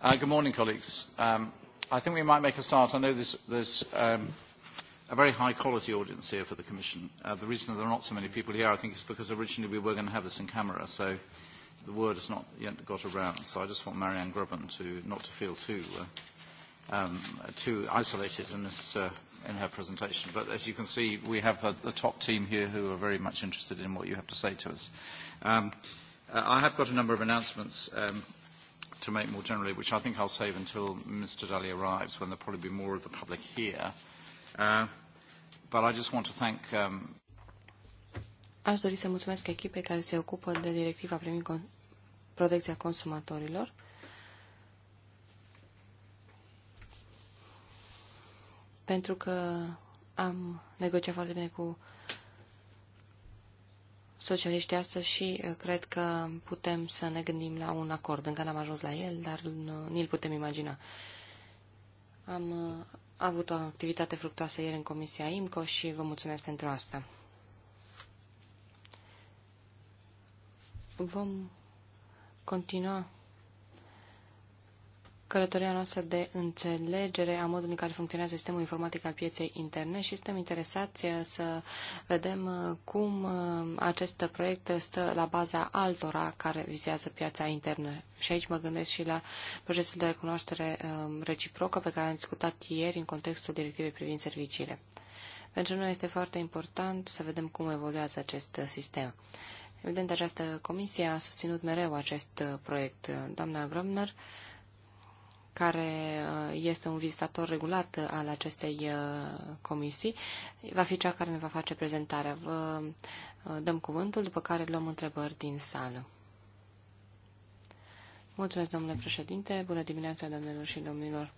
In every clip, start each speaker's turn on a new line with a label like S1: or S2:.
S1: Uh, good morning, colleagues. Um, I think we might make a start. I know there's, there's um, a very high-quality audience here for the Commission. Uh, the reason there are not so many people here, I think, is because originally we were going to have this in camera, so the word has not yet got around. So I just want Marianne Grubben to not to feel too uh, um, too isolated in this uh, in her presentation. But as you can see, we have a, uh, the top team here who are very much interested in what you have to say to us. Um, uh, I have got a number of announcements. Um, to make more generally, which I think I'll save until Mr. Daly arrives, when there'll probably be more of the public here. Uh, but I just want to thank... Um...
S2: Aș dori să mulțumesc echipei care se ocupă de directiva privind con- protecția consumatorilor. Pentru că am negociat foarte bine cu socialiști astăzi și uh, cred că putem să ne gândim la un acord. Încă n-am ajuns la el, dar uh, ni-l putem imagina. Am uh, avut o activitate fructoasă ieri în Comisia IMCO și vă mulțumesc pentru asta. Vom continua călătoria noastră de înțelegere a modului în care funcționează sistemul informatic al pieței interne și suntem interesați eh, să vedem eh, cum eh, acest proiect stă la baza altora care vizează piața internă. Și aici mă gândesc și la procesul de recunoaștere reciprocă pe care am discutat ieri în contextul directivei privind serviciile. Pentru noi este foarte important să vedem cum evoluează acest sistem. Evident, această comisie a susținut mereu acest proiect. Doamna Gromner, care uh, este un vizitator regulat uh, al acestei uh, comisii, va fi cea care ne va face prezentarea. Vă dăm cuvântul, după care luăm întrebări din sală. Mulțumesc, domnule președinte. Bună dimineața, domnilor și domnilor.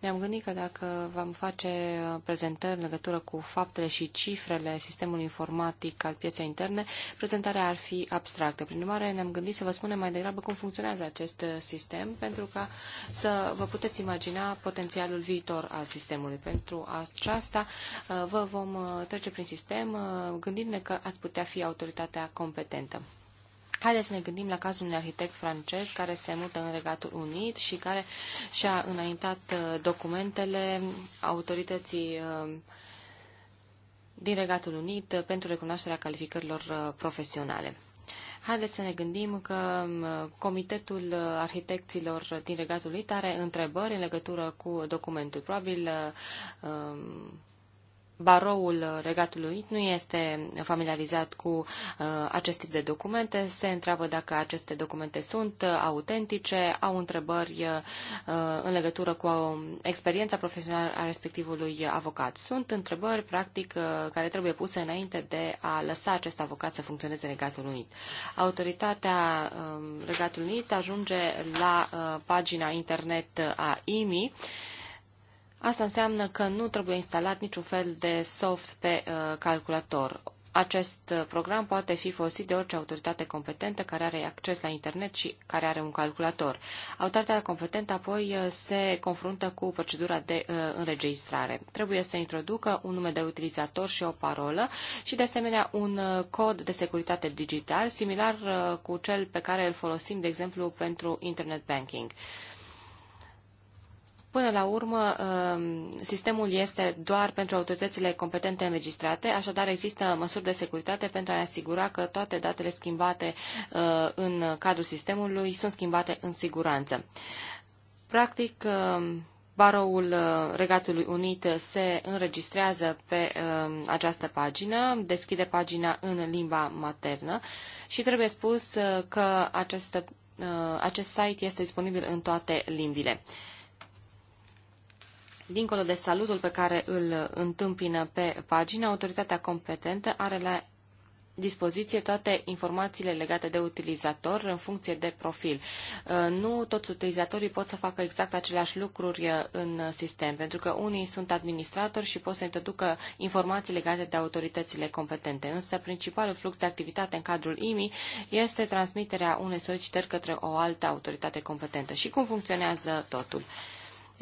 S2: Ne-am gândit că dacă vom face prezentări în legătură cu faptele și cifrele sistemului informatic al pieței interne, prezentarea ar fi abstractă. Prin urmare, ne-am gândit să vă spunem mai degrabă cum funcționează acest sistem, pentru ca să vă puteți imagina potențialul viitor al sistemului. Pentru aceasta vă vom trece prin sistem gândindu-ne că ați putea fi autoritatea competentă. Haideți să ne gândim la cazul unui arhitect francez care se mută în Regatul Unit și care și-a înaintat uh, documentele autorității uh, din Regatul Unit uh, pentru recunoașterea calificărilor profesionale. Haideți să ne gândim că um, Comitetul Arhitecților din Regatul Unit are întrebări în legătură cu documentul. Probabil um, baroul Regatului nu este familiarizat cu uh, acest tip de documente, se întreabă dacă aceste documente sunt uh, autentice, au întrebări uh, în legătură cu uh, experiența profesională a respectivului avocat. Sunt întrebări, practic, uh, care trebuie puse înainte de a lăsa acest avocat să funcționeze în Regatul Unit. Autoritatea um, Regatului Unit ajunge la uh, pagina internet a IMI, Asta înseamnă că nu trebuie instalat niciun fel de soft pe uh, calculator. Acest uh, program poate fi folosit de orice autoritate competentă care are acces la internet și care are un calculator. Autoritatea competentă apoi uh, se confruntă cu procedura de uh, înregistrare. Trebuie să introducă un nume de utilizator și o parolă și de asemenea un uh, cod de securitate digital similar uh, cu cel pe care îl folosim, de exemplu, pentru internet banking. Uh, Până la urmă, um, sistemul este doar pentru autoritățile competente înregistrate, așadar există măsuri de securitate pentru a ne asigura că toate datele schimbate uh, în cadrul sistemului sunt schimbate în siguranță. Practic, um, baroul uh, Regatului Unit se înregistrează pe um, această pagină, deschide pagina în limba maternă și trebuie spus uh, că acest, acest site este disponibil în toate limbile. Dincolo de salutul pe care îl întâmpină pe pagină, autoritatea competentă are la dispoziție toate informațiile legate de utilizator în funcție de profil. Uh, nu toți utilizatorii pot să facă exact aceleași lucruri uh, în sistem, pentru că unii sunt administratori și pot să introducă informații legate de autoritățile competente. Însă principalul flux de activitate în cadrul IMI este transmiterea unei solicitări către o altă autoritate competentă. Și cum funcționează totul?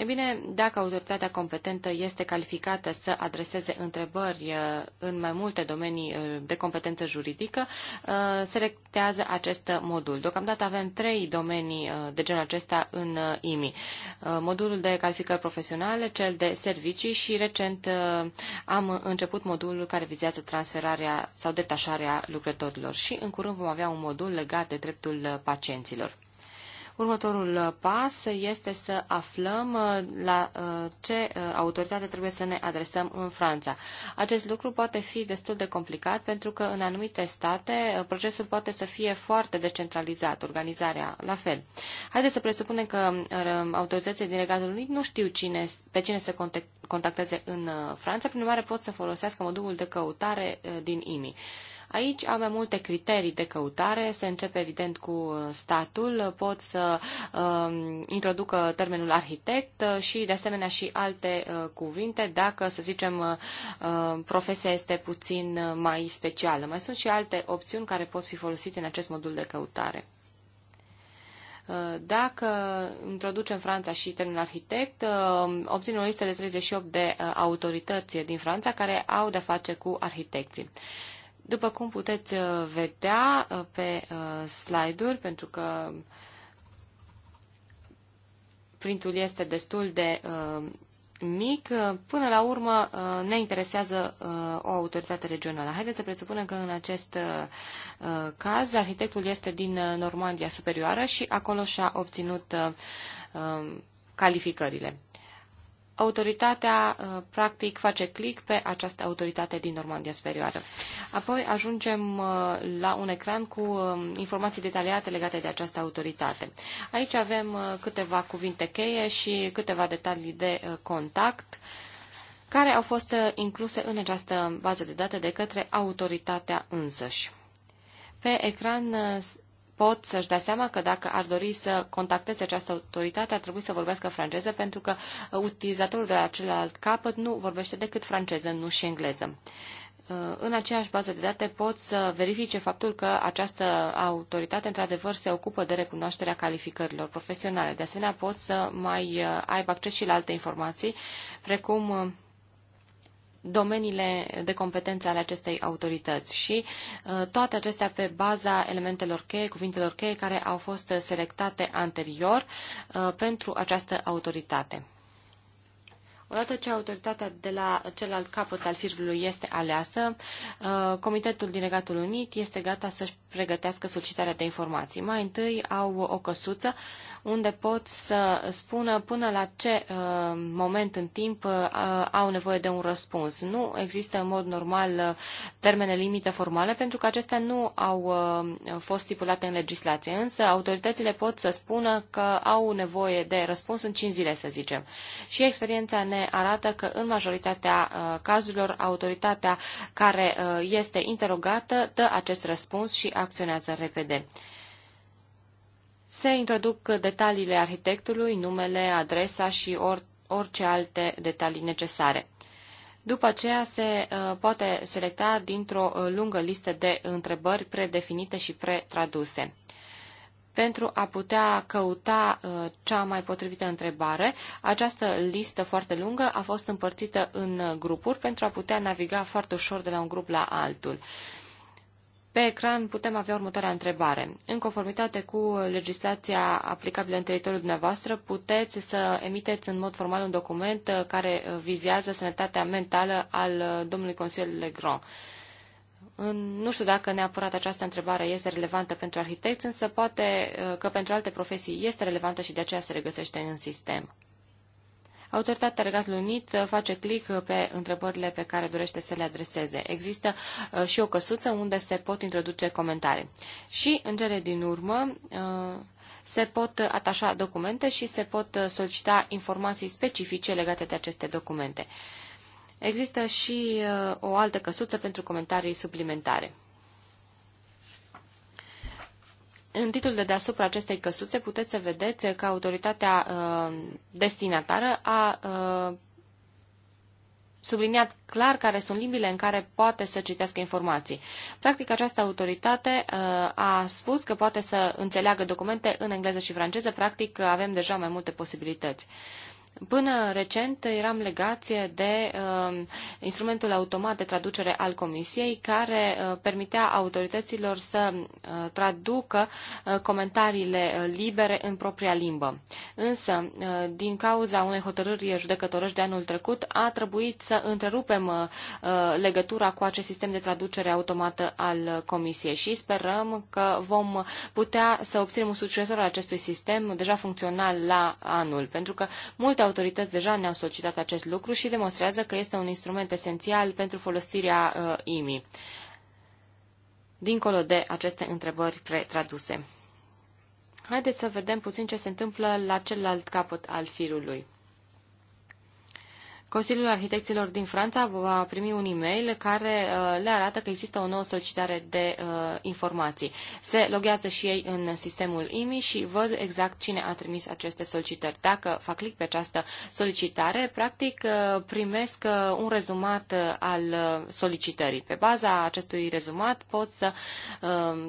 S2: E bine, dacă autoritatea competentă este calificată să adreseze întrebări uh, în mai multe domenii uh, de competență juridică, uh, selectează acest modul. Deocamdată avem trei domenii de genul acesta în IMI. Modulul de calificări profesionale, cel de servicii și recent am început modulul care vizează transferarea sau detașarea lucrătorilor și în curând vom avea un modul legat de dreptul pacienților. Următorul uh, pas este să aflăm uh, la uh, ce autoritate trebuie să ne adresăm în Franța. Acest lucru poate fi destul de complicat pentru că în anumite state procesul poate să fie foarte decentralizat, organizarea la fel. Haideți să presupunem că autoritățile din Regatul Unit nu știu cine, pe cine să contacteze în Franța, prin urmare pot să folosească modulul de căutare din IMI. Aici am mai multe criterii de căutare. Se începe evident cu uh, statul. Pot să uh, introducă termenul arhitect uh, și de asemenea și alte uh, cuvinte dacă, să zicem, uh, uh profesia este puțin mai specială. Mai sunt și alte opțiuni care pot fi folosite în acest modul de căutare. Dacă introducem Franța și termenul arhitect, obținem o listă de 38 de autorități din Franța care au de-a face cu arhitecții. După cum puteți uh, vedea uh, pe uh, slide-uri, pentru că printul este destul de mic, până la urmă ne interesează o autoritate regională. Haideți să presupunem că în acest caz arhitectul este din Normandia Superioară și acolo și-a obținut um, calificările autoritatea uh, practic face click pe această autoritate din Normandia Superioară. Apoi ajungem uh, la un ecran cu uh, informații detaliate legate de această autoritate. Aici avem câteva cuvinte cheie și câteva detalii de contact care au fost incluse în această bază de date de către autoritatea însăși. Pe ecran pot să-și dea seama că dacă ar dori să contacteze această autoritate, ar trebui să vorbească franceză, pentru că uh, utilizatorul de la celălalt capăt nu vorbește decât franceză, nu și engleză. Uh, în aceeași bază de date pot să verifice faptul că această autoritate într-adevăr se ocupă de recunoașterea calificărilor profesionale. De asemenea, pot să mai uh, aibă acces și la alte informații, precum domeniile de competență ale acestei autorități și uh, toate acestea pe baza elementelor cheie, cuvintelor cheie care au fost selectate anterior uh, pentru această autoritate. Odată ce autoritatea de la celălalt capăt al firului este aleasă, uh, Comitetul din Regatul Unit este gata să-și pregătească solicitarea de informații. Mai întâi au o căsuță unde pot să spună până la ce uh, moment în timp uh, au nevoie de un răspuns. Nu există în mod normal uh, termene limite formale pentru că acestea nu au uh, fost stipulate în legislație, însă autoritățile pot să spună că au nevoie de răspuns în 5 zile, să zicem. Și experiența ne arată că în majoritatea uh, cazurilor autoritatea care uh, este interogată dă acest răspuns și acționează repede se introduc detaliile arhitectului, numele, adresa și or, orice alte detalii necesare. După aceea se uh, poate selecta dintr-o uh, lungă listă de întrebări predefinite și pretraduse. Pentru a putea căuta uh, cea mai potrivită întrebare, această listă foarte lungă a fost împărțită în uh, grupuri pentru a putea naviga foarte ușor de la un grup la altul. Uh, pe ecran putem avea următoarea întrebare. În conformitate cu legislația aplicabilă în teritoriul dumneavoastră, puteți să emiteți în mod formal un document uh, care uh, vizează sănătatea mentală al uh, domnului Consiliu Legrand. Nu știu dacă neapărat această întrebare este relevantă pentru arhitecți, însă poate că pentru alte profesii este relevantă și de aceea se regăsește în sistem. Autoritatea Regatului Unit uh, face click uh, pe întrebările pe care dorește să le adreseze. Există uh, și o căsuță unde se pot introduce comentarii. Și, în cele din urmă, se pot atașa documente și se pot solicita informații specifice legate de aceste documente. Există și o altă căsuță pentru comentarii suplimentare. În titlul de deasupra acestei căsuțe puteți să vedeți că autoritatea uh, destinatară a uh, subliniat clar care sunt limbile în care poate să citească informații. Practic, această autoritate uh, a spus că poate să înțeleagă documente în engleză și franceză. Practic, avem deja mai multe posibilități. Până recent eram legați de uh, instrumentul automat de traducere al Comisiei, care uh, permitea autorităților să uh, traducă uh, comentariile uh, libere în propria limbă. Însă, uh, din cauza unei hotărâri judecătorești de anul trecut, a trebuit să întrerupem uh, uh legătura cu acest sistem de traducere automată al uh, Comisiei și sperăm că vom putea să obținem un succesor al acestui sistem deja funcțional la anul, pentru că multe autorități deja ne-au solicitat acest lucru și demonstrează că este un instrument esențial pentru folosirea uh, IMI, dincolo de aceste întrebări pretraduse. Haideți să vedem puțin ce se întâmplă la celălalt capăt al firului. Consiliul Arhitecților din Franța va primi un e-mail care uh, le arată că există o nouă solicitare de uh, informații. Se loghează și ei în sistemul IMI și văd exact cine a trimis aceste solicitări. Dacă fac click pe această solicitare, practic uh, primesc un rezumat al solicitării. Pe baza acestui rezumat pot să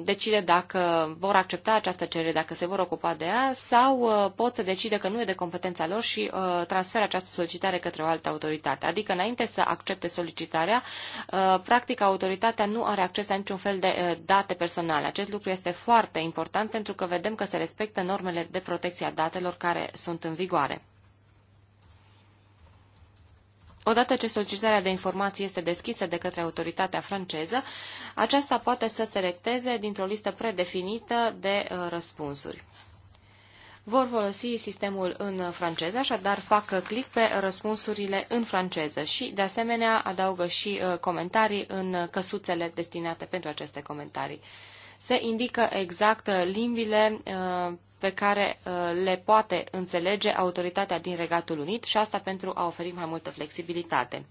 S2: decide dacă vor accepta această cerere, dacă se vor ocupa de ea sau pot să decide că nu e de competența lor și transferă această solicitare către o altă autoritate. Adică înainte să accepte solicitarea, uh, practic autoritatea nu are acces la niciun fel de uh, date personale. Acest lucru este foarte important pentru că vedem că se respectă normele de protecție a datelor care sunt în vigoare. Odată ce solicitarea de informații este deschisă de către autoritatea franceză, aceasta poate să selecteze dintr-o listă predefinită de uh, răspunsuri vor folosi sistemul în franceză, așadar fac click pe răspunsurile în franceză și, de asemenea, adaugă și uh, comentarii în căsuțele destinate pentru aceste comentarii. Se indică exact uh, limbile uh, pe care le poate înțelege autoritatea din Regatul Unit și asta pentru a oferi mai multă flexibilitate.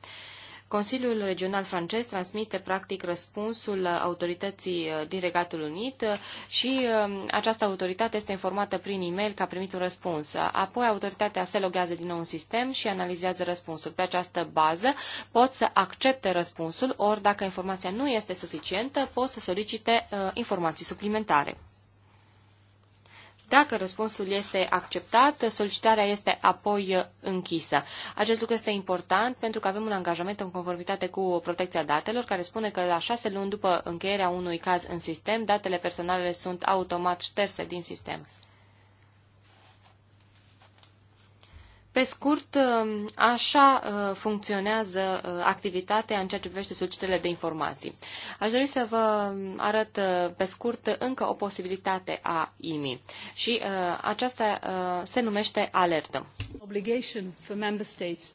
S2: Consiliul Regional francez transmite practic răspunsul autorității uh, din Regatul Unit uh, și um, această autoritate este informată prin e-mail că a primit un răspuns. Apoi autoritatea se loghează din nou în sistem și analizează răspunsul. Pe această bază pot să accepte răspunsul, ori dacă informația nu este suficientă, pot să solicite uh, informații suplimentare. Dacă răspunsul este acceptat, solicitarea este apoi închisă. Acest lucru este important pentru că avem un angajament în conformitate cu protecția datelor, care spune că la șase luni după încheierea unui caz în sistem, datele personale sunt automat șterse din sistem. Pe scurt, așa uh, funcționează uh, activitatea în ceea ce privește solicitările de informații. Aș dori să vă arăt uh, pe scurt încă o posibilitate a IMI și aceasta se numește alertă.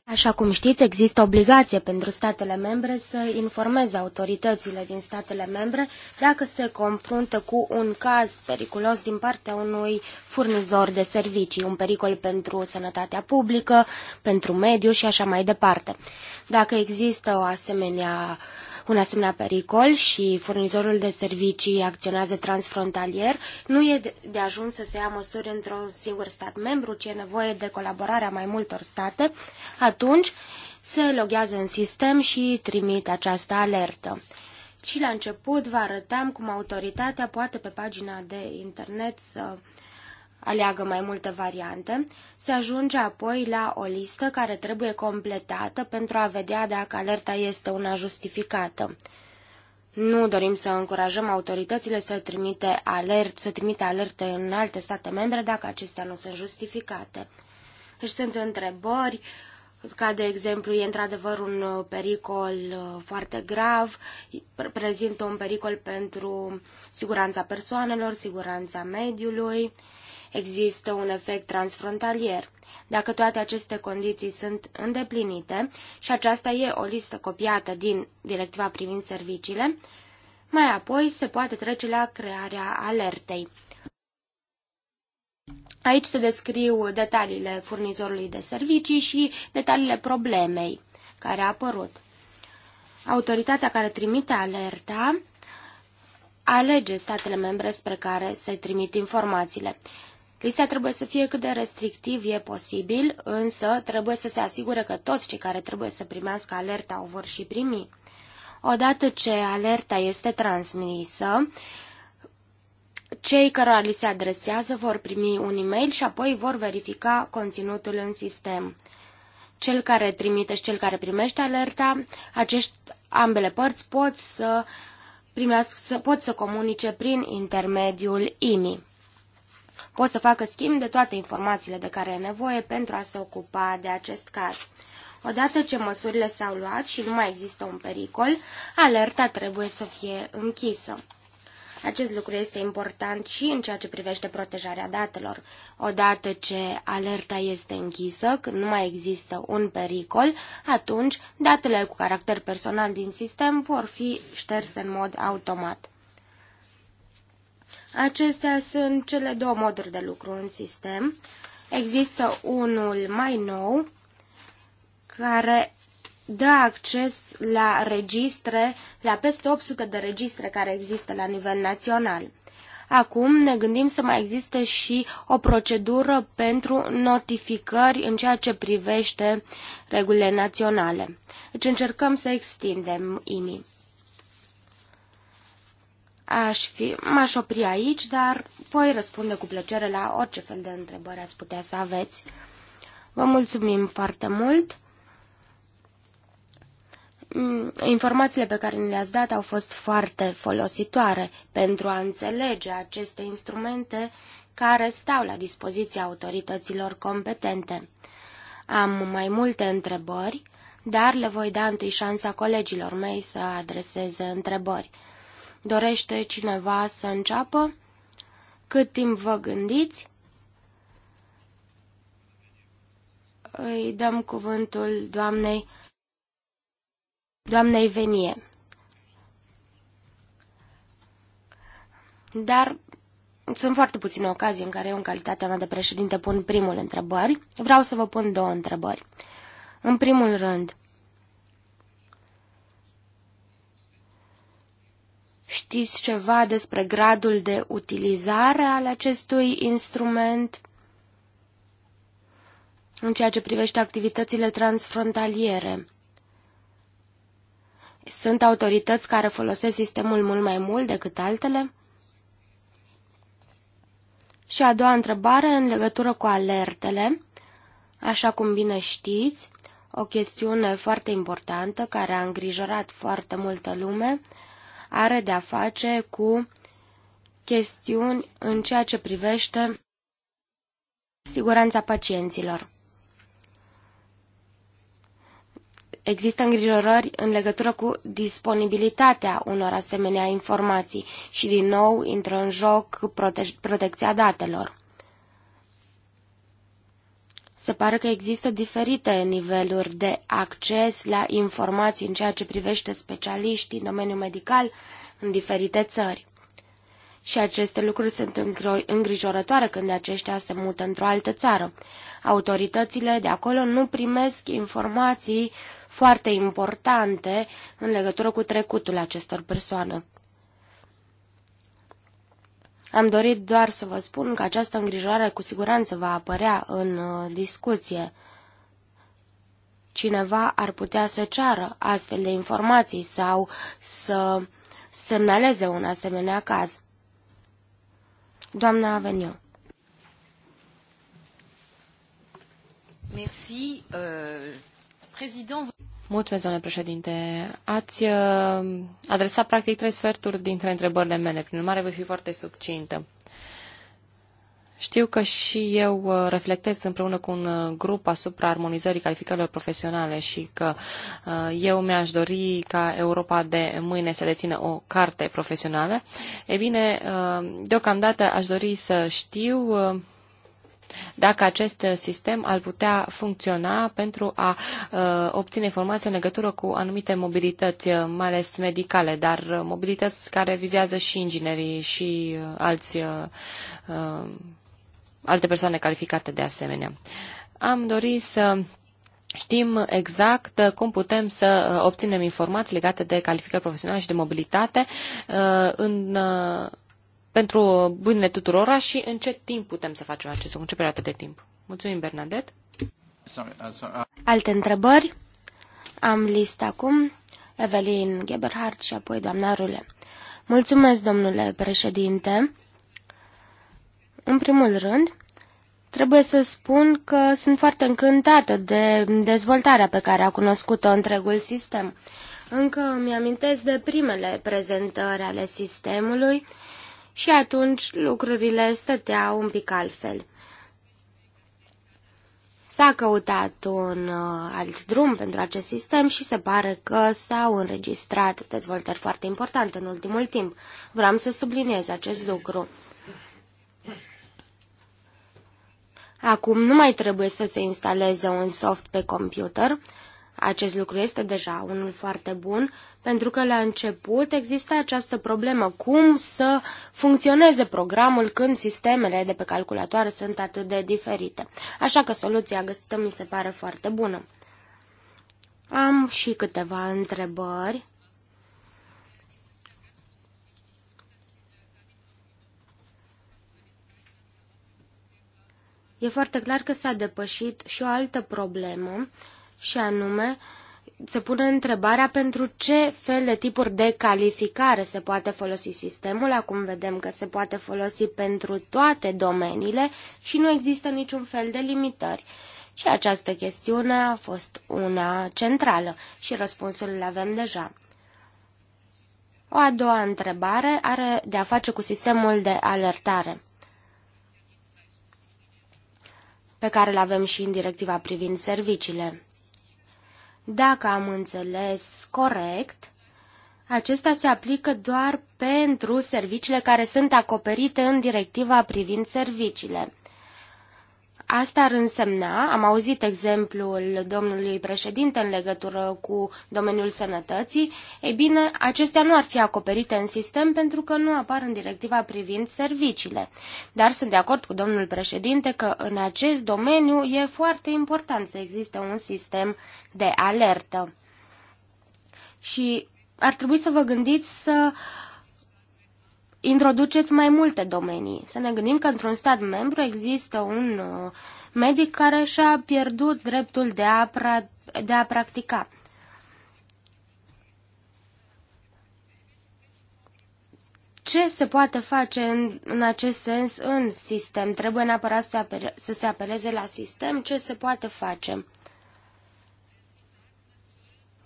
S3: Așa cum știți, există obligație pentru statele membre să informeze autoritățile din statele membre dacă se confruntă cu un caz periculos din partea unui furnizor de servicii, un pericol pentru sănătatea publică publică, pentru mediu și așa mai departe. Dacă există o asemenea un asemenea pericol și furnizorul de servicii acționează transfrontalier, nu e de ajuns să se ia măsuri într-un singur stat membru, ci e nevoie de colaborarea mai multor state, atunci se loghează în sistem și trimit această alertă. Și la început vă arătam cum autoritatea poate pe pagina de internet să uh, aleagă mai multe variante, se ajunge apoi la o listă care trebuie completată pentru a vedea dacă alerta este una justificată. Nu dorim să încurajăm autoritățile să trimite, alert, să trimite alerte în alte state membre dacă acestea nu sunt justificate. Își deci sunt întrebări, ca de exemplu e într-adevăr un uh, pericol uh, foarte grav, prezintă un pericol pentru siguranța persoanelor, siguranța mediului, există un efect transfrontalier. Dacă toate aceste condiții sunt îndeplinite, și aceasta e o listă copiată din directiva privind serviciile, mai apoi se poate trece la crearea alertei. Aici se descriu detaliile furnizorului de servicii și detaliile problemei care a apărut. Autoritatea care trimite alerta alege statele membre spre care se trimit informațiile. Lista trebuie să fie cât de restrictiv e posibil, însă trebuie să se asigure că toți cei care trebuie să primească alerta o vor și primi. Odată ce alerta este transmisă, cei cărora li se adresează vor primi un e-mail și apoi vor verifica conținutul în sistem. Cel care trimite și cel care primește alerta, acești ambele părți pot să, primească, să, pot să comunice prin intermediul IMI pot să facă schimb de toate informațiile de care e nevoie pentru a se ocupa de acest caz. Odată ce măsurile s-au luat și nu mai există un pericol, alerta trebuie să fie închisă. Acest lucru este important și în ceea ce privește protejarea datelor. Odată ce alerta este închisă, când nu mai există un pericol, atunci datele cu caracter personal din sistem vor fi șterse în mod automat. Acestea sunt cele două moduri de lucru în sistem. Există unul mai nou care dă acces la registre, la peste 800 de registre care există la nivel național. Acum ne gândim să mai existe și o procedură pentru notificări în ceea ce privește regulile naționale. Deci încercăm să extindem IMI. Aș fi, m-aș opri aici, dar voi răspunde cu plăcere la orice fel de întrebări ați putea să aveți. Vă mulțumim foarte mult! Mm, informațiile pe care ni le-ați dat au fost foarte folositoare pentru a înțelege aceste instrumente care stau la dispoziția autorităților competente. Am mai multe întrebări, dar le voi da întâi șansa colegilor mei să adreseze întrebări. Dorește cineva să înceapă? Cât timp vă gândiți? Îi dăm cuvântul doamnei, doamnei Venie. Dar sunt foarte puține ocazii în care eu, în calitatea mea de președinte, pun primul întrebări. Vreau să vă pun două întrebări. În primul rând, Știți ceva despre gradul de utilizare al acestui instrument în ceea ce privește activitățile transfrontaliere? Sunt autorități care folosesc sistemul mult mai mult decât altele? Și a doua întrebare în legătură cu alertele. Așa cum bine știți, o chestiune foarte importantă care a îngrijorat foarte multă lume are de-a face cu chestiuni în ceea ce privește siguranța pacienților. Există îngrijorări în legătură cu disponibilitatea unor asemenea informații și din nou intră în joc prote protecția datelor. Se pare că există diferite niveluri de acces la informații în ceea ce privește specialiștii în domeniul medical în diferite țări. Și aceste lucruri sunt îngrijorătoare când aceștia se mută într-o altă țară. Autoritățile de acolo nu primesc informații foarte importante în legătură cu trecutul acestor persoane. Am dorit doar să vă spun că această îngrijorare cu siguranță va apărea în uh, discuție. Cineva ar putea să ceară astfel de informații sau să semnaleze un asemenea caz. Doamna Aveniu.
S2: Merci, uh, président. Mulțumesc, domnule președinte. Ați uh, adresat practic trei sferturi dintre întrebările mele, prin urmare voi fi foarte subcintă. Știu că și eu uh, reflectez împreună cu un uh, grup asupra armonizării calificărilor profesionale și că uh, eu mi-aș dori ca Europa de mâine să dețină o carte profesională. E bine, deocamdată aș dori să știu dacă acest sistem ar putea funcționa pentru a uh, obține informații în legătură cu anumite mobilități, uh, mai ales medicale, dar uh, mobilități care vizează și inginerii și uh, alți, uh, uh, alte persoane calificate de asemenea. Am dorit să Știm exact cum putem să obținem informații legate de calificări profesionale și de mobilitate în pentru bunele tuturora și în ce timp putem să facem acest lucru, în ce perioadă de timp. Mulțumim, Bernadette.
S1: Uh, uh.
S3: Alte întrebări? Am list acum Evelyn Geberhardt și apoi doamna Rule. Mulțumesc, domnule președinte. În primul rând, trebuie să spun că sunt foarte încântată de dezvoltarea pe care a cunoscut-o întregul sistem. Încă mi amintesc de primele prezentări ale sistemului, și atunci lucrurile stăteau un pic altfel. S-a căutat un uh, alt drum pentru acest sistem și se pare că s-au înregistrat dezvoltări foarte importante în ultimul timp. Vreau să subliniez acest lucru. Acum nu mai trebuie să se instaleze un soft pe computer, acest lucru este deja unul foarte bun, pentru că la început există această problemă cum să funcționeze programul când sistemele de pe calculatoare sunt atât de diferite. Așa că soluția găsită mi se pare foarte bună. Am și câteva întrebări. E foarte clar că s-a depășit și o altă problemă, și anume se pune întrebarea pentru ce fel de tipuri de calificare se poate folosi sistemul. Acum vedem că se poate folosi pentru toate domeniile și nu există niciun fel de limitări. Și această chestiune a fost una centrală și răspunsul îl avem deja. O a doua întrebare are de a face cu sistemul de alertare pe care îl avem și în directiva privind serviciile. Dacă am înțeles corect, acesta se aplică doar pentru serviciile care sunt acoperite în directiva privind serviciile. Asta ar însemna, am auzit exemplul domnului președinte în legătură cu domeniul sănătății, ei bine, acestea nu ar fi acoperite în sistem pentru că nu apar în directiva privind serviciile. Dar sunt de acord cu domnul președinte că în acest domeniu e foarte important să existe un sistem de alertă. Și ar trebui să vă gândiți să uh, introduceți mai multe domenii. Să ne gândim că într-un stat membru există un uh, medic care și-a pierdut dreptul de a, pra- de a practica. Ce se poate face în, în acest sens în sistem? Trebuie neapărat să, apere, să se apeleze la sistem? Ce se poate face?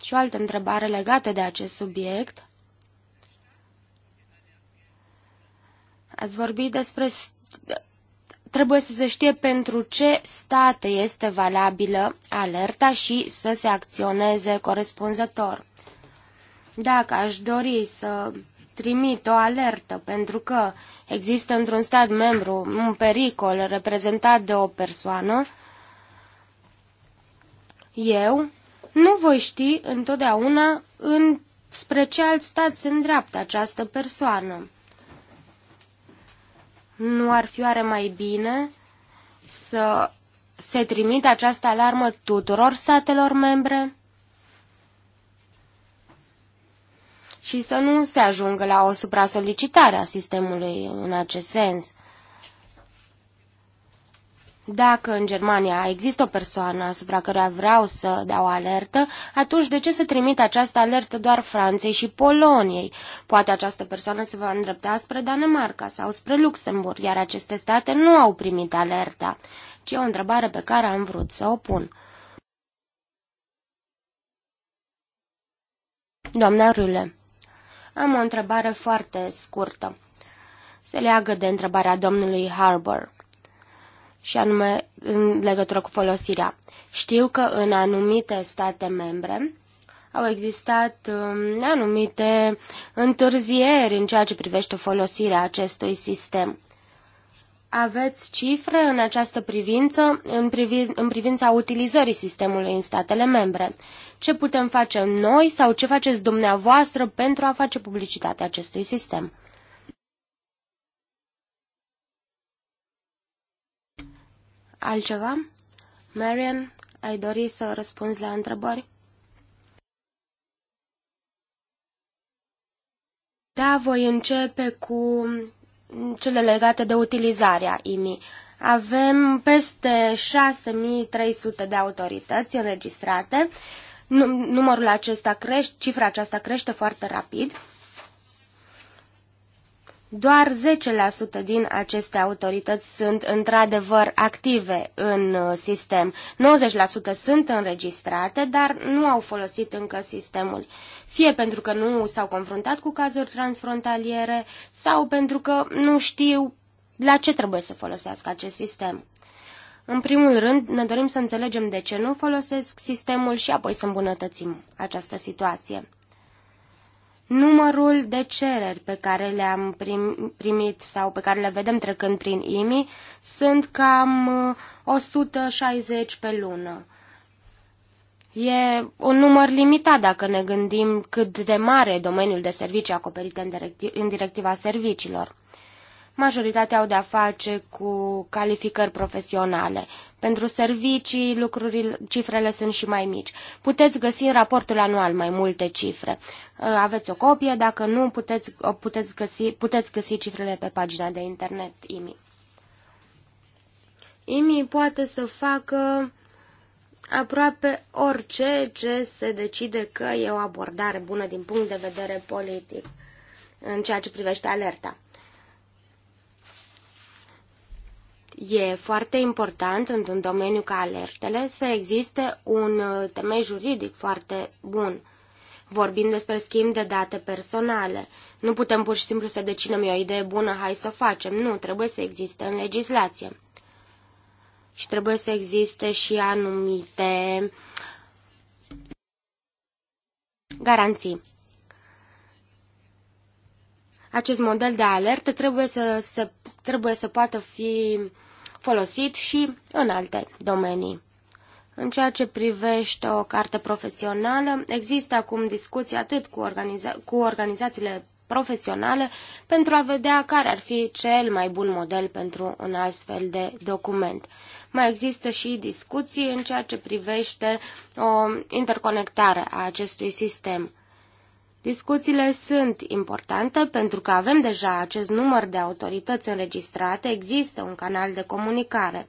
S3: Și o altă întrebare legată de acest subiect. Ați vorbit despre... Trebuie să se știe pentru ce state este valabilă alerta și să se acționeze corespunzător. Dacă aș dori să trimit o alertă pentru că există într-un stat membru un pericol reprezentat de o persoană, eu nu voi ști întotdeauna în spre ce alt stat se îndreaptă această persoană. Nu ar fi oare mai bine să se trimite această alarmă tuturor satelor membre? și să nu se ajungă la o supra-solicitare a sistemului în acest sens. Dacă în Germania există o persoană asupra căreia vreau să dau alertă, atunci de ce să trimit această alertă doar Franței și Poloniei? Poate această persoană se va îndrepta spre Danemarca sau spre Luxemburg, iar aceste state nu au primit alerta, Ce o întrebare pe care am vrut să o pun. Doamna Rule, am o întrebare foarte scurtă. Se leagă de întrebarea domnului Harbour și anume în legătură cu folosirea. Știu că în anumite state membre au existat um, anumite întârzieri în ceea ce privește folosirea acestui sistem. Aveți cifre în această privință, în, privi, în privința utilizării sistemului în statele membre? Ce putem face noi sau ce faceți dumneavoastră pentru a face publicitatea acestui sistem? altceva? Marian, ai dori să răspunzi la întrebări? Da, voi începe cu cele legate de utilizarea IMI. Avem peste 6300 de autorități înregistrate. Numărul acesta crește, cifra aceasta crește foarte rapid. Doar 10% din aceste autorități sunt într-adevăr active în uh, sistem. 90% sunt înregistrate, dar nu au folosit încă sistemul. Fie pentru că nu s-au confruntat cu cazuri transfrontaliere sau pentru că nu știu la ce trebuie să folosească acest sistem. În primul rând, ne dorim să înțelegem de ce nu folosesc sistemul și apoi să îmbunătățim această situație. Numărul de cereri pe care le-am primit sau pe care le vedem trecând prin IMI sunt cam 160 uh, pe lună. E un număr limitat dacă ne gândim cât de mare e domeniul de servicii acoperit în, directi- în directiva serviciilor. Majoritatea au de-a face cu calificări profesionale, pentru servicii, lucrurile, cifrele sunt și mai mici. Puteți găsi în raportul anual mai multe cifre. Uh, aveți o copie, dacă nu, puteți, puteți, găsi, puteți găsi cifrele pe pagina de internet IMI. IMI poate să facă aproape orice ce se decide că e o abordare bună din punct de vedere politic în ceea ce privește alerta. E foarte important într-un domeniu ca alertele să existe un uh, temei juridic foarte bun. Vorbim despre schimb de date personale. Nu putem pur și simplu să decinem o idee bună, hai să o facem. Nu, trebuie să existe în legislație. Și trebuie să existe și anumite garanții. Acest model de alertă trebuie să, să, trebuie să poată fi folosit și în alte domenii. În ceea ce privește o carte profesională, există acum discuții atât cu, organiza- cu organizațiile profesionale pentru a vedea care ar fi cel mai bun model pentru un astfel de document. Mai există și discuții în ceea ce privește o interconectare a acestui sistem. Discuțiile sunt importante pentru că avem deja acest număr de autorități înregistrate, există un canal de comunicare.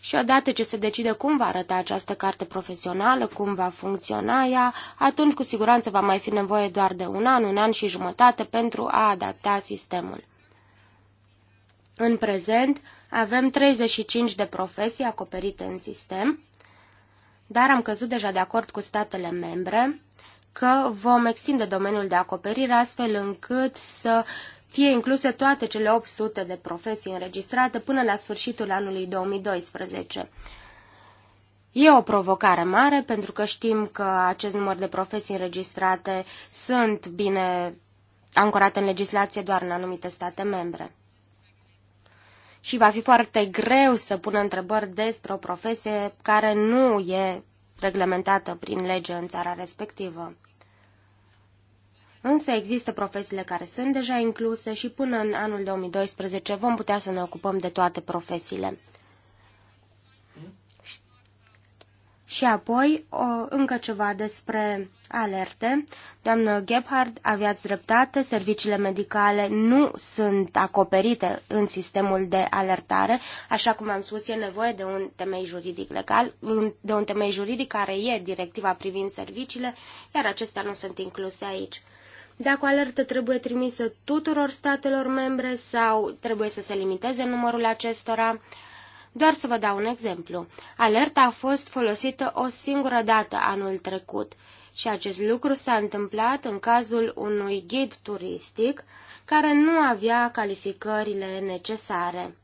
S3: Și odată ce se decide cum va arăta această carte profesională, cum va funcționa ea, atunci cu siguranță va mai fi nevoie doar de un an, un an și jumătate pentru a adapta sistemul. În prezent avem 35 de profesii acoperite în sistem, dar am căzut deja de acord cu statele membre că vom extinde domeniul de acoperire astfel încât să fie incluse toate cele 800 de profesii înregistrate până la sfârșitul anului 2012. E o provocare mare pentru că știm că acest număr de profesii înregistrate sunt bine ancorate în legislație doar în anumite state membre. Și va fi foarte greu să pună întrebări despre o profesie care nu e reglementată prin lege în țara respectivă. Însă există profesiile care sunt deja incluse și până în anul 2012 vom putea să ne ocupăm de toate profesiile. Și apoi, o, încă ceva despre alerte. Doamnă Gebhard, aveați dreptate, serviciile medicale nu sunt acoperite în sistemul de alertare. Așa cum am spus, e nevoie de un temei juridic legal, de un temei juridic care e directiva privind serviciile, iar acestea nu sunt incluse aici. Dacă o alertă trebuie trimisă tuturor statelor membre sau trebuie să se limiteze numărul acestora, doar să vă dau un exemplu. Alerta a fost folosită o singură dată anul trecut și acest lucru s-a întâmplat în cazul unui ghid turistic care nu avea calificările necesare.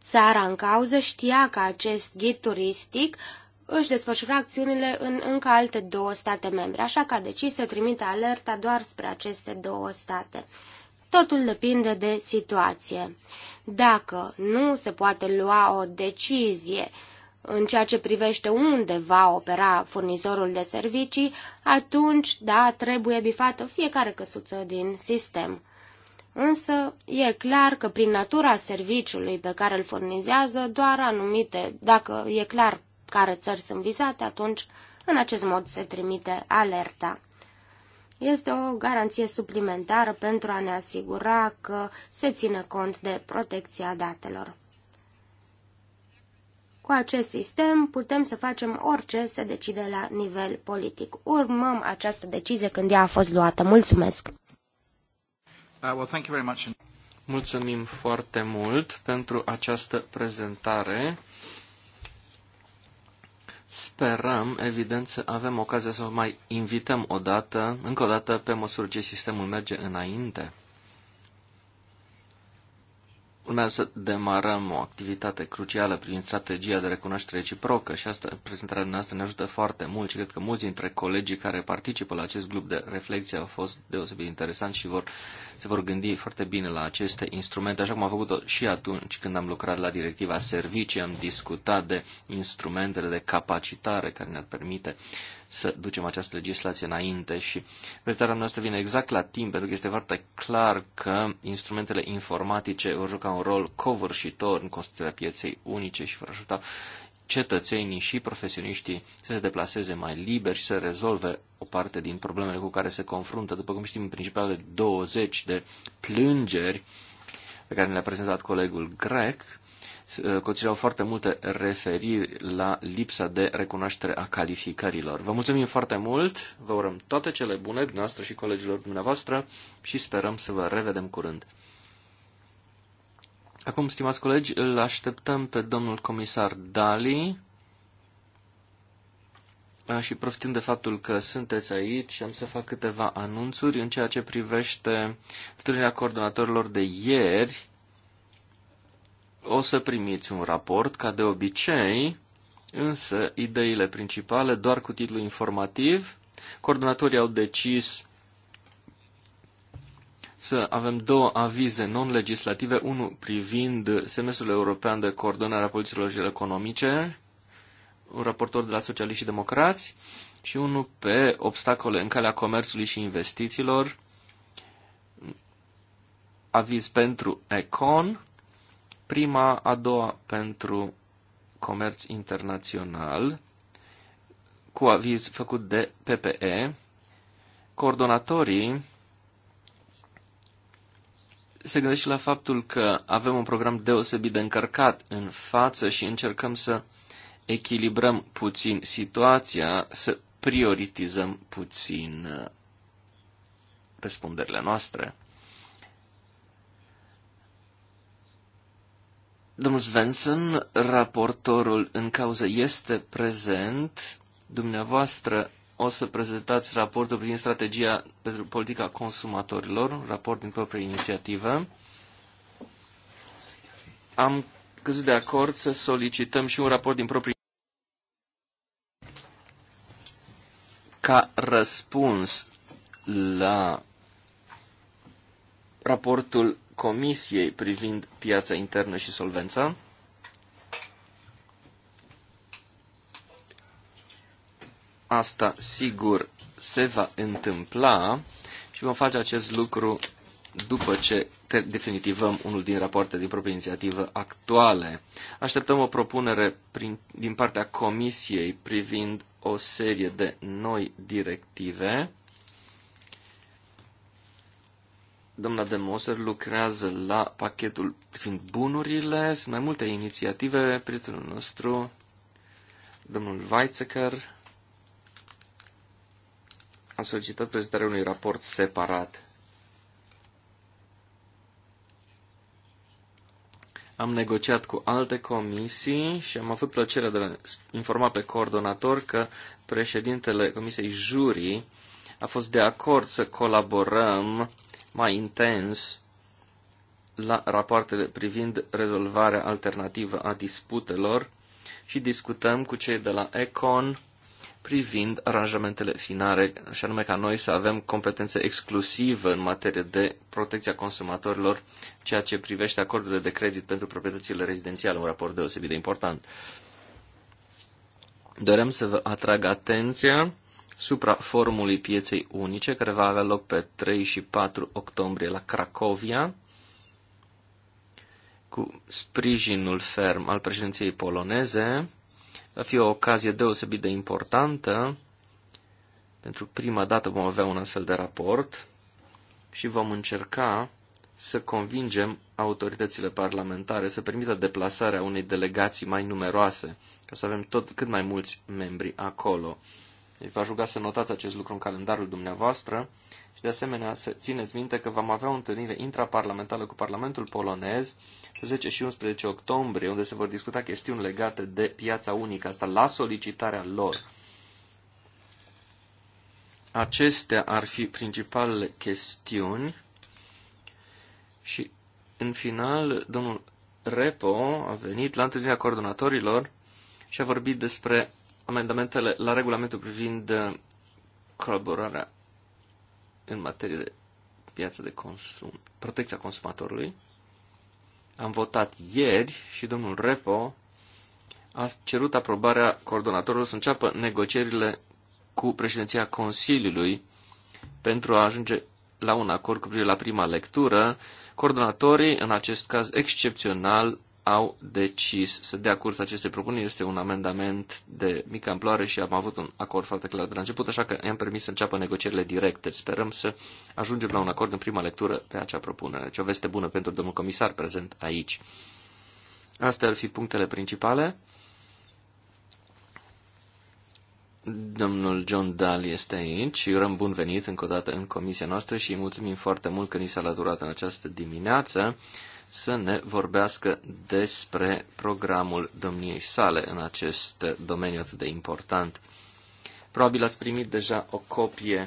S3: Țara în cauză știa că acest ghid turistic își desfășura acțiunile în încă alte două state membre, așa că a decis să trimite alerta doar spre aceste două state. Totul depinde de situație. Dacă nu se poate lua o decizie în ceea ce privește unde va opera furnizorul de servicii, atunci, da, trebuie bifată fiecare căsuță din sistem. Însă, e clar că prin natura serviciului pe care îl furnizează, doar anumite, dacă e clar care țări sunt vizate, atunci în acest mod se trimite alerta. Este o garanție suplimentară pentru a ne asigura că se ține cont de protecția datelor. Cu acest sistem putem să facem orice se decide la nivel politic. Urmăm această decizie când ea a fost luată. Mulțumesc!
S1: Uh, Mulțumim foarte
S4: mult pentru această prezentare. Sperăm, evident, să avem ocazia să o mai invităm o dată, încă o dată, pe măsură ce sistemul merge înainte. Urmează să demarăm o activitate crucială prin strategia de recunoaștere reciprocă și asta, prezentarea noastră ne ajută foarte mult și cred că mulți dintre colegii care participă la acest grup de reflexie au fost deosebit interesanți și vor, se vor gândi foarte bine la aceste instrumente, așa cum am făcut-o și atunci când am lucrat la directiva servicii, am discutat de instrumentele de capacitare care ne-ar permite să ducem această legislație înainte și vertarea noastră vine exact la timp, pentru că este foarte clar că instrumentele informatice vor juca un rol covârșitor în construirea pieței unice și vor ajuta cetățenii și profesioniștii să se deplaseze mai liber și să rezolve o parte din problemele cu care se confruntă. După cum știm, în principal 20 de plângeri pe care ne le-a prezentat colegul grec, Uh, conțineau foarte multe referiri la lipsa de recunoaștere a calificărilor. Vă mulțumim foarte mult, vă urăm toate cele bune dumneavoastră și colegilor dumneavoastră și sperăm să vă revedem curând. Acum, stimați colegi, îl așteptăm pe domnul comisar Dali și profitând de faptul că sunteți aici, am să fac câteva anunțuri în ceea ce privește întâlnirea coordonatorilor de ieri o să primiți un raport, ca de obicei, însă ideile principale doar cu titlu informativ. Coordonatorii au decis să avem două avize non-legislative, unul privind semestrul european de coordonare a politicilor economice, un raportor de la Socialiști și Democrați, și unul pe obstacole în calea comerțului și investițiilor, aviz pentru Econ, Prima, a doua pentru comerț internațional, cu aviz făcut de PPE. Coordonatorii se gândesc la faptul că avem un program deosebit de încărcat în față și încercăm să echilibrăm puțin situația, să prioritizăm puțin uh, răspunderile noastre. Domnul Svensson, raportorul în cauză, este prezent. Dumneavoastră o să prezentați raportul prin strategia pentru politica consumatorilor, un raport din proprie inițiativă. Am căzut de acord să solicităm și un raport din proprie ca răspuns la raportul Comisiei privind piața internă și solvența. Asta, sigur, se va întâmpla și vom face acest lucru după ce definitivăm unul din rapoarte din proprie inițiativă actuale. Așteptăm o propunere prin, din partea Comisiei privind o serie de noi directive domnul de Moser lucrează la pachetul fiind bunurile, sunt mai multe inițiative, prietenul nostru, domnul Weizsäcker, a solicitat prezentarea unui raport separat. Am negociat cu alte comisii și am avut plăcerea de a informa pe coordonator că președintele Comisiei Jurii a fost de acord să colaborăm mai intens la rapoartele privind rezolvarea alternativă a disputelor și discutăm cu cei de la Econ privind aranjamentele finale, și anume ca noi să avem competențe exclusivă în materie de protecția consumatorilor, ceea ce privește acordurile de credit pentru proprietățile rezidențiale, un raport deosebit de important. Dorem să vă atrag atenția supraformului pieței unice, care va avea loc pe 3 și 4 octombrie la Cracovia, cu sprijinul ferm al președinției poloneze. Va fi o ocazie deosebit de importantă. Pentru prima dată vom avea un astfel de raport și vom încerca să convingem autoritățile parlamentare să permită deplasarea unei delegații mai numeroase, ca să avem tot cât mai mulți membri acolo. Deci v-aș ruga să notați acest lucru în calendarul dumneavoastră și de asemenea să țineți minte că vom avea o întâlnire intraparlamentară cu Parlamentul polonez pe 10 și 11 octombrie, unde se vor discuta chestiuni legate de piața unică, asta la solicitarea lor. Acestea ar fi principalele chestiuni și în final domnul Repo a venit la întâlnirea coordonatorilor și a vorbit despre amendamentele la regulamentul privind uh, colaborarea în materie de piață de consum, protecția consumatorului. Am votat ieri și domnul Repo a cerut aprobarea coordonatorului să înceapă negocierile cu președinția Consiliului pentru a ajunge la un acord cu privire la prima lectură. Coordonatorii, în acest caz excepțional, au decis să dea curs acestei propuneri. Este un amendament de mică amploare și am avut un acord foarte clar de la început, așa că i-am permis să înceapă negocierile directe. Sperăm să ajungem la un acord în prima lectură pe acea propunere. Ce deci, o veste bună pentru domnul comisar prezent aici. Astea ar fi punctele principale. Domnul John Dahl este aici și urăm bun venit încă o dată în comisia noastră și îi mulțumim foarte mult că ni s-a alăturat în această dimineață să ne vorbească despre programul domniei sale în acest domeniu atât de important. Probabil ați primit deja o copie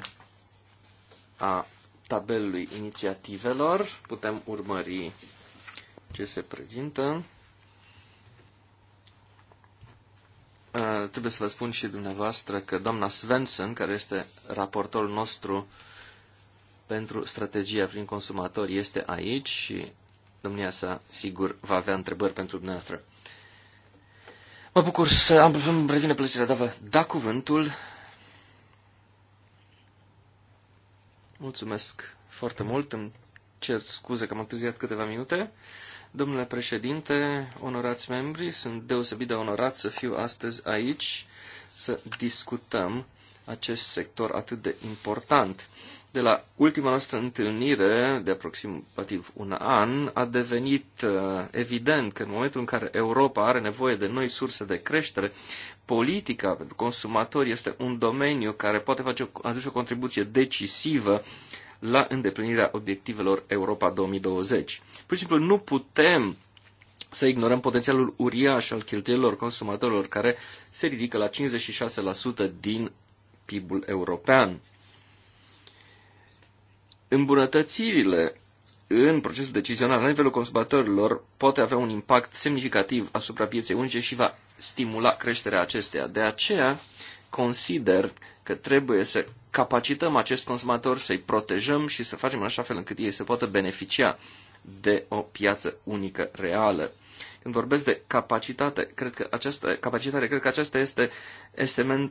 S4: a tabelului inițiativelor. Putem urmări ce se prezintă. Uh, trebuie să vă spun și dumneavoastră că doamna Svensson, care este raportorul nostru pentru strategia prin consumatori, este aici și domnia sa, sigur, va avea întrebări pentru dumneavoastră. Mă bucur să am, revine plăcerea de a vă da cuvântul. Mulțumesc foarte mult. Îmi cer scuze că am întârziat câteva minute. Domnule președinte, onorați membri, sunt deosebit de onorat să fiu astăzi aici să discutăm acest sector atât de important de la ultima noastră întâlnire, de aproximativ un an, a devenit uh, evident că în momentul în care Europa are nevoie de noi surse de creștere, politica pentru consumatori este un domeniu care poate face, aduce o contribuție decisivă la îndeplinirea obiectivelor Europa 2020. Pur și simplu nu putem să ignorăm potențialul uriaș al cheltuielilor consumatorilor care se ridică la 56% din PIB-ul european îmbunătățirile în procesul decizional la nivelul consumatorilor poate avea un impact semnificativ asupra pieței unice și va stimula creșterea acesteia. De aceea, consider că trebuie să capacităm acest consumator, să-i protejăm și să facem în așa fel încât ei să poată beneficia de o piață unică reală. Când vorbesc de capacitate, cred că această, capacitate, cred că aceasta este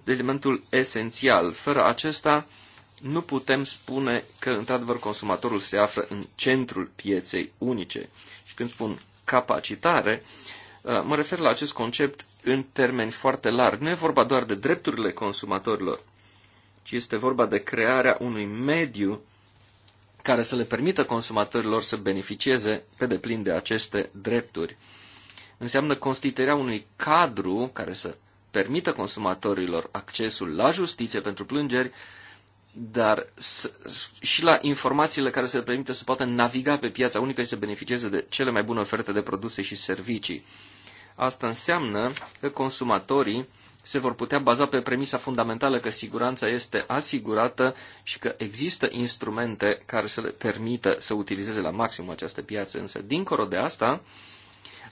S4: elementul esențial. Fără acesta, uh, nu putem spune că, într-adevăr, consumatorul se află în centrul pieței unice. Și când spun capacitare, uh, mă refer la acest concept în termeni foarte largi. Nu e vorba doar de drepturile consumatorilor, ci este vorba de crearea unui mediu care să le permită consumatorilor să beneficieze pe deplin de aceste drepturi. Înseamnă constituirea unui cadru care să permită consumatorilor accesul la justiție pentru plângeri, dar și la informațiile care se permite să poată naviga pe piața unică și să beneficieze de cele mai bune oferte de produse și servicii. Asta înseamnă că consumatorii se vor putea baza pe premisa fundamentală că siguranța este asigurată și că există instrumente care să le permită să utilizeze la maxim această piață. Însă, dincolo de asta,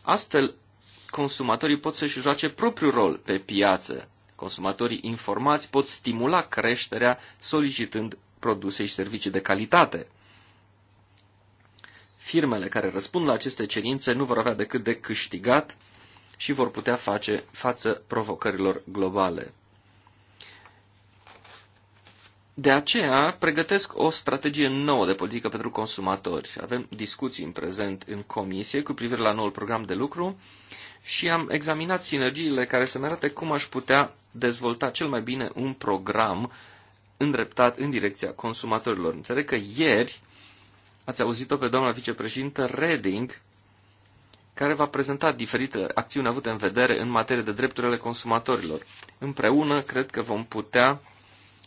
S4: astfel consumatorii pot să-și joace propriul rol pe piață, Consumatorii informați pot stimula creșterea solicitând produse și servicii de calitate. Firmele care răspund la aceste cerințe nu vor avea decât de câștigat și vor putea face față provocărilor globale. De aceea pregătesc o strategie nouă de politică pentru consumatori. Avem discuții în prezent în comisie cu privire la noul program de lucru și am examinat sinergiile care să-mi arate cum aș putea dezvolta cel mai bine un program îndreptat în direcția consumatorilor. Înțeleg că ieri ați auzit-o pe doamna vicepreședintă Reding, care va prezenta diferite acțiuni avute în vedere în materie de drepturile consumatorilor. Împreună, cred că vom putea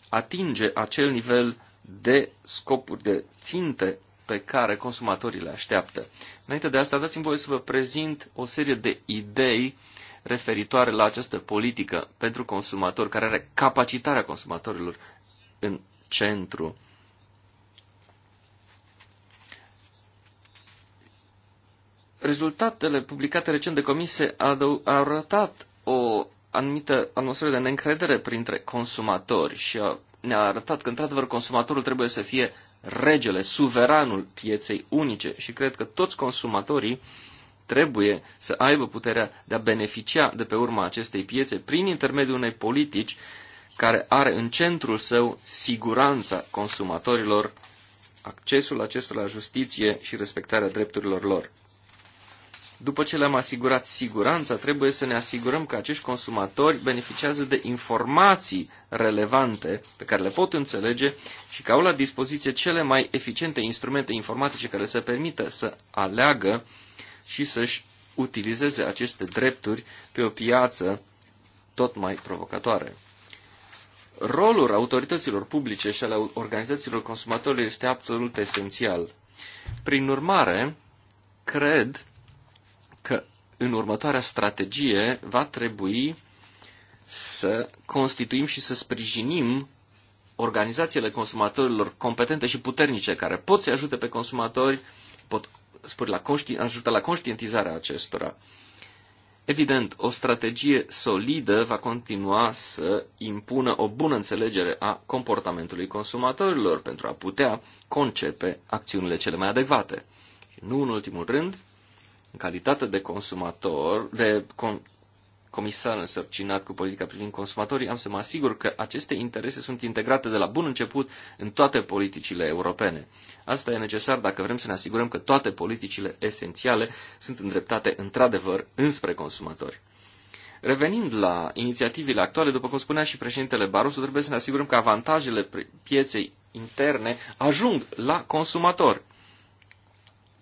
S4: atinge acel nivel de scopuri, de ținte pe care consumatorii le așteaptă. Înainte de asta, dați-mi voie să vă prezint o serie de idei referitoare la această politică pentru consumatori, care are capacitarea consumatorilor în centru. Rezultatele publicate recent de comisie au arătat o anumită atmosferă de neîncredere printre consumatori și ne-a arătat că, într-adevăr, consumatorul trebuie să fie regele, suveranul pieței unice și cred că toți consumatorii trebuie să aibă puterea de a beneficia de pe urma acestei piețe prin intermediul unei politici care are în centrul său siguranța consumatorilor, accesul acestora la justiție și respectarea drepturilor lor. După ce le-am asigurat siguranța, trebuie să ne asigurăm că acești consumatori beneficiază de informații relevante pe care le pot înțelege și că au la dispoziție cele mai eficiente instrumente informatice care să permită să aleagă și să-și utilizeze aceste drepturi pe o piață tot mai provocatoare. Rolul autorităților publice și ale organizațiilor consumatorilor este absolut esențial. Prin urmare, cred că în următoarea strategie va trebui să constituim și să sprijinim organizațiile consumatorilor competente și puternice care pot să ajute pe consumatori, pot spune, la conști- ajuta la conștientizarea acestora. Evident, o strategie solidă va continua să impună o bună înțelegere a comportamentului consumatorilor pentru a putea concepe acțiunile cele mai adecvate. Și nu în ultimul rând, în calitate de consumator, de con- comisar însărcinat cu politica privind consumatorii, am să mă asigur că aceste interese sunt integrate de la bun început în toate politicile europene. Asta e necesar dacă vrem să ne asigurăm că toate politicile esențiale sunt îndreptate într-adevăr înspre consumatori. Revenind la inițiativele actuale, după cum spunea și președintele Barroso, trebuie să ne asigurăm că avantajele pieței interne ajung la consumatori.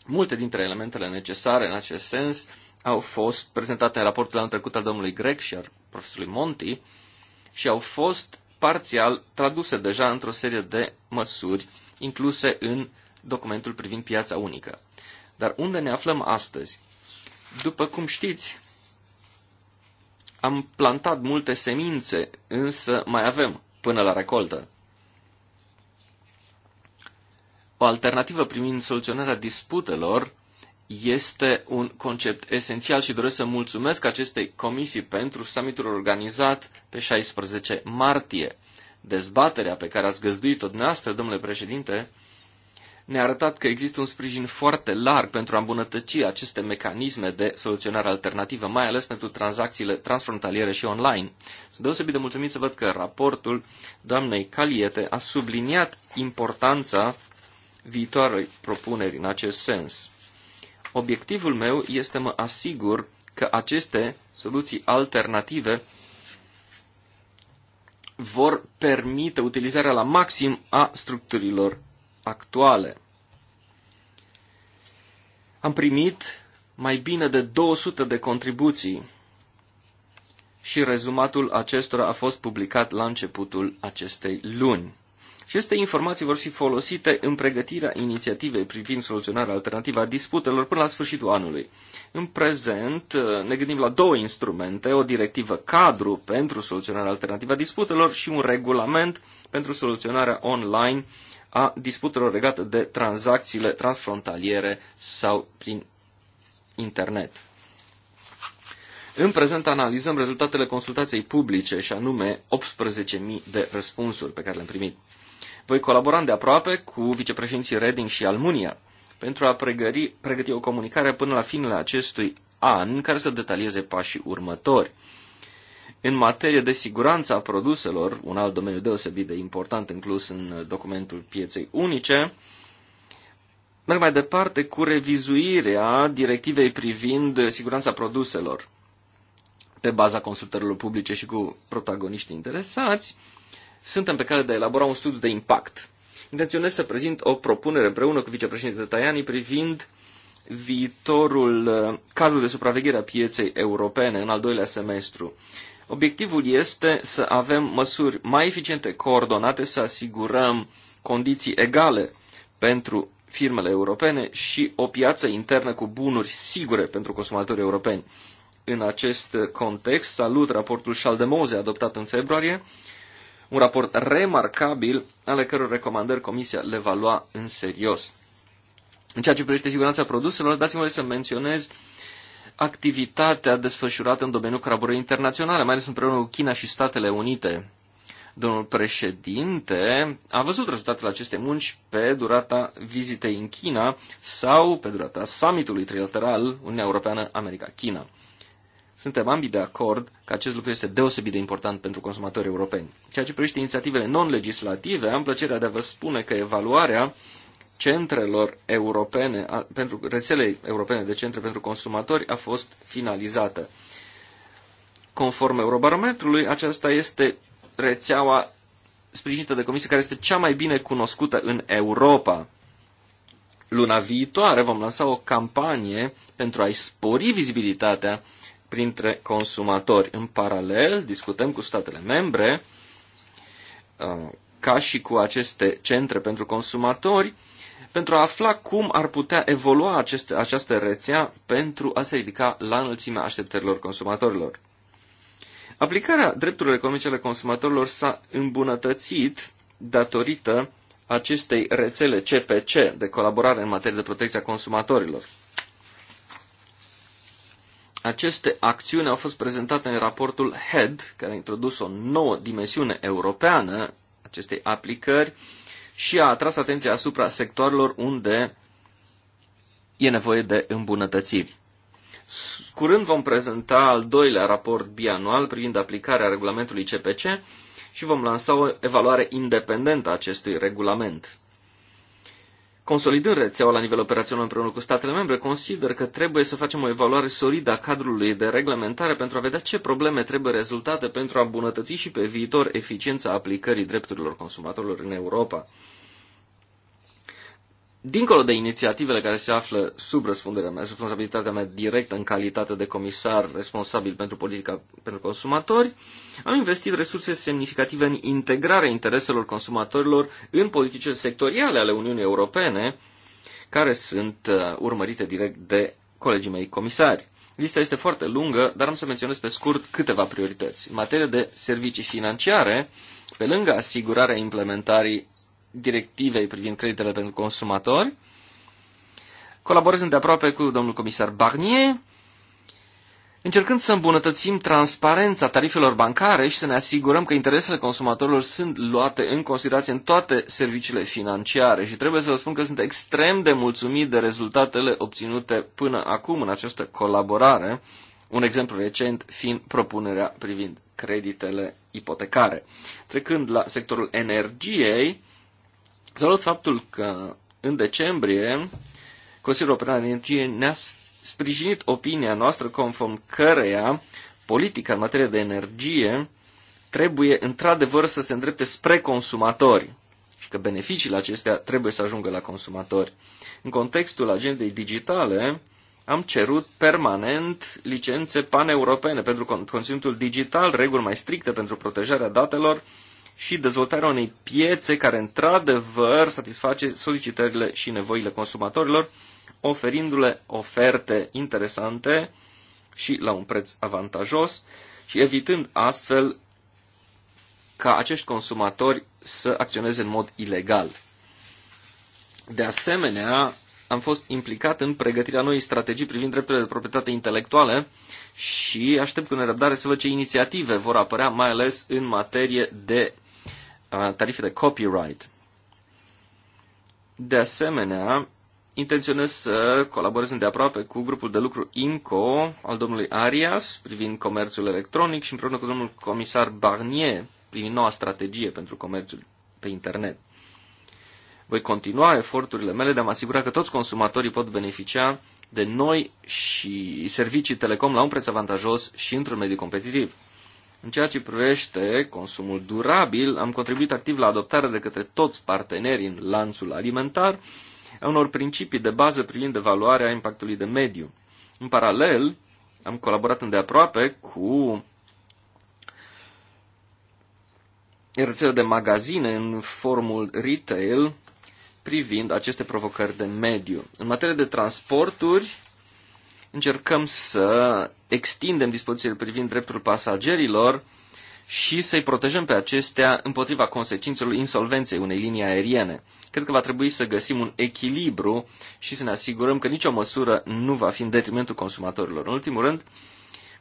S4: Multe dintre elementele necesare în acest sens au fost prezentate în raportul anul trecut al domnului Greg și al profesorului Monti și au fost parțial traduse deja într-o serie de măsuri incluse în documentul privind piața unică. Dar unde ne aflăm astăzi? După cum știți, am plantat multe semințe, însă mai avem până la recoltă. O alternativă primind soluționarea disputelor este un concept esențial și doresc să mulțumesc acestei comisii pentru summitul organizat pe 16 martie. Dezbaterea pe care ați găzduit-o dumneavoastră, domnule președinte, ne-a arătat că există un sprijin foarte larg pentru a îmbunătăți aceste mecanisme de soluționare alternativă, mai ales pentru tranzacțiile transfrontaliere și online. Sunt deosebit de mulțumit să văd că raportul doamnei Caliete a subliniat importanța viitoarei propuneri în acest sens. Obiectivul meu este mă asigur că aceste soluții alternative vor permite utilizarea la maxim a structurilor actuale. Am primit mai bine de 200 de contribuții și rezumatul acestora a fost publicat la începutul acestei luni. Aceste informații vor fi folosite în pregătirea inițiativei privind soluționarea alternativă a disputelor până la sfârșitul anului. În prezent uh, ne gândim la două instrumente, o directivă cadru pentru soluționarea alternativă a disputelor și un regulament pentru soluționarea online a disputelor legate de tranzacțiile transfrontaliere sau prin internet. În prezent analizăm rezultatele consultației publice și anume 18.000 de răspunsuri pe care le-am primit. Voi colabora de aproape cu vicepreședinții Reding și Almunia pentru a pregări, pregăti o comunicare până la finele acestui an care să detalieze pașii următori. În materie de siguranță a produselor, un alt domeniu deosebit de important inclus în documentul pieței unice, merg mai departe cu revizuirea directivei privind siguranța produselor. Pe baza consultărilor publice și cu protagoniștii interesați, suntem pe cale de a elabora un studiu de impact. Intenționez să prezint o propunere împreună cu vicepreședintele Tajani privind viitorul uh, cadru de supraveghere a pieței europene în al doilea semestru. Obiectivul este să avem măsuri mai eficiente, coordonate, să asigurăm condiții egale pentru firmele europene și o piață internă cu bunuri sigure pentru consumatorii europeni. În acest context, salut raportul Schaldemose adoptat în februarie, un raport remarcabil, ale căror recomandări Comisia le va lua în serios. În ceea ce privește siguranța produselor, dați-mi voie să menționez activitatea desfășurată în domeniul colaborării internaționale, mai ales împreună cu China și Statele Unite. Domnul președinte a văzut rezultatele acestei munci pe durata vizitei în China sau pe durata summitului trilateral Uniunea Europeană-America-China. Suntem ambii de acord că acest lucru este deosebit de important pentru consumatorii europeni. Ceea ce privește inițiativele non-legislative, am plăcerea de a vă spune că evaluarea centrelor europene, a, pentru rețelei europene de centre pentru consumatori a fost finalizată. Conform Eurobarometrului, aceasta este rețeaua sprijinită de comisie care este cea mai bine cunoscută în Europa. Luna viitoare vom lansa o campanie pentru a-i spori vizibilitatea printre consumatori. În paralel, discutăm cu statele membre, uh, ca și cu aceste centre pentru consumatori, pentru a afla cum ar putea evolua aceste, această rețea pentru a se ridica la înălțimea așteptărilor consumatorilor. Aplicarea drepturilor economice ale consumatorilor s-a îmbunătățit datorită acestei rețele CPC de colaborare în materie de protecție a consumatorilor. Aceste acțiuni au fost prezentate în raportul HED, care a introdus o nouă dimensiune europeană acestei aplicări și a atras atenția asupra sectoarelor unde e nevoie de îmbunătățiri. Curând vom prezenta al doilea raport bianual privind aplicarea regulamentului CPC și vom lansa o evaluare independentă a acestui regulament. Consolidând rețeaua la nivel operațional împreună cu statele membre, consider că trebuie să facem o evaluare solidă a cadrului de reglementare pentru a vedea ce probleme trebuie rezultate pentru a îmbunătăți și pe viitor eficiența aplicării drepturilor consumatorilor în Europa dincolo de inițiativele care se află sub răspunderea mea, responsabilitatea mea directă în calitate de comisar responsabil pentru politica pentru consumatori, am investit resurse semnificative în integrarea intereselor consumatorilor în politicile sectoriale ale Uniunii Europene, care sunt uh, urmărite direct de colegii mei comisari. Lista este foarte lungă, dar am să menționez pe scurt câteva priorități. În materie de servicii financiare, pe lângă asigurarea implementării directivei privind creditele pentru consumatori. Colaborez îndeaproape cu domnul comisar Barnier, încercând să îmbunătățim transparența tarifelor bancare și să ne asigurăm că interesele consumatorilor sunt luate în considerație în toate serviciile financiare. Și trebuie să vă spun că sunt extrem de mulțumit de rezultatele obținute până acum în această colaborare, un exemplu recent fiind propunerea privind creditele ipotecare. Trecând la sectorul energiei, Salut faptul că în decembrie Consiliul European de Energie ne-a sprijinit opinia noastră conform căreia politica în materie de energie trebuie într-adevăr să se îndrepte spre consumatori și că beneficiile acestea trebuie să ajungă la consumatori. În contextul agendei digitale, am cerut permanent licențe paneuropene pentru conținutul digital, reguli mai stricte pentru protejarea datelor și dezvoltarea unei piețe care într-adevăr satisface solicitările și nevoile consumatorilor, oferindu-le oferte interesante și la un preț avantajos și evitând astfel ca acești consumatori să acționeze în mod ilegal. De asemenea, am fost implicat în pregătirea noii strategii privind drepturile de proprietate intelectuale și aștept cu nerăbdare să văd ce inițiative vor apărea, mai ales în materie de tarife de copyright. De asemenea, intenționez să colaborez îndeaproape cu grupul de lucru INCO al domnului Arias privind comerțul electronic și împreună cu domnul comisar Barnier privind noua strategie pentru comerțul pe internet. Voi continua eforturile mele de a mă asigura că toți consumatorii pot beneficia de noi și servicii telecom la un preț avantajos și într-un mediu competitiv. În ceea ce privește consumul durabil, am contribuit activ la adoptarea de către toți partenerii în lanțul alimentar a unor principii de bază privind evaluarea impactului de mediu. În paralel, am colaborat îndeaproape cu rețele de magazine în formul retail privind aceste provocări de mediu. În materie de transporturi, încercăm să extindem dispozițiile privind dreptul pasagerilor și să-i protejăm pe acestea împotriva consecințelor insolvenței unei linii aeriene. Cred că va trebui să găsim un echilibru și să ne asigurăm că nicio măsură nu va fi în detrimentul consumatorilor. În ultimul rând,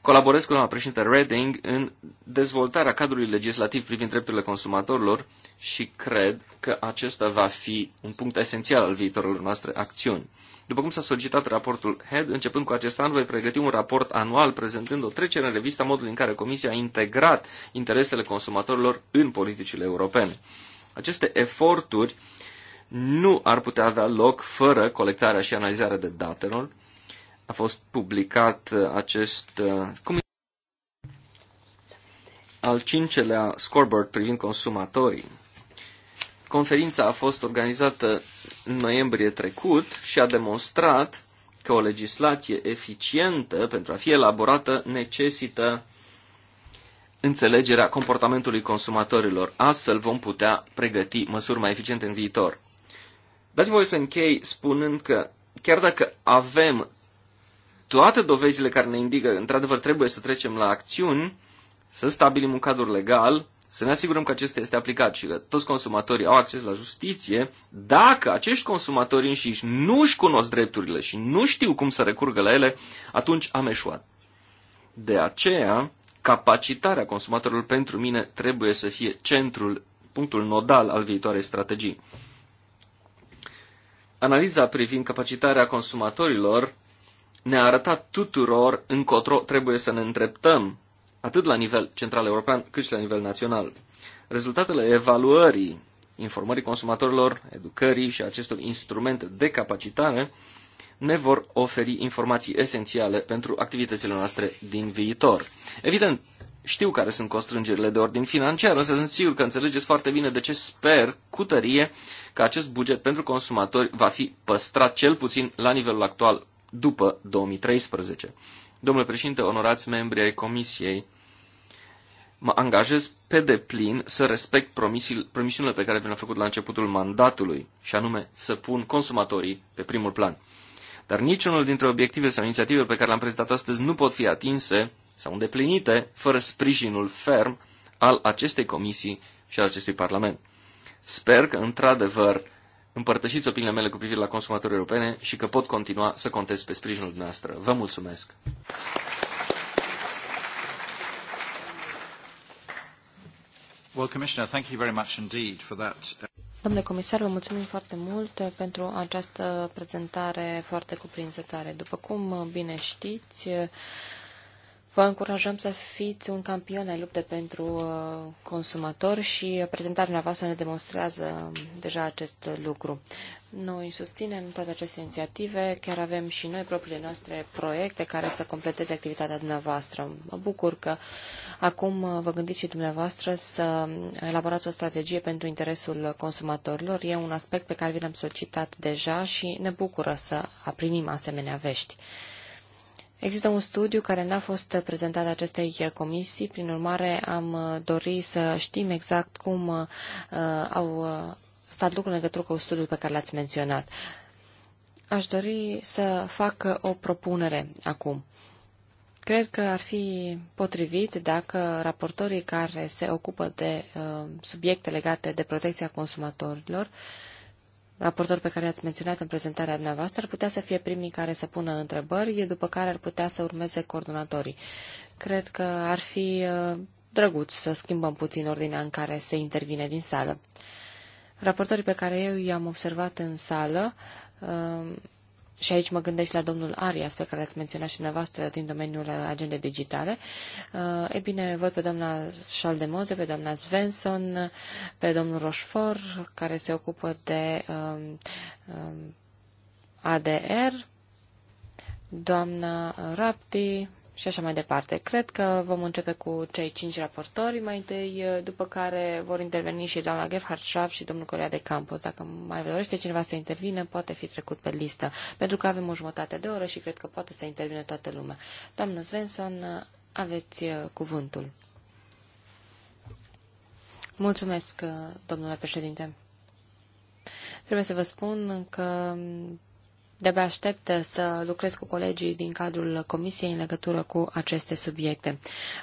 S4: Colaborez cu doamna președinte Reding în dezvoltarea cadrului legislativ privind drepturile consumatorilor și cred că acesta va fi un punct esențial al viitorului noastre acțiuni. După cum s-a solicitat raportul HED, începând cu acest an voi pregăti un raport anual prezentând o trecere în revista modului în care Comisia a integrat interesele consumatorilor în politicile europene. Aceste eforturi nu ar putea avea loc fără colectarea și analizarea de datelor, a fost publicat uh, acest uh, cum al cincelea scoreboard privind consumatorii. Conferința a fost organizată în noiembrie trecut și a demonstrat că o legislație eficientă pentru a fi elaborată necesită înțelegerea comportamentului consumatorilor. Astfel vom putea pregăti măsuri mai eficiente în viitor. Dați voi să închei spunând că chiar dacă avem toate dovezile care ne indică că într-adevăr trebuie să trecem la acțiuni, să stabilim un cadru legal, să ne asigurăm că acesta este aplicat și că toți consumatorii au acces la justiție, dacă acești consumatori înșiși nu își cunosc drepturile și nu știu cum să recurgă la ele, atunci am eșuat. De aceea, capacitarea consumatorilor pentru mine trebuie să fie centrul, punctul nodal al viitoarei strategii. Analiza privind capacitarea consumatorilor ne-a arătat tuturor încotro trebuie să ne îndreptăm, atât la nivel central european, cât și la nivel național. Rezultatele evaluării informării consumatorilor, educării și acestor instrumente de capacitare ne vor oferi informații esențiale pentru activitățile noastre din viitor. Evident, știu care sunt constrângerile de ordin financiar, însă sunt sigur că înțelegeți foarte bine de ce sper cu tărie că acest buget pentru consumatori va fi păstrat cel puțin la nivelul actual după 2013. Domnule președinte, onorați membri ai Comisiei, mă angajez pe deplin să respect promisiunile pe care vi le-am făcut la începutul mandatului, și anume să pun consumatorii pe primul plan. Dar niciunul dintre obiective sau inițiative pe care le-am prezentat astăzi nu pot fi atinse sau îndeplinite fără sprijinul ferm al acestei comisii și al acestui Parlament. Sper că, într-adevăr, împărtășiți opiniile mele cu privire la consumatorii europene și că pot continua să contez pe sprijinul dumneavoastră. Vă mulțumesc!
S1: Well, Commissioner, thank you very much indeed for that. Uh,
S2: Domnule comisar, vă mulțumim foarte mult uh, pentru această prezentare foarte cuprinzătoare. După cum uh, bine știți, Vă încurajăm să fiți un campion al lupte pentru uh, consumatori și prezentarea dumneavoastră ne demonstrează um, deja acest lucru. Noi susținem toate aceste inițiative, chiar avem și noi propriile noastre proiecte care să completeze activitatea dumneavoastră. Mă bucur că acum uh, vă gândiți și dumneavoastră să um, elaborați o strategie pentru interesul consumatorilor. E un aspect pe care vi l-am solicitat deja și ne bucură să primim asemenea vești. Există un studiu care n-a fost prezentat acestei comisii, prin urmare am uh, dorit să știm exact cum uh, au uh, stat lucrurile în legătură cu studiul pe care l-ați menționat. Aș dori să fac uh, o propunere acum. Cred că ar fi potrivit dacă raportorii care se ocupă de uh, subiecte legate de protecția consumatorilor uh, raportor pe care l-ați menționat în prezentarea dumneavoastră ar putea să fie primii care să pună întrebări, după care ar putea să urmeze coordonatorii. Cred că ar fi uh, drăguț să schimbăm puțin ordinea în care se intervine din sală. Raportorii pe care eu i-am observat în sală uh, și aici mă gândesc la domnul Arias, pe care l-ați menționat și dumneavoastră din domeniul agendei digitale. Uh, e bine, văd pe doamna Schaldemose, pe doamna Svensson, pe domnul Roșfor, care se ocupă de um, um, ADR, doamna Rapti, și așa mai departe. Cred că vom începe cu cei cinci raportori mai întâi, eh, după care vor interveni și doamna Gerhard Schaaf și domnul Corea de Campos. Dacă mai dorește cineva să intervine, poate fi trecut pe listă, pentru că avem o jumătate de oră și cred că poate să intervine toată lumea. Doamna Svensson, eh, aveți eh, cuvântul. Mulțumesc, domnule președinte. Trebuie să vă spun că mm, de-abia aștept uh, să lucrez cu colegii din cadrul comisiei în legătură cu aceste subiecte.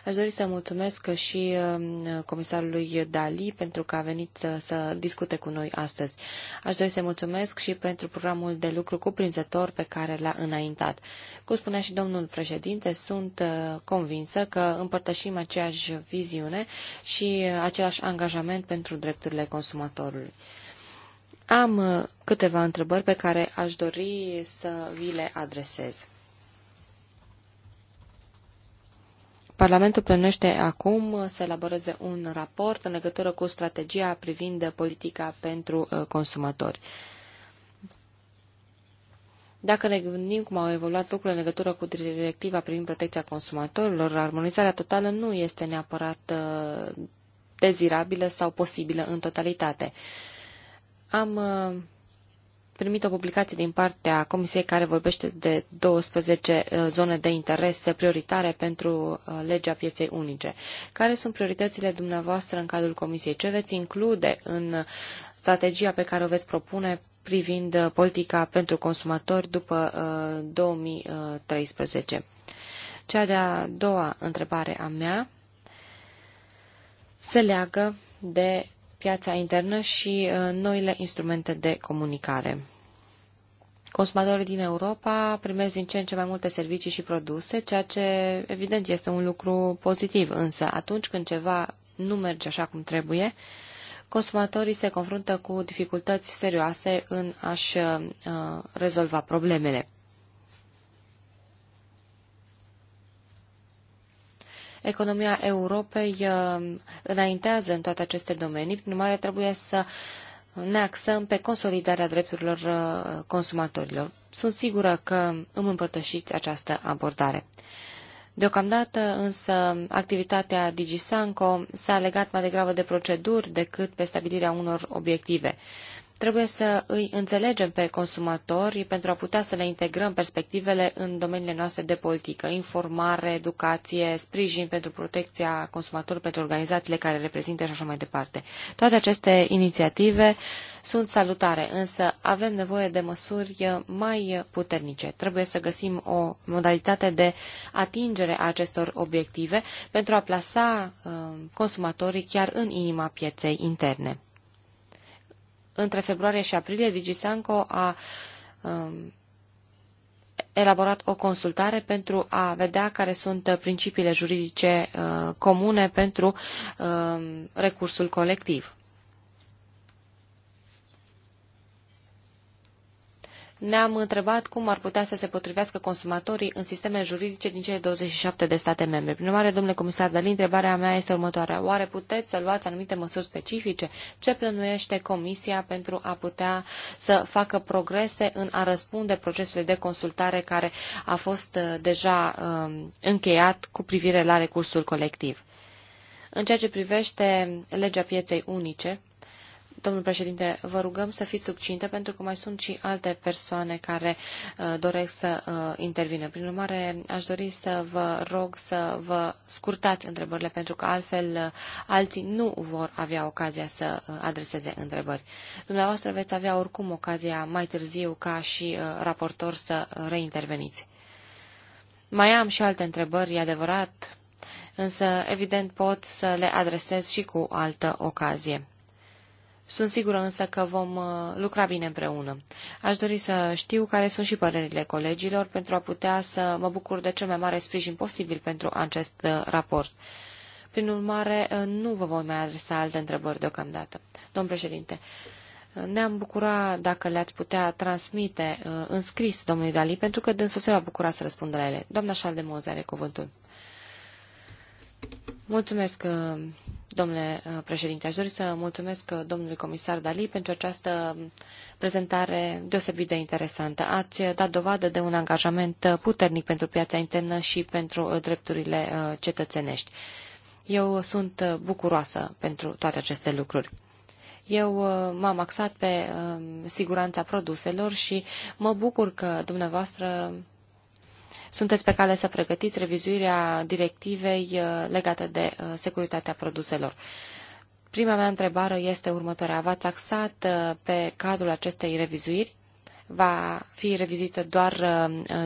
S2: Aș dori să mulțumesc și um, comisarului Dali pentru că a venit uh, să discute cu noi astăzi. Aș dori să mulțumesc și pentru programul de lucru cuprinzător pe care l-a înaintat. Cum spunea și domnul președinte, sunt uh, convinsă că împărtășim aceeași viziune și același angajament pentru drepturile consumatorului. Am uh, câteva întrebări pe care aș dori să vi le adresez. Parlamentul plănește acum să elaboreze un raport în legătură cu strategia privind politica pentru uh, consumatori. Dacă ne gândim cum au evoluat lucrurile în legătură cu directiva privind protecția consumatorilor, armonizarea totală nu este neapărat uh, dezirabilă sau posibilă în totalitate. Am uh, primit o publicație din partea Comisiei care vorbește de 12 uh, zone de interes prioritare pentru uh, legea pieței unice. Care sunt prioritățile dumneavoastră în cadrul Comisiei? Ce veți include în strategia pe care o veți propune privind politica pentru consumatori după 2013? Cea de-a doua întrebare a mea se leagă de piața internă și uh, noile instrumente de comunicare. Consumatorii din Europa primesc din ce în ce mai multe servicii și produse, ceea ce, evident, este un lucru pozitiv, însă atunci când ceva nu merge așa cum trebuie, consumatorii se confruntă cu dificultăți serioase în a-și uh, rezolva problemele. economia Europei uh, înaintează în toate aceste domenii, prin urmare trebuie să ne axăm pe consolidarea drepturilor uh, consumatorilor. Sunt sigură că îmi împărtășiți această abordare. Deocamdată, însă, activitatea DigiSanco s-a legat mai degrabă de proceduri decât pe stabilirea unor obiective. Trebuie să îi înțelegem pe consumatori pentru a putea să le integrăm perspectivele în domeniile noastre de politică, informare, educație, sprijin pentru protecția consumatorilor, pentru organizațiile care reprezintă și așa mai departe. Toate aceste inițiative sunt salutare, însă avem nevoie de măsuri mai puternice. Trebuie să găsim o modalitate de atingere a acestor obiective pentru a plasa uh, consumatorii chiar în inima pieței interne între februarie și aprilie, DigiSanco a um, elaborat o consultare pentru a vedea care sunt principiile juridice uh, comune pentru uh, recursul colectiv. ne-am întrebat cum ar putea să se potrivească consumatorii în sisteme juridice din cele 27 de state membre. Prin urmare, domnule comisar Dălin, întrebarea mea este următoarea. Oare puteți să luați anumite măsuri specifice? Ce plănuiește Comisia pentru a putea să facă progrese în a răspunde procesului de consultare care a fost uh, deja um, încheiat cu privire la recursul colectiv? În ceea ce privește legea pieței unice, Domnul președinte, vă rugăm să fiți succinte pentru că mai sunt și alte persoane care uh, doresc să uh, intervină. Prin urmare, aș dori să vă rog să vă scurtați întrebările pentru că altfel uh, alții nu vor avea ocazia să uh, adreseze întrebări. Dumneavoastră veți avea oricum ocazia mai târziu ca și uh, raportor să reinterveniți. Mai am și alte întrebări, e adevărat, însă evident pot să le adresez și cu altă ocazie. Sunt sigură însă că vom uh, lucra bine împreună. Aș dori să știu care sunt și părerile colegilor pentru a putea să mă bucur de cel mai mare sprijin posibil pentru acest uh, raport. Prin urmare, uh, nu vă voi mai adresa alte întrebări deocamdată. Domn președinte, ne-am bucura dacă le-ați putea transmite în scris domnului Dali, pentru că dânsul se va bucura să răspundă la ele. Doamna Șaldemoze are cuvântul. Mulțumesc, uh, domnule uh, președinte. Aș dori să mulțumesc uh, domnului comisar Dali pentru această prezentare deosebit de interesantă. Ați dat dovadă de un angajament puternic pentru piața internă și pentru drepturile cetățenești. Eu sunt bucuroasă pentru toate aceste lucruri. Eu m-am axat pe siguranța produselor și mă bucur că dumneavoastră sunteți pe cale să pregătiți revizuirea directivei uh, legate de uh, securitatea produselor. Prima mea întrebare este următoarea. V-ați axat uh, pe cadrul acestei revizuiri? Va fi revizuită doar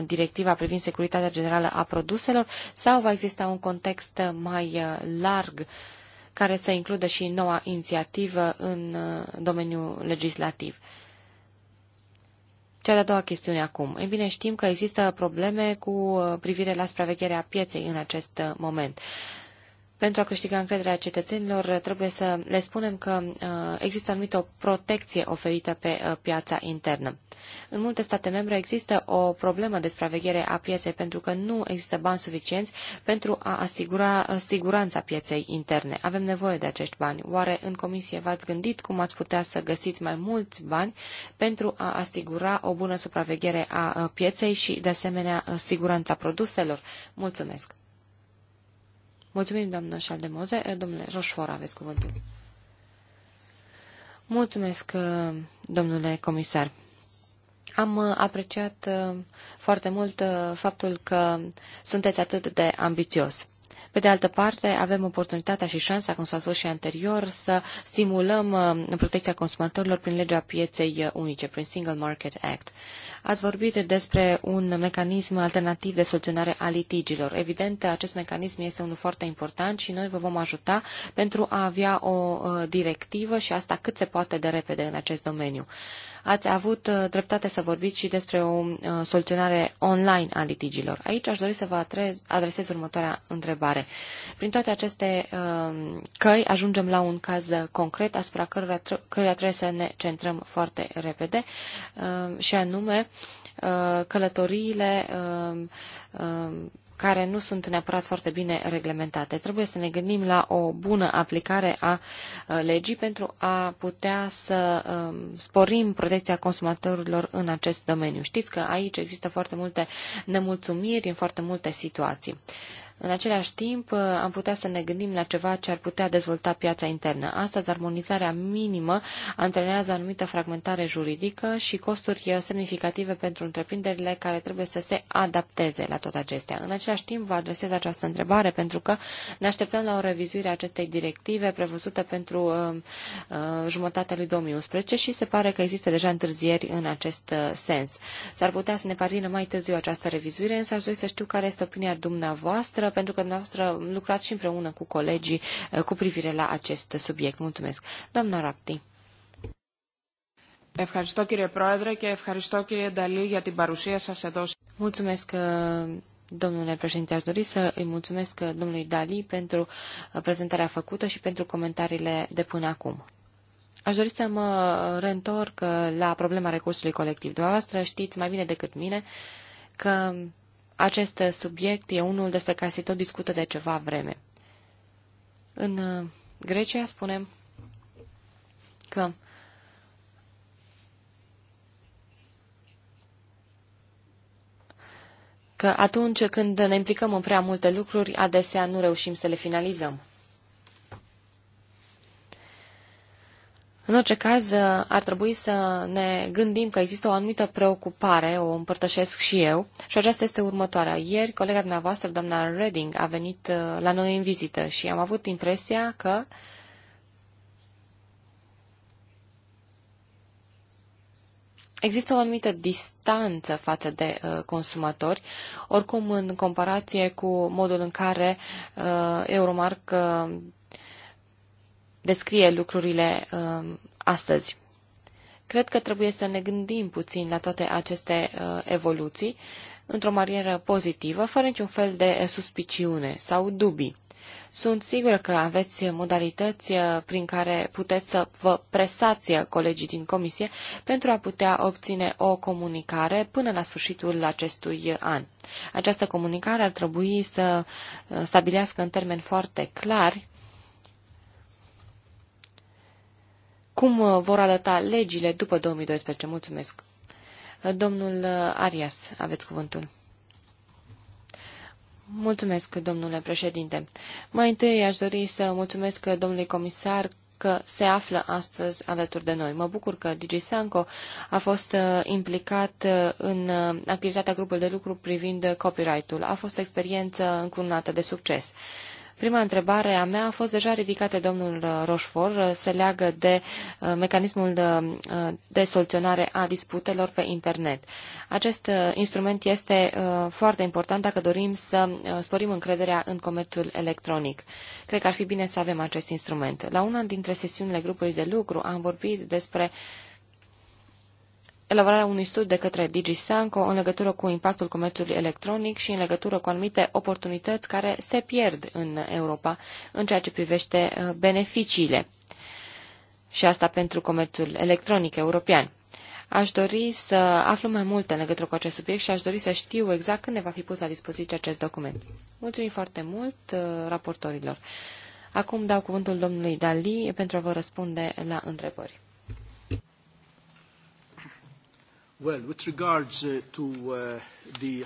S2: directiva privind securitatea generală a produselor sau va exista un context mai larg care să includă și noua inițiativă în domeniul legislativ? Cea de-a doua chestiune acum. Ei bine, știm că există probleme cu uh, privire la supravegherea pieței în acest uh, moment pentru a câștiga încrederea cetățenilor, trebuie să le spunem că uh, există anumită o protecție oferită pe uh, piața internă. În multe state membre există o problemă de supraveghere a pieței pentru că nu există bani suficienți pentru a asigura uh, siguranța pieței interne. Avem nevoie de acești bani. Oare în comisie v-ați gândit cum ați putea să găsiți mai mulți bani pentru a asigura o bună supraveghere a pieței și, de asemenea, siguranța produselor? Mulțumesc! Mulțumim, doamnă Șaldemoze. Eh, domnule Roșfor, aveți cuvântul. Mulțumesc, eh, domnule comisar. Am eh, apreciat foarte mult faptul că sunteți atât de ambițios. Pe de altă parte, avem oportunitatea și șansa, cum s-a spus și anterior, să stimulăm uh, protecția consumatorilor prin legea pieței uh, unice, prin Single Market Act. Ați vorbit despre un mecanism alternativ de soluționare a litigilor. Evident, acest mecanism este unul foarte important și noi vă vom ajuta pentru a avea o uh, directivă și asta cât se poate de repede în acest domeniu. Ați avut dreptate să vorbiți și despre o soluționare online a litigilor. Aici aș dori să vă adresez următoarea întrebare mare. Prin toate aceste uh, căi ajungem la un caz concret asupra căruia, căruia trebuie să ne centrăm foarte repede uh, și anume uh, călătoriile um, care nu sunt neapărat foarte bine reglementate. Trebuie să ne gândim la o bună aplicare a uh, legii pentru a putea să sporim protecția consumatorilor în acest domeniu. Știți că aici există foarte multe nemulțumiri în foarte multe situații. În același timp, uh, am putea să ne gândim la ceva ce ar putea dezvolta piața internă. Astăzi, armonizarea minimă antrenează o anumită fragmentare juridică și costuri uh, semnificative pentru întreprinderile care trebuie să se adapteze la tot acestea. În același timp, vă adresez această întrebare pentru că ne așteptăm la o revizuire a acestei directive prevăzute pentru uh, uh, jumătatea lui 2011 și se pare că există deja întârzieri în acest uh, sens. S-ar putea să ne parină mai târziu această revizuire, însă aș dori să știu care este opinia dumneavoastră dumneavoastră, pentru că dumneavoastră lucrați și împreună cu colegii eh, cu privire la acest subiect. Mulțumesc. Doamna Rapti. Mulțumesc, domnule președinte. Aș dori să îi mulțumesc eh, domnului Dali pentru eh, prezentarea făcută și pentru comentariile de până acum. Aș dori să mă reîntorc la problema recursului colectiv. Dumneavoastră știți mai bine decât mine că acest subiect e unul despre care se tot discută de ceva vreme. În uh, Grecia spunem că că atunci când ne implicăm în prea multe lucruri, adesea nu reușim să le finalizăm. În orice caz, ar trebui să ne gândim că există o anumită preocupare, o împărtășesc și eu, și aceasta este următoarea. Ieri, colega dumneavoastră, doamna Redding, a venit uh, la noi în vizită și am avut impresia că Există o anumită distanță față de uh, consumatori, oricum în comparație cu modul în care uh, Euromark uh, descrie lucrurile um, astăzi. Cred că trebuie să ne gândim puțin la toate aceste uh, evoluții într-o manieră pozitivă, fără niciun fel de suspiciune sau dubii. Sunt sigur că aveți modalități uh, prin care puteți să vă presați uh, colegii din comisie pentru a putea obține o comunicare până la sfârșitul acestui an. Această comunicare ar trebui să stabilească în termeni foarte clari cum uh, vor arăta legile după 2012. Mulțumesc. Uh, domnul uh, Arias, aveți cuvântul. Mulțumesc, domnule președinte. Mai întâi aș dori să mulțumesc domnului comisar că se află astăzi alături de noi. Mă bucur că Digi Sanco a fost implicat în activitatea grupului de lucru privind copyright-ul. A fost o experiență încununată de succes. Prima întrebare a mea a fost deja ridicată domnul uh, Roșfor, uh, se leagă de uh, mecanismul de, de soluționare a disputelor pe internet. Acest instrument este foarte important dacă dorim să sporim încrederea în comerțul electronic. Cred că ar fi bine să avem acest instrument. La una dintre sesiunile grupului de lucru am vorbit despre uh, elaborarea unui studiu de către DigiSanco în legătură cu impactul comerțului electronic și în legătură cu anumite oportunități care se pierd în Europa în ceea ce privește uh, beneficiile. Și asta pentru comerțul electronic european. Aș dori să aflu mai multe în legătură cu acest subiect și aș dori să știu exact când ne va fi pus la dispoziție acest document. Mulțumim foarte mult uh, raportorilor. Acum dau cuvântul domnului Dali pentru a vă răspunde la întrebări.
S1: Well, with regards uh, to uh, the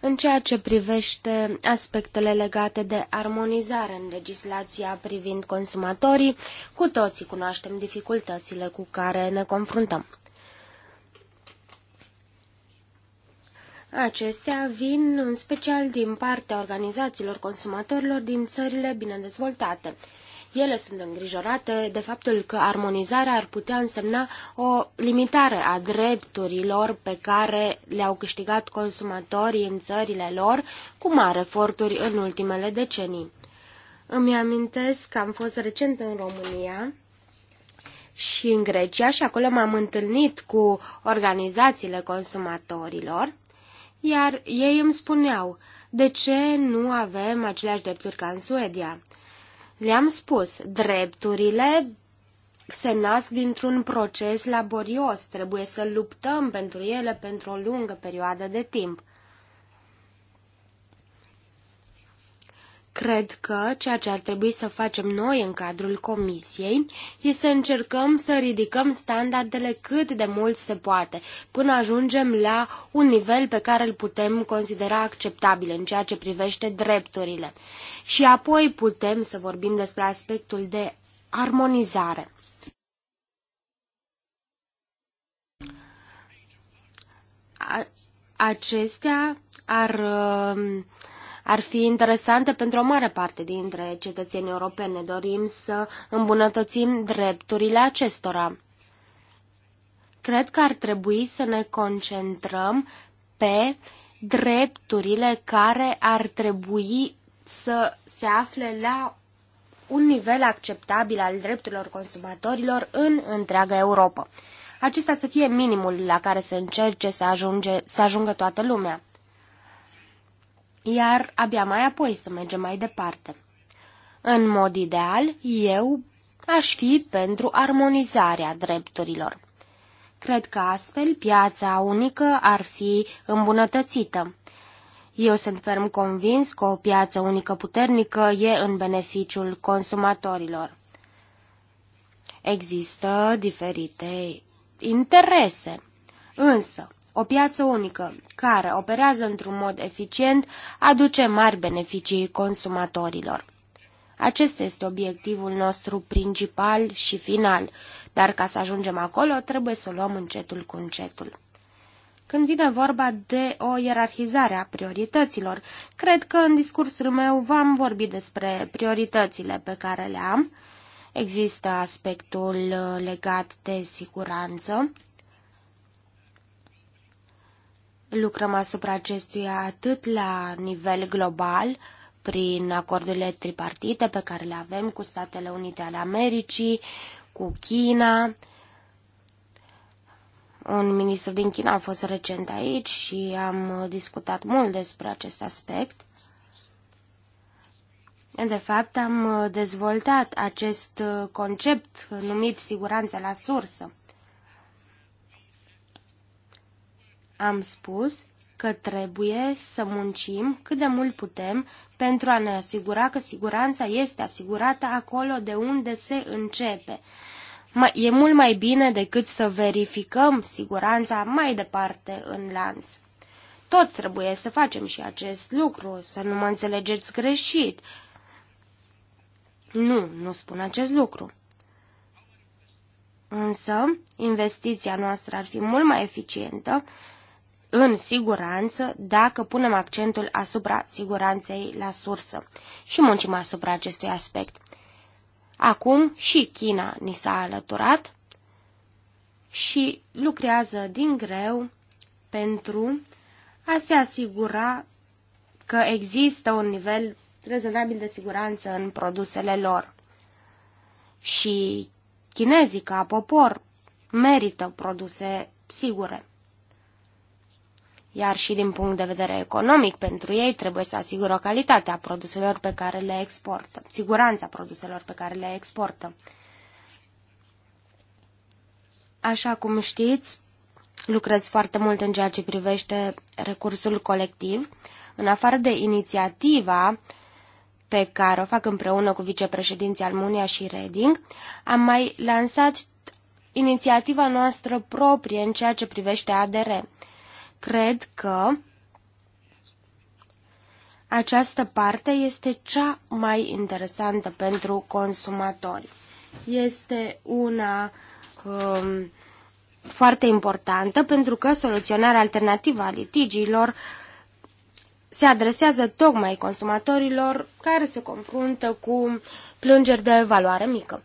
S3: în ceea ce privește aspectele legate de armonizare în legislația privind consumatorii, cu toții cunoaștem dificultățile cu care ne confruntăm. Acestea vin în special din partea organizațiilor consumatorilor din țările bine dezvoltate, ele sunt îngrijorate de faptul că armonizarea ar putea însemna o limitare a drepturilor pe care le-au câștigat consumatorii în țările lor cu mari eforturi în ultimele decenii. Îmi amintesc că am fost recent în România și în Grecia și acolo m-am întâlnit cu organizațiile consumatorilor, iar ei îmi spuneau de ce nu avem aceleași drepturi ca în Suedia. Le-am spus, drepturile se nasc dintr-un proces laborios, trebuie să luptăm pentru ele pentru o lungă perioadă de timp. Cred că ceea ce ar trebui să facem noi în cadrul comisiei e să încercăm să ridicăm standardele cât de mult se poate, până ajungem la un nivel pe care îl putem considera acceptabil în ceea ce privește drepturile și apoi putem să vorbim despre aspectul de armonizare. acestea ar, uh, ar fi interesante pentru o mare parte dintre cetățenii Ne Dorim să îmbunătățim drepturile acestora. Cred că ar trebui să ne concentrăm pe drepturile care ar trebui să se afle la un nivel acceptabil al drepturilor consumatorilor în întreaga Europa. Acesta să fie minimul la care să încerce să, ajunge, să ajungă toată lumea. Iar abia mai apoi să mergem mai departe. În mod ideal, eu aș fi pentru armonizarea drepturilor. Cred că astfel piața unică ar fi îmbunătățită eu sunt ferm convins că o piață unică puternică e în beneficiul consumatorilor. Există diferite interese, însă o piață unică care operează într-un mod eficient aduce mari beneficii consumatorilor. Acesta este obiectivul nostru principal și final, dar ca să ajungem acolo trebuie să o luăm încetul cu încetul. Când vine vorba de o ierarhizare a priorităților, cred că în discursul meu v-am vorbit despre prioritățile pe care le am. Există aspectul uh, legat de siguranță. Lucrăm asupra acestuia atât la nivel global, prin acordurile tripartite pe care le avem cu Statele Unite ale Americii, cu China, un ministru din China a fost recent aici și am discutat mult despre acest aspect. De fapt, am dezvoltat acest concept numit siguranță la sursă. Am spus că trebuie să muncim cât de mult putem pentru a ne asigura că siguranța este asigurată acolo de unde se începe, e mult mai bine decât să verificăm siguranța mai departe în lanț. Tot trebuie să facem și acest lucru, să nu mă înțelegeți greșit. Nu, nu spun acest lucru. Însă, investiția noastră ar fi mult mai eficientă în siguranță dacă punem accentul asupra siguranței la sursă și muncim asupra acestui aspect. Acum și China ni s-a alăturat și lucrează din greu pentru a se asigura că există un nivel rezonabil de siguranță în produsele lor. Și chinezii, ca popor, merită produse sigure iar și din punct de vedere economic pentru ei trebuie să asigură calitatea produselor pe care le exportă, siguranța produselor pe care le exportă. Așa cum știți, lucrez foarte mult în ceea ce privește recursul colectiv. În afară de inițiativa pe care o fac împreună cu vicepreședinții Almunia și Reding, am mai lansat inițiativa noastră proprie în ceea ce privește ADR. Cred că această parte este cea mai interesantă pentru consumatori. Este una um, foarte importantă pentru că soluționarea alternativă a litigiilor se adresează tocmai consumatorilor care se confruntă cu plângeri de valoare mică.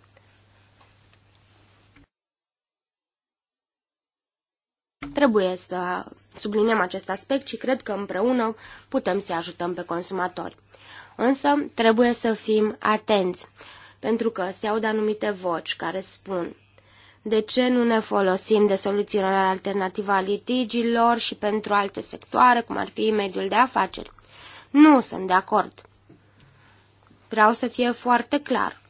S3: Trebuie să Subliniem acest aspect și cred că împreună putem să ajutăm pe consumatori. Însă trebuie să fim atenți, pentru că se aud anumite voci care spun de ce nu ne folosim de soluționarea alternativă a litigilor și pentru alte sectoare, cum ar fi mediul de afaceri? Nu sunt de acord. Vreau să fie foarte clar.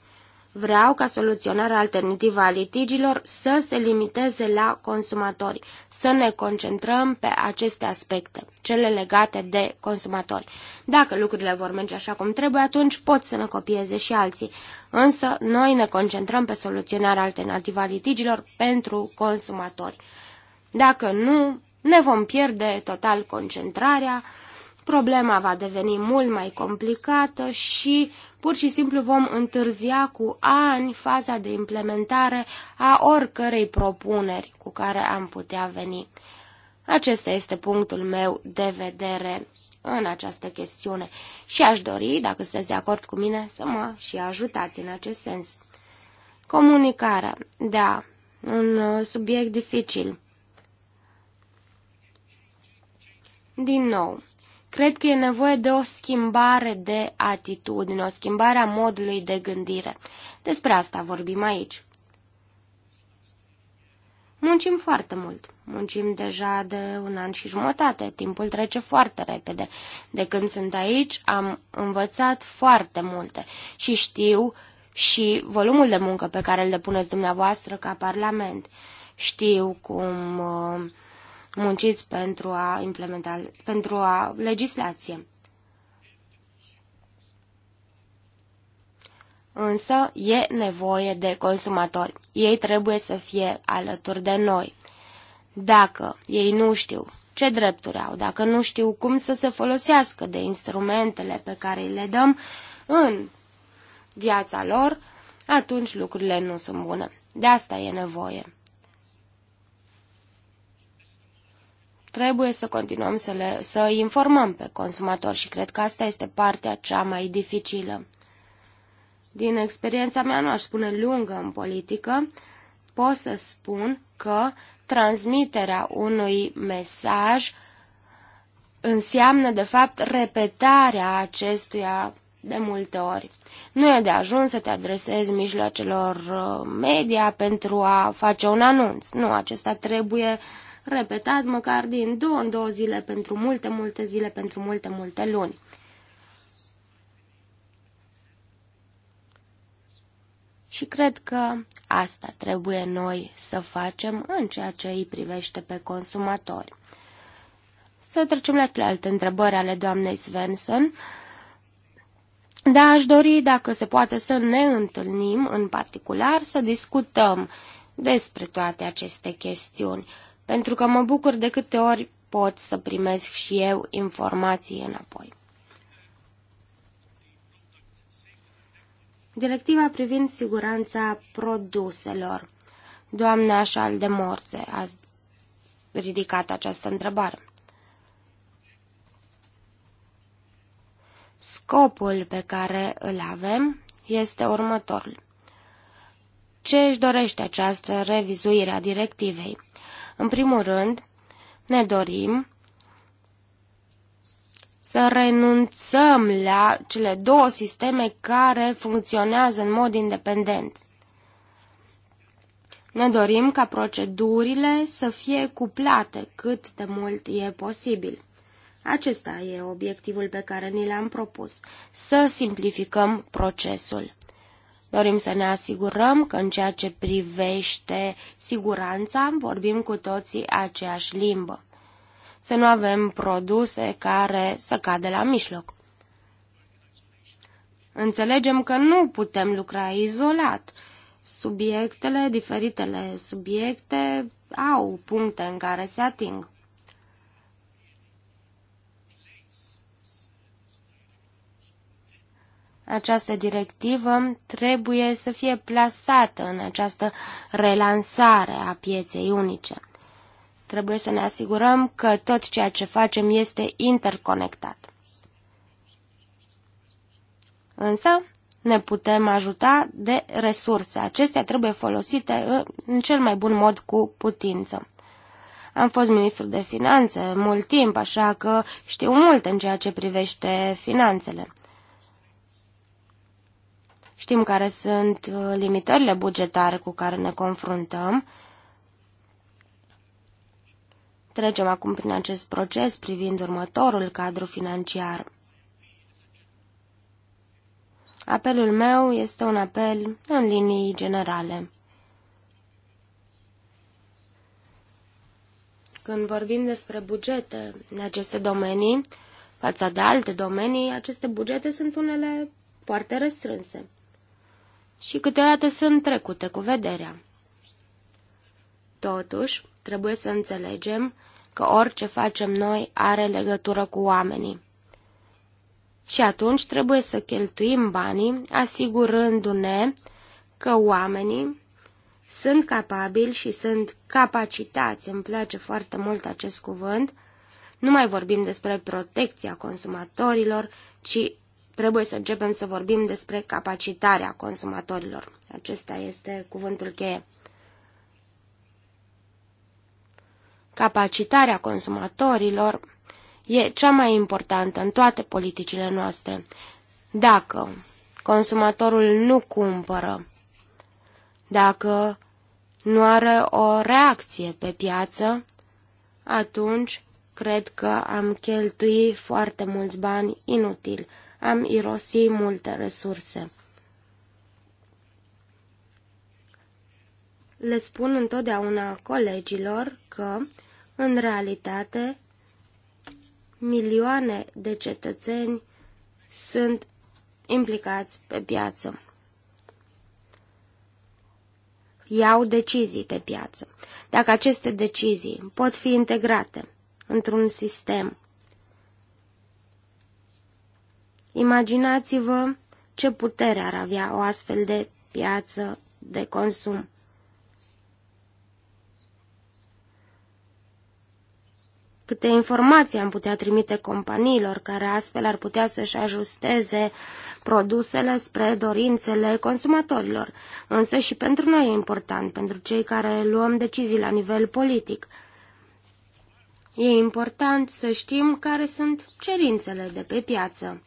S3: Vreau ca soluționarea alternativă a litigilor să se limiteze la consumatori, să ne concentrăm pe aceste aspecte, cele legate de consumatori. Dacă lucrurile vor merge așa cum trebuie, atunci pot să ne copieze și alții. Însă, noi ne concentrăm pe soluționarea alternativă a litigilor pentru consumatori. Dacă nu, ne vom pierde total concentrarea, problema va deveni mult mai complicată și Pur și simplu vom întârzia cu ani faza de implementare a oricărei propuneri cu care am putea veni. Acesta este punctul meu de vedere în această chestiune și aș dori, dacă sunteți de acord cu mine, să mă și ajutați în acest sens. Comunicarea, da, un uh, subiect dificil. Din nou, Cred că e nevoie de o schimbare de atitudine, o schimbare a modului de gândire. Despre asta vorbim aici. Muncim foarte mult. Muncim deja de un an și jumătate. Timpul trece foarte repede. De când sunt aici, am învățat foarte multe și știu și volumul de muncă pe care îl depuneți dumneavoastră ca Parlament. Știu cum uh, munciți pentru a implementa, pentru a legislație. Însă e nevoie de consumatori. Ei trebuie să fie alături de noi. Dacă ei nu știu ce drepturi au, dacă nu știu cum să se folosească de instrumentele pe care le dăm în viața lor, atunci lucrurile nu sunt bune. De asta e nevoie. trebuie să continuăm să, le, să informăm pe consumator și cred că asta este partea cea mai dificilă. Din experiența mea, nu aș spune lungă în politică, pot să spun că transmiterea unui mesaj înseamnă, de fapt, repetarea acestuia de multe ori. Nu e de ajuns să te adresezi mijloacelor uh, media pentru a face un anunț. Nu, acesta trebuie uh, repetat măcar din două în două zile pentru multe, multe zile, pentru multe, multe luni. Și cred că asta trebuie noi să facem în ceea ce îi privește pe consumatori. Să trecem la celelalte întrebări ale doamnei Svensson. Da, aș dori, dacă se poate, să ne întâlnim în particular, să discutăm despre toate aceste chestiuni pentru că mă bucur de câte ori pot să primesc și eu informații înapoi. Directiva privind siguranța produselor. Doamna Morțe a ridicat această întrebare. Scopul pe care îl avem este următorul. Ce își dorește această revizuire a directivei? În primul rând, ne dorim să renunțăm la cele două sisteme care funcționează în mod independent. Ne dorim ca procedurile să fie cuplate cât de mult e posibil. Acesta e obiectivul pe care ni l-am propus, să simplificăm procesul. Dorim să ne asigurăm că în ceea ce privește siguranța vorbim cu toții aceeași limbă. Să nu avem produse care să cadă la mijloc. Înțelegem că nu putem lucra izolat. Subiectele, diferitele subiecte, au puncte în care se ating. această directivă trebuie să fie plasată în această relansare a pieței unice. Trebuie să ne asigurăm că tot ceea ce facem este interconectat. Însă, ne putem ajuta de resurse. Acestea trebuie folosite în cel mai bun mod cu putință. Am fost ministru de finanțe mult timp, așa că știu mult în ceea ce privește finanțele. Știm care sunt uh, limitările bugetare cu care ne confruntăm. Trecem acum prin acest proces privind următorul cadru financiar. Apelul meu este un apel în linii generale. Când vorbim despre bugete în aceste domenii, față de alte domenii, aceste bugete sunt unele foarte restrânse și câteodată sunt trecute cu vederea. Totuși, trebuie să înțelegem că orice facem noi are legătură cu oamenii. Și atunci trebuie să cheltuim banii asigurându-ne că oamenii sunt capabili și sunt capacitați, îmi place foarte mult acest cuvânt, nu mai vorbim despre protecția consumatorilor, ci trebuie să începem să vorbim despre capacitarea consumatorilor. Acesta este cuvântul cheie. Capacitarea consumatorilor e cea mai importantă în toate politicile noastre. Dacă consumatorul nu cumpără, dacă nu are o reacție pe piață, atunci cred că am cheltuit foarte mulți bani inutil am irosi multe resurse. Le spun întotdeauna colegilor că, în realitate, milioane de cetățeni sunt implicați pe piață. Iau decizii pe piață. Dacă aceste decizii pot fi integrate într-un sistem Imaginați-vă ce putere ar avea o astfel de piață de consum. Câte informații am putea trimite companiilor care astfel ar putea să-și ajusteze produsele spre dorințele consumatorilor. Însă și pentru noi e important, pentru cei care luăm decizii la nivel politic. E important să știm care sunt cerințele de pe piață.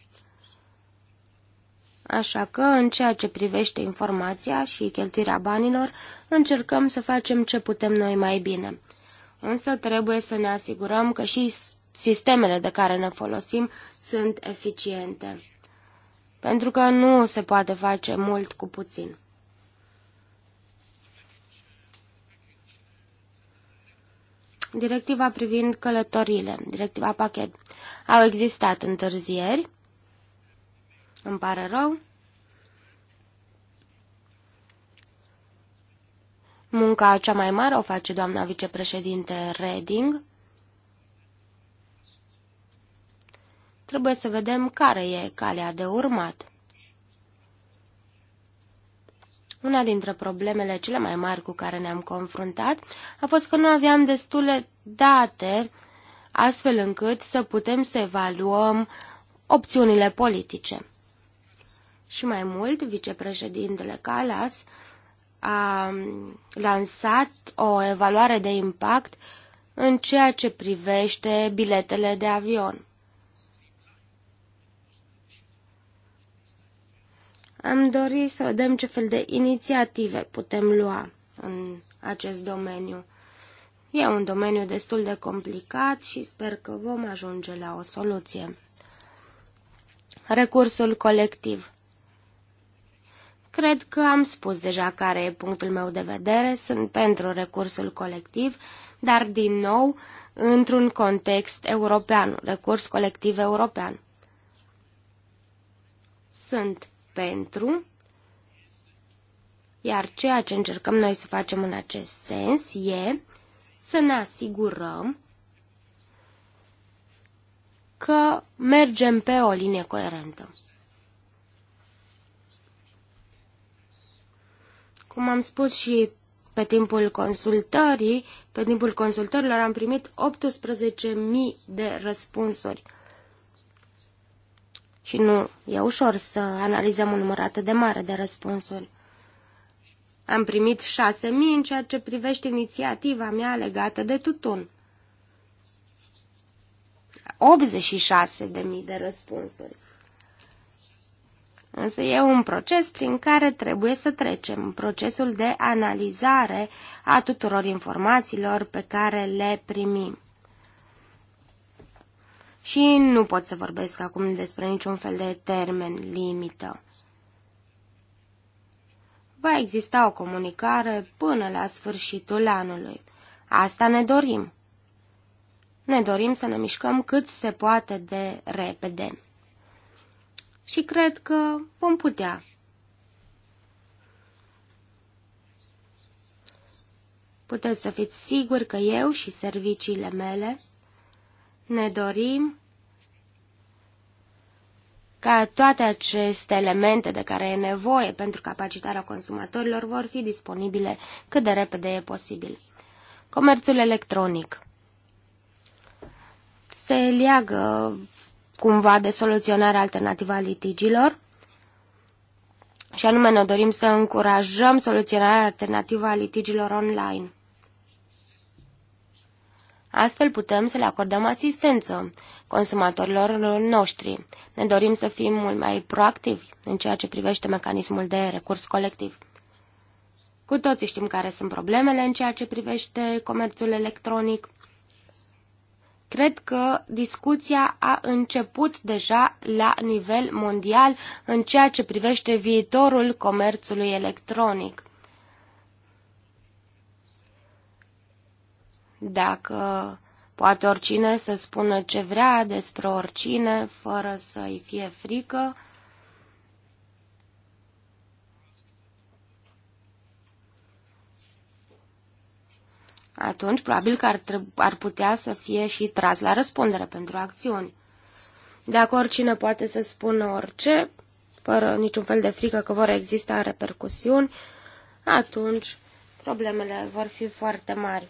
S3: Așa că, în ceea ce privește informația și cheltuirea banilor, încercăm să facem ce putem noi mai bine. Însă trebuie să ne asigurăm că și sistemele de care ne folosim sunt eficiente. Pentru că nu se poate face mult cu puțin. Directiva privind călătorile, directiva pachet, au existat întârzieri, îmi pare rău. Munca cea mai mare o face doamna vicepreședinte Reding. Trebuie să vedem care e calea de urmat. Una dintre problemele cele mai mari cu care ne-am confruntat a fost că nu aveam destule date astfel încât să putem să evaluăm opțiunile politice. Și mai mult, vicepreședintele Calas a lansat o evaluare de impact în ceea ce privește biletele de avion. Am dorit să vedem ce fel de inițiative putem lua în acest domeniu. E un domeniu destul de complicat și sper că vom ajunge la o soluție. Recursul colectiv Cred că am spus deja care e punctul meu de vedere, sunt pentru recursul colectiv, dar din nou într-un context european, recurs colectiv european. Sunt pentru, iar ceea ce încercăm noi să facem în acest sens e să ne asigurăm că mergem pe o linie coerentă. Cum am spus și pe timpul consultării, pe timpul consultărilor am primit 18.000 de răspunsuri. Și nu e ușor să analizăm un număr atât de mare de răspunsuri. Am primit 6.000 în ceea ce privește inițiativa mea legată de tutun. 86.000 de răspunsuri. Însă e un proces prin care trebuie să trecem, procesul de analizare a tuturor informațiilor pe care le primim. Și nu pot să vorbesc acum despre niciun fel de termen limită. Va exista o comunicare până la sfârșitul anului. Asta ne dorim. Ne dorim să ne mișcăm cât se poate de repede și cred că vom putea. Puteți să fiți siguri că eu și serviciile mele ne dorim ca toate aceste elemente de care e nevoie pentru capacitarea consumatorilor vor fi disponibile cât de repede e posibil. Comerțul electronic se leagă cumva de soluționare alternativă a litigilor. Și anume, ne dorim să încurajăm soluționarea alternativă a litigilor online. Astfel putem să le acordăm asistență consumatorilor noștri. Ne dorim să fim mult mai proactivi în ceea ce privește mecanismul de recurs colectiv. Cu toții știm care sunt problemele în ceea ce privește comerțul electronic. Cred că discuția a început deja la nivel mondial în ceea ce privește viitorul comerțului electronic. Dacă poate oricine să spună ce vrea despre oricine, fără să-i fie frică, atunci probabil că ar, ar putea să fie și tras la răspundere pentru acțiuni. Dacă oricine poate să spună orice, fără niciun fel de frică că vor exista repercusiuni, atunci problemele vor fi foarte mari.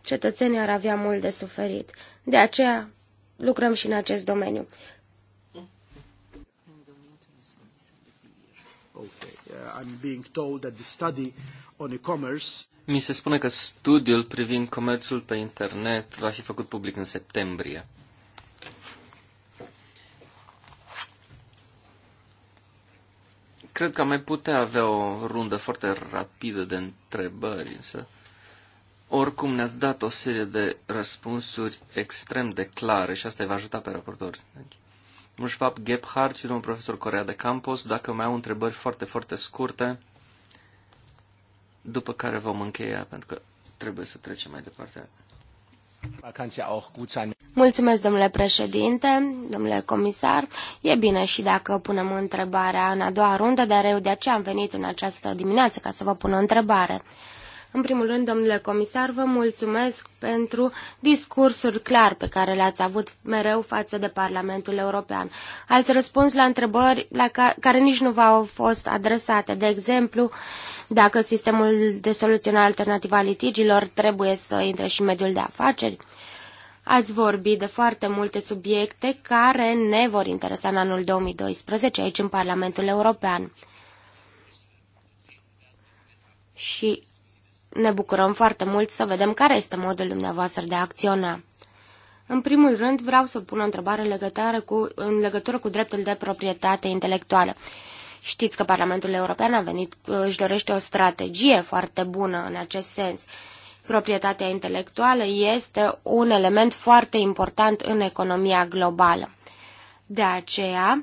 S3: Cetățenii ar avea mult de suferit. De aceea lucrăm și în acest domeniu.
S1: Okay. Uh, I'm being told that the study on e-commerce
S4: mi se spune că studiul privind comerțul pe internet va fi făcut public în septembrie. Cred că am mai putea avea o rundă foarte rapidă de întrebări, însă oricum ne-ați dat o serie de răspunsuri extrem de clare și asta îi va ajuta pe raportori. Deci, Mușfap Gephardt și domnul profesor Corea de Campos, dacă mai au întrebări foarte, foarte scurte, după care vom încheia, pentru că trebuie să trecem mai departe.
S3: Mulțumesc, domnule președinte, domnule comisar. E bine și dacă punem întrebarea în a doua rundă, dar eu de aceea am venit în această dimineață ca să vă pun o întrebare. În primul rând, domnule comisar, vă mulțumesc pentru discursul clar pe care l ați avut mereu față de Parlamentul European. Ați răspuns la întrebări la care nici nu v-au fost adresate. De exemplu, dacă sistemul de soluționare alternativă a litigilor trebuie să intre și în mediul de afaceri. Ați vorbit de foarte multe subiecte care ne vor interesa în anul 2012 aici în Parlamentul European. Și ne bucurăm foarte mult să vedem care este modul dumneavoastră de a acționa. În primul rând, vreau să pun o întrebare în legătură cu, în legătură cu dreptul de proprietate intelectuală. Știți că Parlamentul European a venit, își dorește o strategie foarte bună în acest sens. Proprietatea intelectuală este un element foarte important în economia globală. De aceea,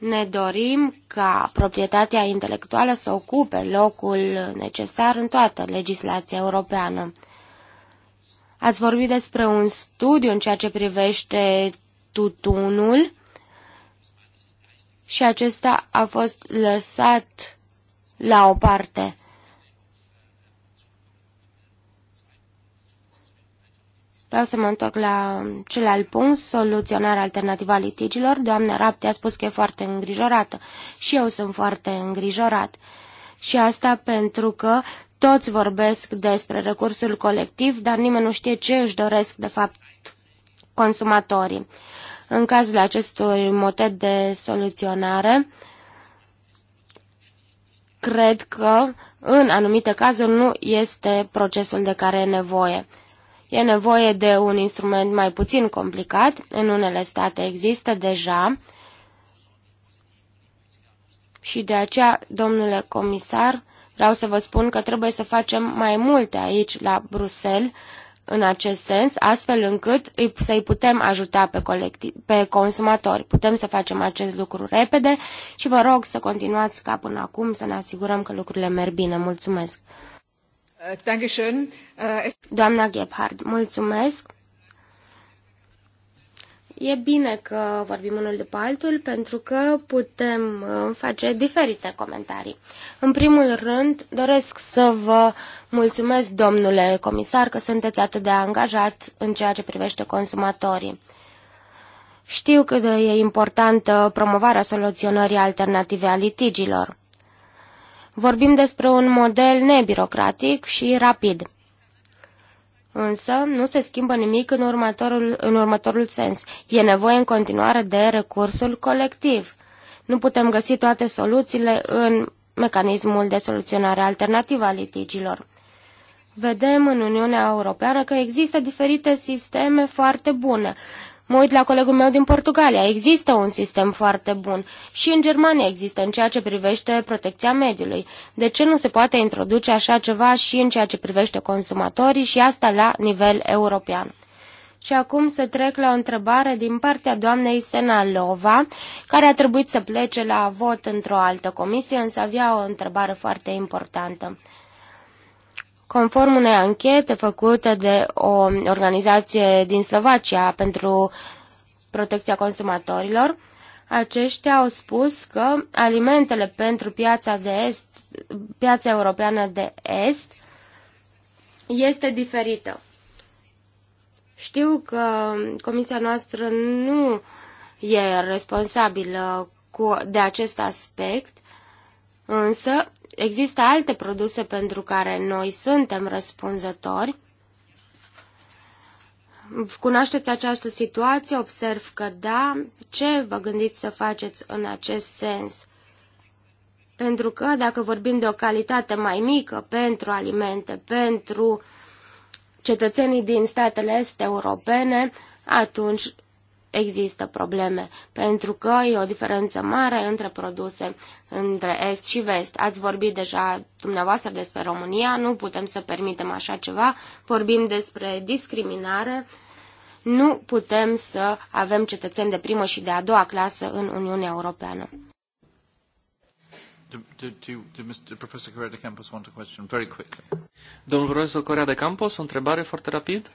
S3: ne dorim ca proprietatea intelectuală să ocupe locul necesar în toată legislația europeană. Ați vorbit despre un studiu în ceea ce privește tutunul și acesta a fost lăsat la o parte. Vreau să mă întorc la celălalt punct, soluționarea alternativă a litigilor. Doamna Rapte a spus că e foarte îngrijorată și eu sunt foarte îngrijorat. Și asta pentru că toți vorbesc despre recursul colectiv, dar nimeni nu știe ce își doresc de fapt consumatorii. În cazul acestui motet de soluționare, cred că în anumite cazuri nu este procesul de care e nevoie. E nevoie de un instrument mai puțin complicat. În unele state există deja. Și de aceea, domnule comisar, vreau să vă spun că trebuie să facem mai multe aici la Bruxelles în acest sens, astfel încât să-i putem ajuta pe, colectiv, pe consumatori. Putem să facem acest lucru repede și vă rog să continuați ca până acum să ne asigurăm că lucrurile merg bine. Mulțumesc! Uh, uh, Doamna Gebhardt, mulțumesc. E bine că vorbim unul după altul pentru că putem uh, face diferite comentarii. În primul rând, doresc să vă mulțumesc, domnule comisar, că sunteți atât de angajat în ceea ce privește consumatorii. Știu cât de e importantă promovarea soluționării alternative a litigilor. Vorbim despre un model nebirocratic și rapid. Însă nu se schimbă nimic în următorul, în următorul sens. E nevoie în continuare de recursul colectiv. Nu putem găsi toate soluțiile în mecanismul de soluționare alternativă a litigilor. Vedem în Uniunea Europeană că există diferite sisteme foarte bune, Mă uit la colegul meu din Portugalia. Există un sistem foarte bun și în Germania există în ceea ce privește protecția mediului. De ce nu se poate introduce așa ceva și în ceea ce privește consumatorii și asta la nivel european? Și acum să trec la o întrebare din partea doamnei Senalova, care a trebuit să plece la vot într-o altă comisie, însă avea o întrebare foarte importantă. Conform unei anchete făcute de o organizație din Slovacia pentru protecția consumatorilor, aceștia au spus că alimentele pentru piața, de est, piața europeană de est este diferită. Știu că comisia noastră nu e responsabilă cu, de acest aspect, însă există alte produse pentru care noi suntem răspunzători. Cunoașteți această situație? Observ că da. Ce vă gândiți să faceți în acest sens? Pentru că dacă vorbim de o calitate mai mică pentru alimente, pentru cetățenii din statele este europene, atunci există probleme, pentru că e o diferență mare între produse între Est și Vest. Ați vorbit deja dumneavoastră despre România, nu putem să permitem așa ceva, vorbim despre discriminare, nu putem să avem cetățeni de primă și de a doua clasă în Uniunea Europeană.
S1: Domnul profesor Corea de Campos, o întrebare foarte rapid?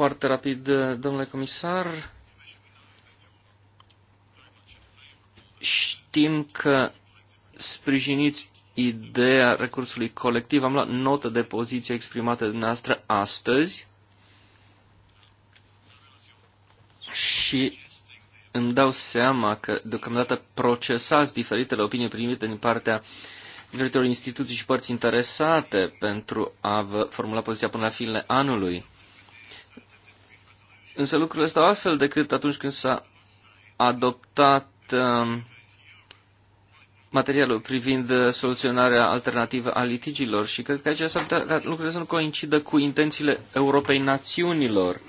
S4: Foarte rapid, domnule comisar. Știm că sprijiniți ideea recursului colectiv. Am luat notă de poziție exprimată de noastră astăzi și îmi dau seama că deocamdată procesați diferitele opinii primite din partea diferitelor instituții și părți interesate pentru a vă formula poziția până la finele anului. Însă lucrurile stau altfel decât atunci când s-a adoptat um, materialul privind soluționarea alternativă a litigilor și cred că aici s-ar putea ca lucrurile să nu coincidă cu intențiile Europei Națiunilor.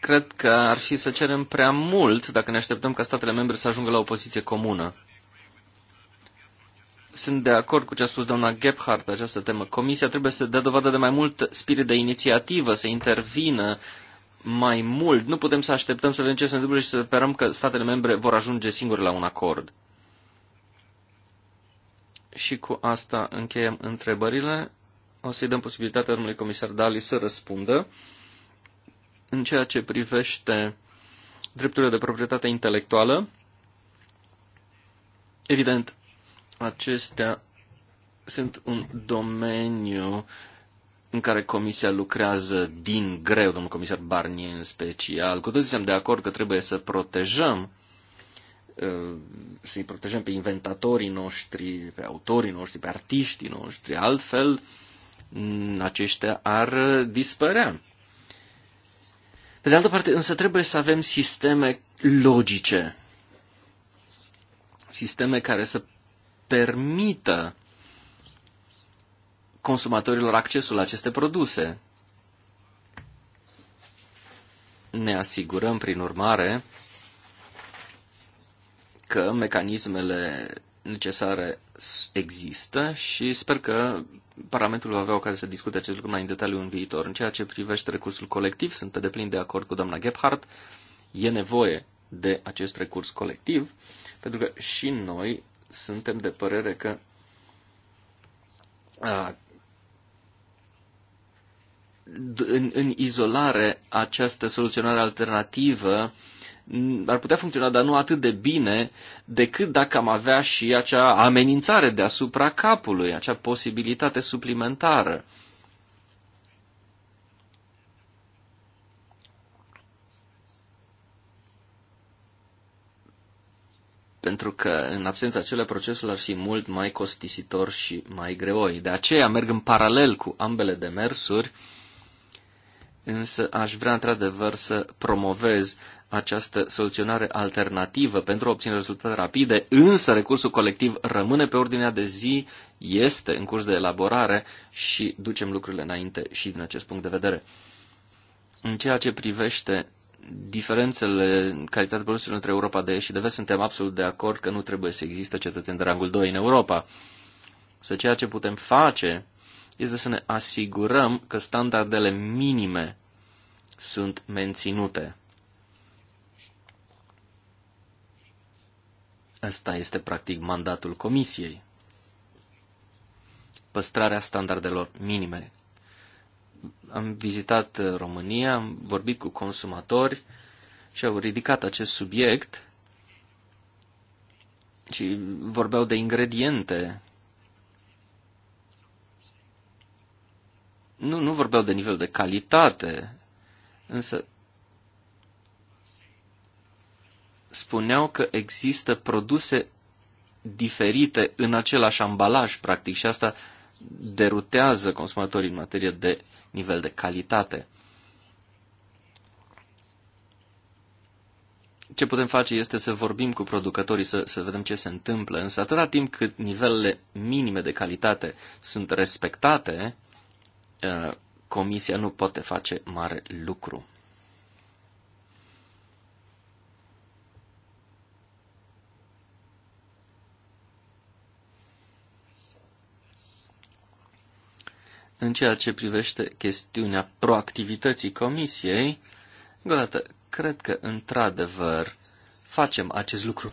S4: Cred că ar fi să cerem prea mult dacă ne așteptăm ca statele membre să ajungă la o poziție comună. Sunt de acord cu ce a spus doamna Gebhardt pe această temă. Comisia trebuie să dea dovadă de mai mult spirit de inițiativă, să intervină mai mult. Nu putem să așteptăm să vedem ce se întâmplă și să sperăm că statele membre vor ajunge singure la un acord. Și cu asta încheiem întrebările. O să-i dăm posibilitatea domnului comisar Dali să răspundă în ceea ce privește drepturile de proprietate intelectuală. Evident, Acestea sunt un domeniu în care Comisia lucrează din greu, domnul comisar Barnier în special. Cu toții suntem de acord că trebuie să protejăm uh, să-i protejăm pe inventatorii noștri, pe autorii noștri, pe artiștii noștri. Altfel, aceștia ar dispărea. Pe de altă parte, însă trebuie să avem sisteme logice. Sisteme care să permită consumatorilor accesul la aceste produse. Ne asigurăm, prin urmare, că mecanismele necesare există și sper că Parlamentul va avea ocazia să discute acest lucru mai în detaliu în viitor. În ceea ce privește recursul colectiv, sunt pe deplin de acord cu doamna Gebhardt. E nevoie de acest recurs colectiv, pentru că și noi suntem de părere că a, în, în izolare această soluționare alternativă ar putea funcționa, dar nu atât de bine decât dacă am avea și acea amenințare deasupra capului, acea posibilitate suplimentară. pentru că în absența acelea procesul ar fi mult mai costisitor și mai greoi. De aceea merg în paralel cu ambele demersuri, însă aș vrea într-adevăr să promovez această soluționare alternativă pentru a obține rezultate rapide, însă recursul colectiv rămâne pe ordinea de zi, este în curs de elaborare și ducem lucrurile înainte și din acest punct de vedere. În ceea ce privește diferențele în calitatea produselor între Europa de Est și de Vest, suntem absolut de acord că nu trebuie să existe cetățeni de rangul 2 în Europa. Să ceea ce putem face este să ne asigurăm că standardele minime sunt menținute. Asta este practic mandatul Comisiei. Păstrarea standardelor minime am vizitat uh, România, am vorbit cu consumatori și au ridicat acest subiect și vorbeau de ingrediente. Nu, nu vorbeau de nivel de calitate, însă spuneau că există produse diferite în același ambalaj, practic, și asta derutează consumatorii în materie de nivel de calitate. Ce putem face este să vorbim cu producătorii, să, să vedem ce se întâmplă, însă atâta timp cât nivelele minime de calitate sunt respectate, eh, comisia nu poate face mare lucru. În ceea ce privește chestiunea proactivității comisiei, încă cred că într-adevăr facem acest lucru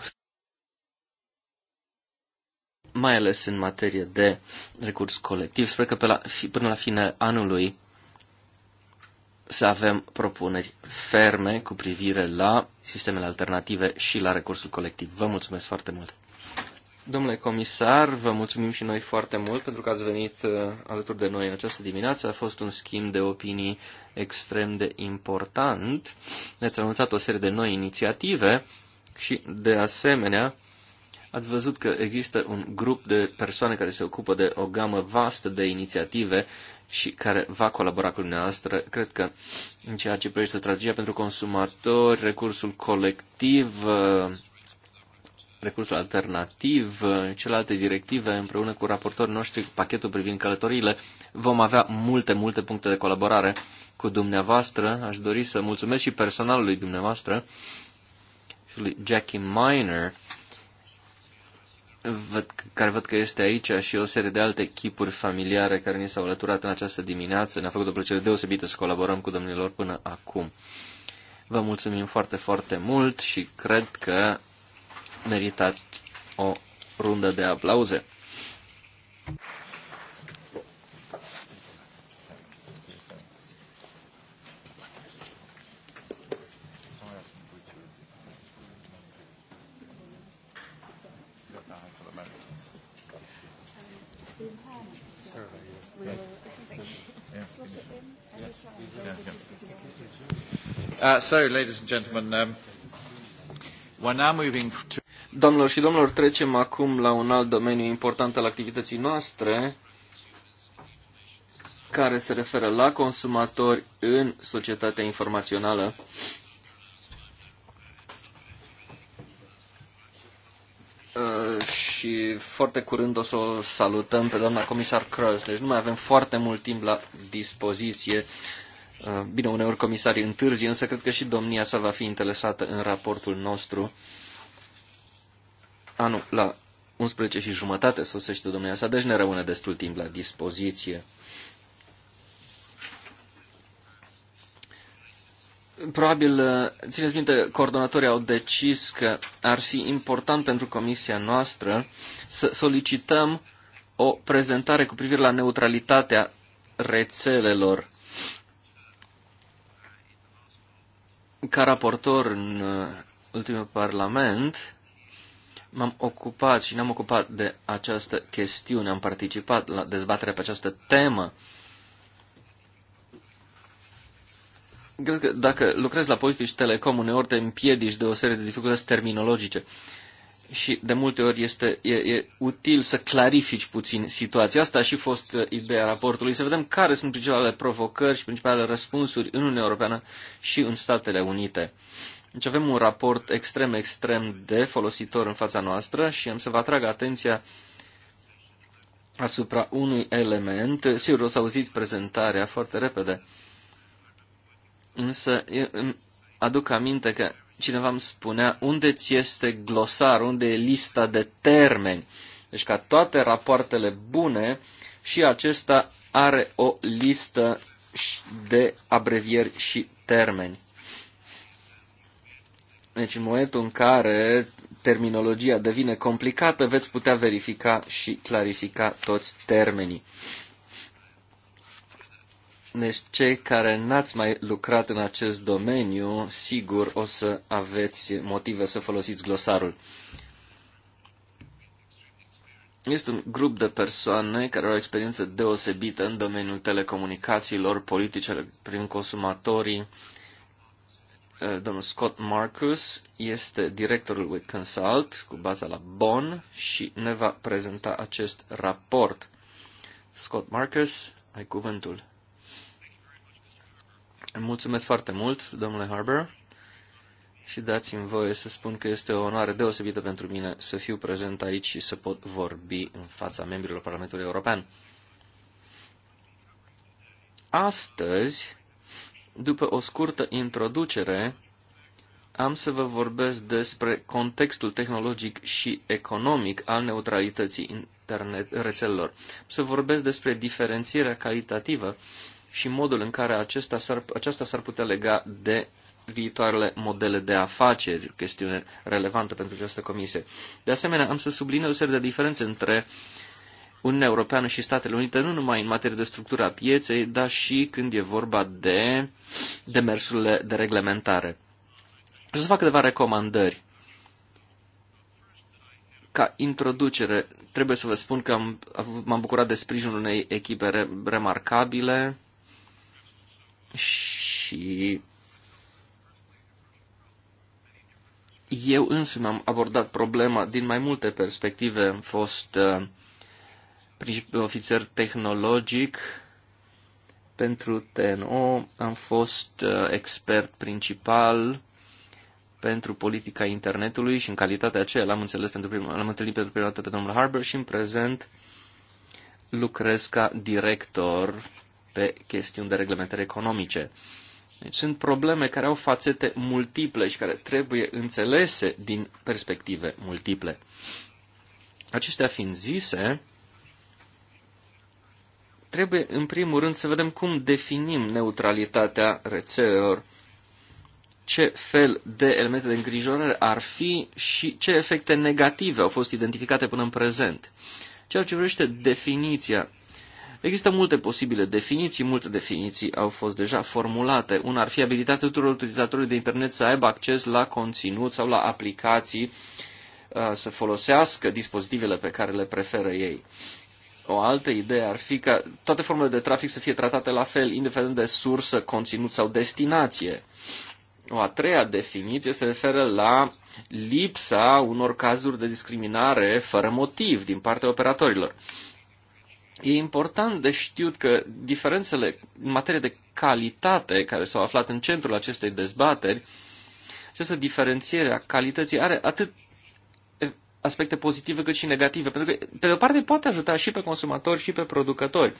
S4: mai ales în materie de recurs colectiv. Sper că pe la, până la fine anului să avem propuneri ferme cu privire la sistemele alternative și la recursul colectiv. Vă mulțumesc foarte mult! Domnule comisar, vă mulțumim și noi foarte mult pentru că ați venit uh, alături de noi în această dimineață. A fost un schimb de opinii extrem de important. Ne-ați anunțat o serie de noi inițiative și, de asemenea, ați văzut că există un grup de persoane care se ocupă de o gamă vastă de inițiative și care va colabora cu dumneavoastră. Cred că în ceea ce privește strategia pentru consumatori, recursul colectiv, uh, recursul alternativ, celelalte directive, împreună cu raportorii noștri, pachetul privind călătoriile, vom avea multe, multe puncte de colaborare cu dumneavoastră. Aș dori să mulțumesc și personalului dumneavoastră și lui Jackie Miner, care văd că este aici și o serie de alte echipuri familiare care ni s-au alăturat în această dimineață. Ne-a făcut o plăcere deosebită să colaborăm cu domnilor până acum. Vă mulțumim foarte, foarte mult și cred că meritat o rundă de aplauze.
S1: Uh, so, ladies and gentlemen, um, we're now moving
S4: to... Doamnelor și domnilor, trecem acum la un alt domeniu important al activității noastre, care se referă la consumatori în societatea informațională. Uh, și foarte curând o să o salutăm pe doamna comisar Cruz. Deci nu mai avem foarte mult timp la dispoziție. Uh, bine, uneori comisarii întârzi, însă cred că și domnia sa va fi interesată în raportul nostru anul la 11 și jumătate sosește domnia sa, deci ne rămâne destul timp la dispoziție. Probabil, țineți minte, coordonatorii au decis că ar fi important pentru comisia noastră să solicităm o prezentare cu privire la neutralitatea rețelelor. Ca raportor în uh, ultimul parlament, m-am ocupat și ne-am ocupat de această chestiune, am participat la dezbaterea pe această temă. Cred că dacă lucrezi la politici telecom, uneori te împiedici de o serie de dificultăți terminologice și de multe ori este e, e util să clarifici puțin situația. Asta a și fost uh, ideea raportului, să vedem care sunt principalele provocări și principalele răspunsuri în Uniunea Europeană și în Statele Unite. Uh, deci avem un raport extrem, extrem de folositor în fața noastră și am să vă atrag atenția asupra unui element. Sigur, o să auziți prezentarea foarte repede, însă îmi aduc aminte că cineva îmi spunea unde ți este glosar, unde e lista de termeni. Deci ca toate rapoartele bune și acesta are o listă de abrevieri și termeni. Deci în momentul în care terminologia devine complicată, veți putea verifica și clarifica toți termenii. Deci cei care n-ați mai lucrat în acest domeniu, sigur o să aveți motive să folosiți glosarul. Este un grup de persoane care au experiență deosebită în domeniul telecomunicațiilor, politicele prin consumatorii, Eh, domnul Scott Marcus este directorul Wit Consult cu baza la Bonn și ne va prezenta acest raport. Scott Marcus, ai cuvântul. Mulțumesc foarte mult, domnule Harbour, și dați-mi voie să spun că este o onoare deosebită pentru mine să fiu prezent aici și să pot vorbi în fața membrilor Parlamentului European. Astăzi după o scurtă introducere, am să vă vorbesc despre contextul tehnologic și economic al neutralității internet rețelelor. Să vorbesc despre diferențierea calitativă și modul în care acesta s-ar, aceasta s-ar putea lega de viitoarele modele de afaceri, chestiune relevantă pentru această comisie. De asemenea, am să subliniez o serie de diferențe între uh, Uniunea Europeană și Statele Unite, nu numai în materie de structură a pieței, dar și când e vorba de demersurile de reglementare. Vreau să fac câteva recomandări. Ca introducere, trebuie să vă spun că am, m-am bucurat de sprijinul unei echipe re, remarcabile și eu însumi am abordat problema din mai multe perspective. Am fost uh, ofițer tehnologic pentru TNO, am fost uh, expert principal pentru politica internetului și în calitatea aceea l-am, înțeles pentru prima, l-am întâlnit pentru prima dată pe domnul Harbour și în prezent lucrez ca director pe chestiuni de reglementări economice. Deci sunt probleme care au fațete multiple și care trebuie înțelese din perspective multiple. Acestea fiind zise, trebuie în primul rând să vedem cum definim neutralitatea rețelelor, ce fel de elemente de îngrijorare ar fi și ce efecte negative au fost identificate până în prezent. Ceea ce privește definiția Există multe posibile definiții, multe definiții au fost deja formulate. Una ar fi abilitatea tuturor utilizatorilor de internet să aibă acces la conținut sau la aplicații, uh, să folosească dispozitivele pe care le preferă ei. O altă idee ar fi ca toate formele de trafic să fie tratate la fel, indiferent de sursă, conținut sau destinație. O a treia definiție se referă la lipsa unor cazuri de discriminare fără motiv din partea operatorilor. E important de știut că diferențele în materie de calitate care s-au aflat în centrul acestei dezbateri, această diferențiere a calității are atât aspecte pozitive cât și negative, pentru că, pe de o parte, poate ajuta și pe consumatori și pe producători.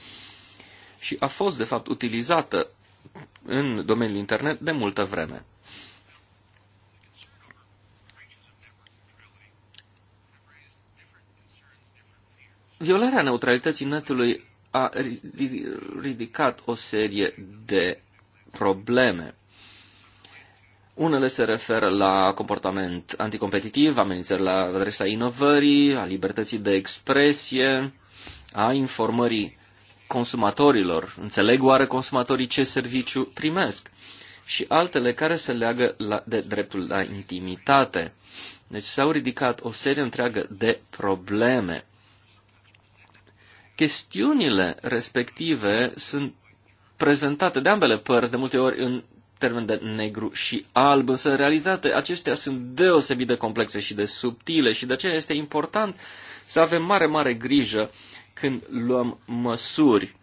S4: Și a fost, de fapt, utilizată în domeniul internet de multă vreme. Violarea neutralității netului a ridicat o serie de probleme. Unele se referă la comportament anticompetitiv, amenințări la adresa inovării, a libertății de expresie, a informării consumatorilor. Înțeleg oare consumatorii ce serviciu primesc? Și altele care se leagă la, de dreptul la intimitate. Deci s-au ridicat o serie întreagă de probleme. Chestiunile respective sunt prezentate de ambele părți, de multe ori în termen de negru și alb, însă în realitate acestea sunt deosebit de complexe și de subtile și de aceea este important să avem mare, mare grijă când luăm măsuri.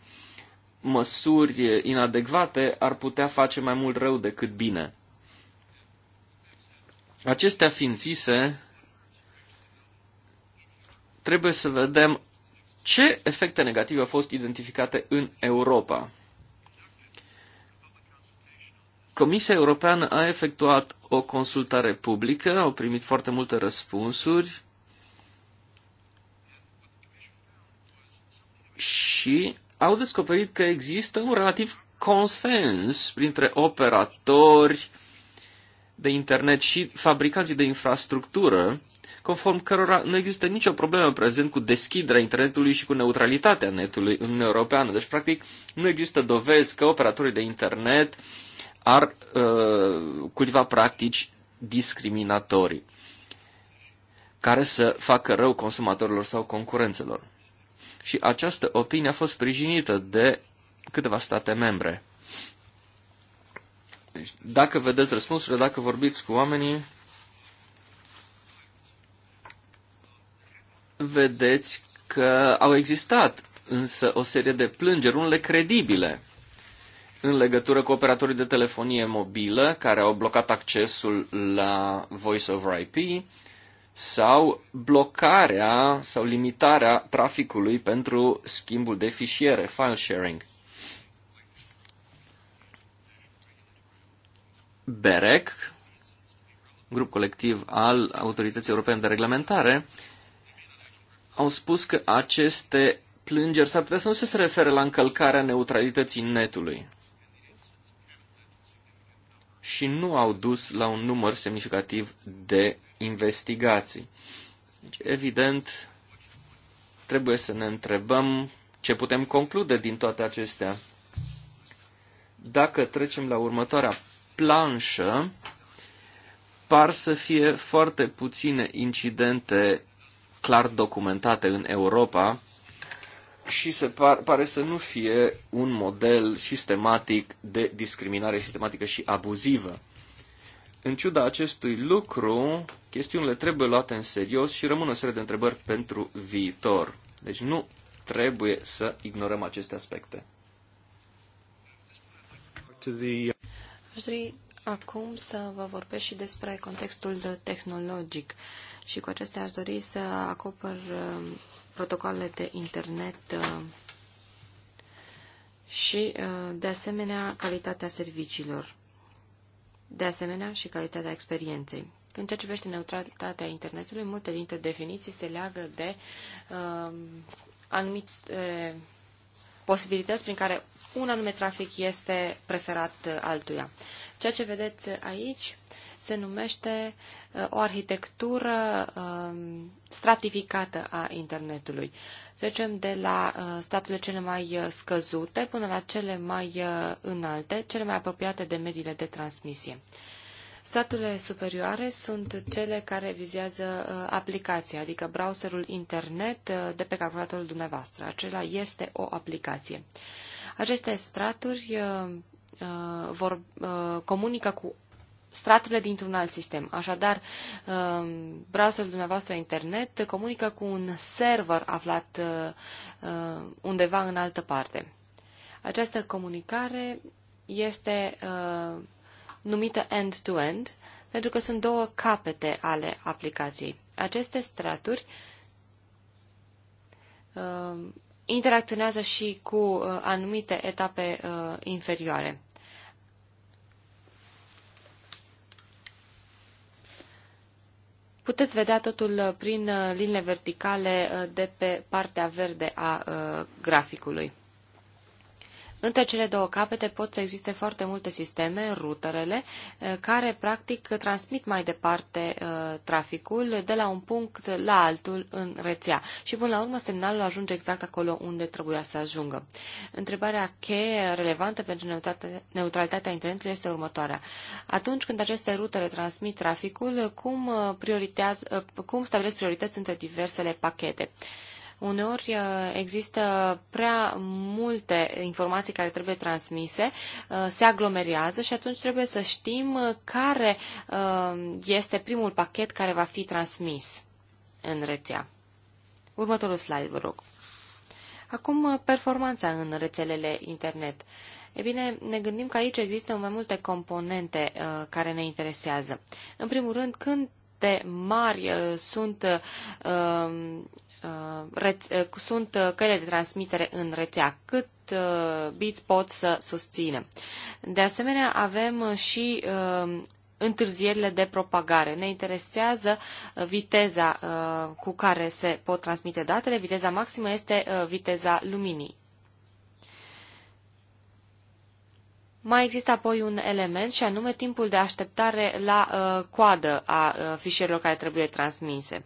S4: Măsuri inadecvate ar putea face mai mult rău decât bine. Acestea fiind zise, trebuie să vedem ce efecte negative au fost identificate în Europa. Comisia Europeană a efectuat o consultare publică, au primit foarte multe răspunsuri și au descoperit că există un relativ consens printre operatori de internet și fabricanții de infrastructură, conform cărora nu există nicio problemă prezent cu deschiderea internetului și cu neutralitatea netului în Uniunea Europeană. Deci, practic, nu există dovezi că operatorii de internet ar uh, cultiva practici discriminatorii care să facă rău consumatorilor sau concurențelor. Și această opinie a fost sprijinită de câteva state membre. Deci, dacă vedeți răspunsurile, dacă vorbiți cu oamenii, vedeți că au existat însă o serie de plângeri, unele credibile, în legătură cu operatorii de telefonie mobilă care au blocat accesul la Voice over IP sau blocarea sau limitarea traficului pentru schimbul de fișiere, file sharing. BEREC, grup colectiv al Autorității Europene de Reglementare, au spus că aceste plângeri s-ar putea să nu se refere la încălcarea neutralității netului și nu au dus la un număr semnificativ de investigații. Deci, evident, trebuie să ne întrebăm ce putem conclude din toate acestea. Dacă trecem la următoarea planșă, par să fie foarte puține incidente clar documentate în Europa și se par, pare să nu fie un model sistematic de discriminare sistematică și abuzivă. În ciuda acestui lucru, chestiunile trebuie luate în serios și rămân o serie de întrebări pentru viitor. Deci nu trebuie să ignorăm aceste aspecte. Uh, aș
S2: dori acum să vă vorbesc și despre contextul tehnologic și cu acestea aș dori să acopăr uh, protocoalele de internet uh, și, uh, de asemenea, calitatea serviciilor. De asemenea, și calitatea experienței. Când ceea ce privește neutralitatea internetului, multe dintre definiții se leagă de uh, anumite uh, posibilități prin care un anume trafic este preferat altuia. Ceea ce vedeți aici se numește uh, o arhitectură um, stratificată a internetului. Trecem de la uh, staturile cele mai uh, scăzute până la cele mai înalte, cele mai apropiate de mediile de transmisie. Staturile superioare sunt cele care vizează aplicația, adică browserul internet de pe calculatorul dumneavoastră. Acela este o aplicație. Aceste straturi uh, uh, vor uh, comunică cu straturile dintr-un alt sistem. Așadar, browserul dumneavoastră internet comunică cu un server aflat undeva în altă parte. Această comunicare este numită end-to-end, -end, pentru că sunt două capete ale aplicației. Aceste straturi interacționează și cu uh, anumite etape uh, inferioare. Puteți vedea totul uh, prin linile verticale de pe partea verde a graficului. Între cele două capete pot să existe foarte multe sisteme, ruterele, eh, care practic transmit mai departe eh, traficul de la un punct la altul în rețea și până la urmă semnalul ajunge exact acolo unde trebuia să ajungă. Întrebarea cheie relevantă pentru neutralitatea internetului este următoarea. Atunci când aceste rutere transmit traficul, cum, eh, cum stabilesc priorități între diversele pachete? Uneori uh, există prea multe informații care trebuie transmise, uh, se aglomerează și atunci trebuie să știm uh, care este primul pachet care va fi transmis în rețea. Următorul slide, vă rog. Acum, performanța în rețelele internet. E bine, ne gândim că aici există mai multe componente uh, care ne interesează. În primul rând, când de mari uh, sunt uh, Uh, uh, sunt uh, căile de transmitere în rețea, cât biți pot să susțină. De asemenea, avem și întârzierile de propagare. Ne interesează viteza cu care se pot transmite datele. Viteza maximă este viteza luminii. Mai există apoi un element și anume timpul de așteptare la uh, coadă a uh, fișierelor care trebuie transmise.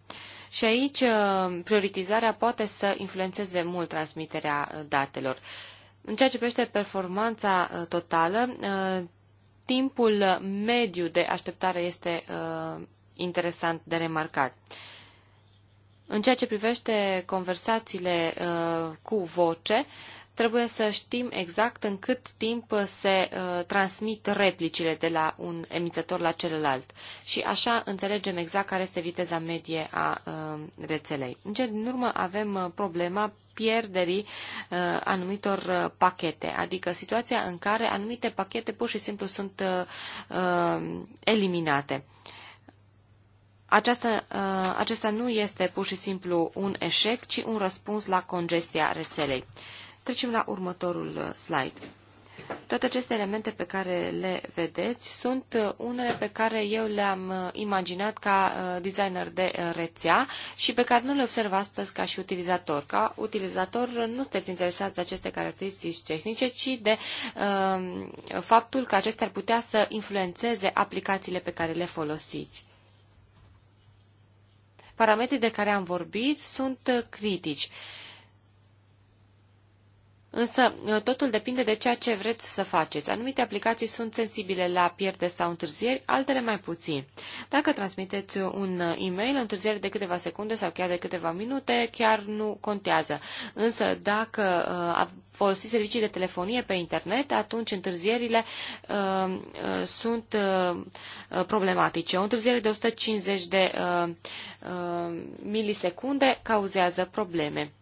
S2: Și aici uh, prioritizarea poate să influențeze mult transmiterea uh, datelor. În ceea ce privește performanța uh, totală, uh, timpul mediu de așteptare este uh, interesant de remarcat. În ceea ce privește conversațiile uh, cu voce, uh, trebuie să știm exact în cât timp se uh, transmit replicile de la un emițător la celălalt. Și așa înțelegem exact care este viteza medie a uh, rețelei. În cel din urmă avem uh, problema pierderii uh, anumitor uh, pachete, adică situația în care anumite pachete pur și simplu sunt uh, uh, eliminate. Aceasta, uh, acesta nu este pur și simplu un eșec, ci un răspuns la congestia rețelei. Uh, Trecem la următorul uh, slide. Toate aceste elemente pe care le vedeți sunt uh, unele pe care eu le-am uh, imaginat ca designer de rețea și pe care nu le observ astăzi ca și utilizator. Ca utilizator nu sunteți interesați de aceste caracteristici tehnice, ci de uh, faptul că acestea ar putea să influențeze aplicațiile pe care le folosiți. Parametrii de care am vorbit sunt critici. Uh, Însă totul depinde de ceea ce vreți să faceți. Anumite aplicații sunt sensibile la pierde sau întârzieri, altele mai puțin. Dacă transmiteți un e-mail, întârzieri de câteva secunde sau chiar de câteva minute, chiar nu contează. Însă dacă uh, folosiți servicii de telefonie pe internet, atunci întârzierile uh, uh sunt uh, problematice. O întârziere de 150 de uh, uh, milisecunde cauzează probleme.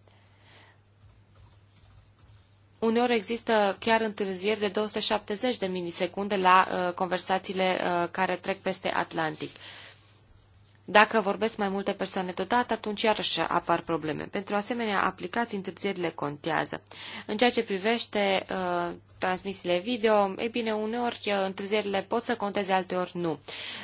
S2: Uneori există chiar întârzieri de 270 de milisecunde la uh, conversațiile uh, care trec peste Atlantic. Uh, dacă vorbesc mai multe persoane deodată, atunci iarăși apar probleme. Pentru asemenea aplicații, întârzierile contează. În ceea ce privește uh, transmisiile video, e bine, uneori uh, întârzierile pot să conteze, alteori nu.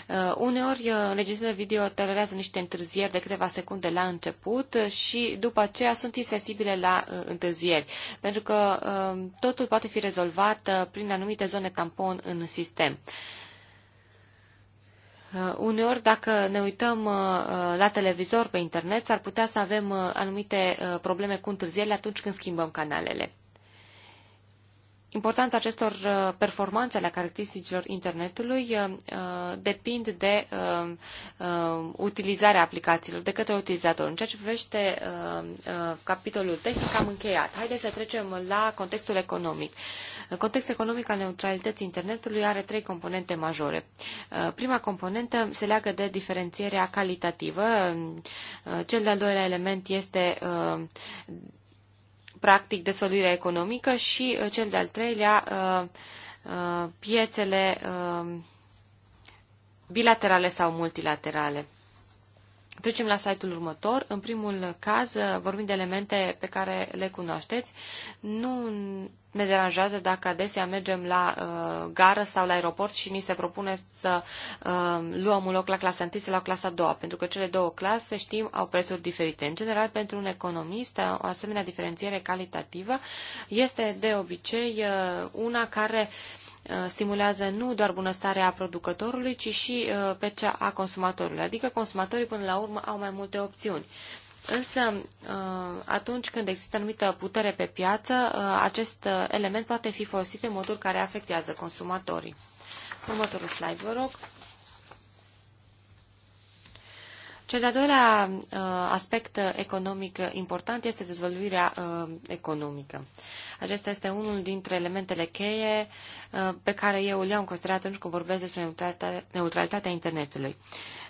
S2: Uh, uneori, uh, video tolerează niște întârzieri de câteva secunde la început și după aceea sunt insensibile la uh, întârzieri, pentru că uh, totul poate fi rezolvat uh, prin anumite zone tampon în sistem. Uh, Uh, uneori, dacă ne uităm uh, uh, la televizor, pe internet, s-ar putea să avem anumite probleme cu întârzierile atunci când schimbăm canalele. Importanța acestor performanțe ale caracteristicilor internetului depind de utilizarea aplicațiilor de către utilizator. În ceea ce privește capitolul tehnic, am încheiat. Haideți să trecem la contextul economic. Context economic al neutralității internetului are trei componente majore. Uh, prima componentă se leagă de diferențierea calitativă. Uh, cel de-al doilea element este uh, practic de desolirea economică și cel de-al treilea piețele bilaterale sau multilaterale. Trecem la site-ul următor. În primul caz vorbim de elemente pe care le cunoașteți. Nu ne deranjează dacă adesea mergem la uh, gară sau la aeroport și ni se propune să uh, luăm un loc la clasa 1 sau la clasa 2, pentru că cele două clase, știm, au prețuri diferite. În general, pentru un economist, uh, o asemenea diferențiere calitativă este de obicei uh, una care uh, Uh, stimulează nu doar bunăstarea producătorului, ci și uh, pe cea a consumatorului. Adică consumatorii până la urmă au mai multe opțiuni. Însă, uh, atunci când există anumită putere pe piață, acest element poate fi folosit în modul care afectează consumatorii. Următorul slide, vă rog. Cel de-al doilea uh, aspect economic important este dezvăluirea uh, economică. Acesta este unul dintre elementele cheie uh, pe care eu le-am considerat atunci când vorbesc despre neutralitatea internetului.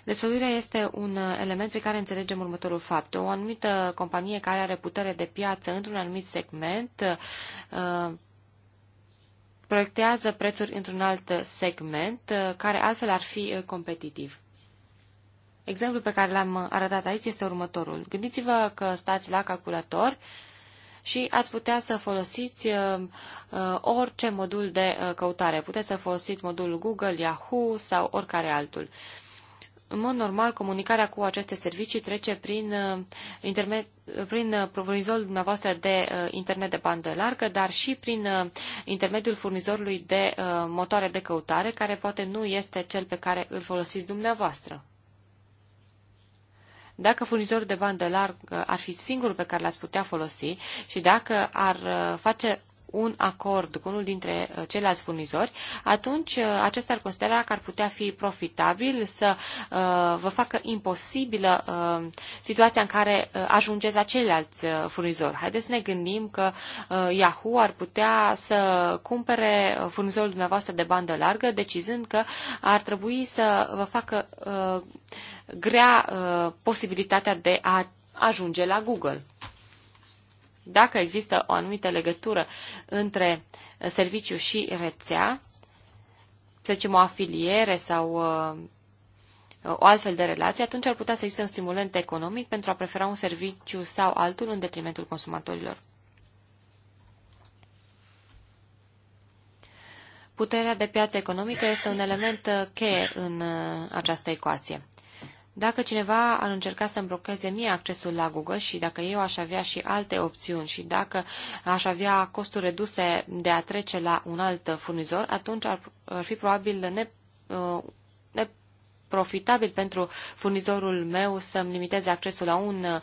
S2: Dezvăluirea este un element prin care înțelegem următorul fapt. O anumită companie care are putere de piață într-un anumit segment proiectează prețuri într-un alt segment care altfel ar fi competitiv. Exemplul pe care l-am arătat aici este următorul. Gândiți-vă că stați la calculator și ați putea să folosiți uh, uh, orice modul de uh, căutare. Puteți să folosiți modul Google, Yahoo sau oricare altul. În mod normal, comunicarea cu aceste servicii trece prin, uh, internet, prin uh, furnizorul dumneavoastră de uh, internet de bandă largă, dar și prin intermediul furnizorului de motoare de căutare, care poate nu este cel pe care îl folosiți dumneavoastră. Dacă furnizorul de bandă largă uh, ar fi singurul pe care l-ați putea folosi și dacă ar uh, face un acord cu unul dintre uh, ceilalți furnizori, atunci acesta ar considera că ar putea fi profitabil să vă facă imposibilă situația în care ajungeți la ceilalți furnizori. Haideți să ne gândim că Yahoo ar putea să cumpere furnizorul dumneavoastră de bandă largă, decizând că ar trebui să vă facă grea uh, posibilitatea de a ajunge la Google. Dacă există o anumită legătură între uh, serviciu și rețea, să zicem o afiliere sau uh, o altfel de relație, atunci ar putea să existe un stimulant economic pentru a prefera un serviciu sau altul în detrimentul consumatorilor. Puterea de piață economică este un element cheie în această ecuație. Dacă cineva ar încerca să-mi blocheze mie accesul la Google și dacă eu aș avea și alte opțiuni și dacă aș avea costuri reduse de a trece la un alt furnizor, atunci ar, ar fi probabil ne, uh, neprofitabil pentru furnizorul meu să-mi limiteze accesul la un uh,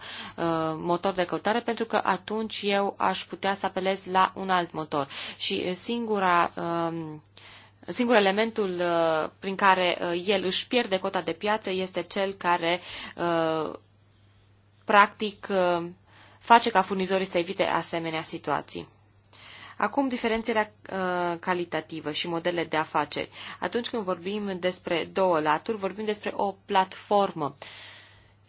S2: motor de căutare, pentru că atunci eu aș putea să apelez la un alt motor. Și singura uh, Singurul elementul uh, prin care uh, el își pierde cota de piață este cel care uh, practic face ca furnizorii să evite asemenea situații. Acum, diferențierea uh, calitativă și modele de afaceri. Atunci când vorbim despre două laturi, vorbim despre o platformă. Uh,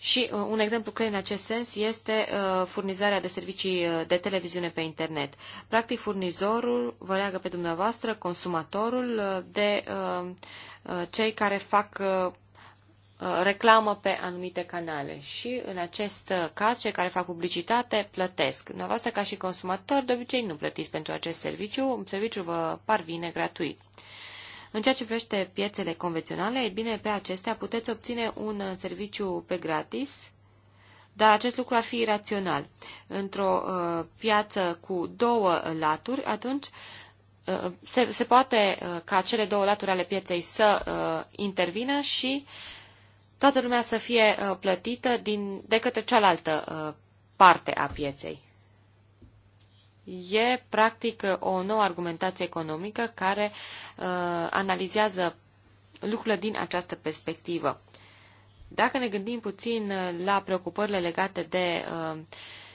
S2: și uh, un exemplu clar în acest sens este uh, furnizarea de servicii uh, de televiziune pe internet. Practic, furnizorul vă leagă pe dumneavoastră, consumatorul, uh, de uh, uh, cei care fac uh, reclamă pe anumite canale și în acest caz cei care fac publicitate plătesc. Dumneavoastră ca și consumator de obicei nu plătiți pentru acest serviciu, serviciul vă parvine gratuit. Uh, în ceea ce privește piețele convenționale, e bine, pe acestea puteți obține un uh, serviciu pe gratis, dar acest lucru ar fi irațional. Într-o uh, piață cu două laturi, atunci uh, se, se poate uh, ca cele două laturi ale pieței să uh, intervină și toată lumea să fie uh, plătită din, de către cealaltă uh, parte a pieței e practic o nouă argumentație economică care uh, analizează lucrurile din această perspectivă. Dacă ne gândim puțin uh, la preocupările legate de uh,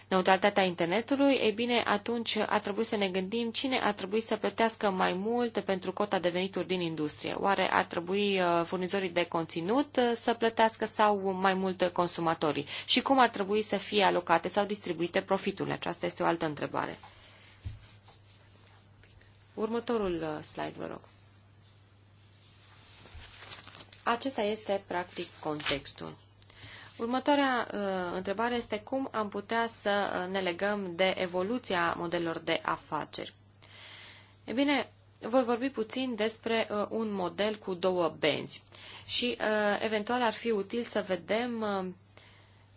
S2: neutralitatea internetului, e bine, atunci ar trebui să ne gândim cine ar trebui să plătească mai mult pentru cota de venituri din industrie. Oare ar trebui uh, furnizorii de conținut uh, să plătească sau mai mult consumatorii? Și cum ar trebui să fie alocate sau distribuite profiturile? Aceasta este o altă întrebare. Următorul uh, slide, vă rog. Acesta este, practic, contextul. Următoarea uh, întrebare este cum am putea să uh, ne legăm de evoluția modelor de afaceri. E bine, voi vorbi puțin despre uh, un model cu două benzi și uh, eventual ar fi util să vedem uh,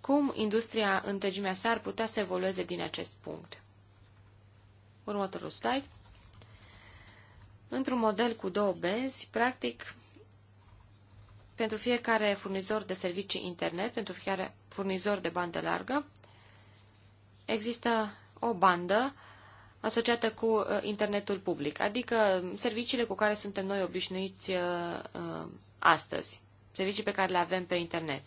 S2: cum industria întregimea sa ar putea să evolueze din acest punct. Următorul slide. Într-un model cu două benzi, practic, pentru fiecare furnizor de servicii internet, pentru fiecare furnizor de bandă largă, există o bandă asociată cu uh, internetul public, adică serviciile cu care suntem noi obișnuiți uh, uh, astăzi, servicii pe care le avem pe internet.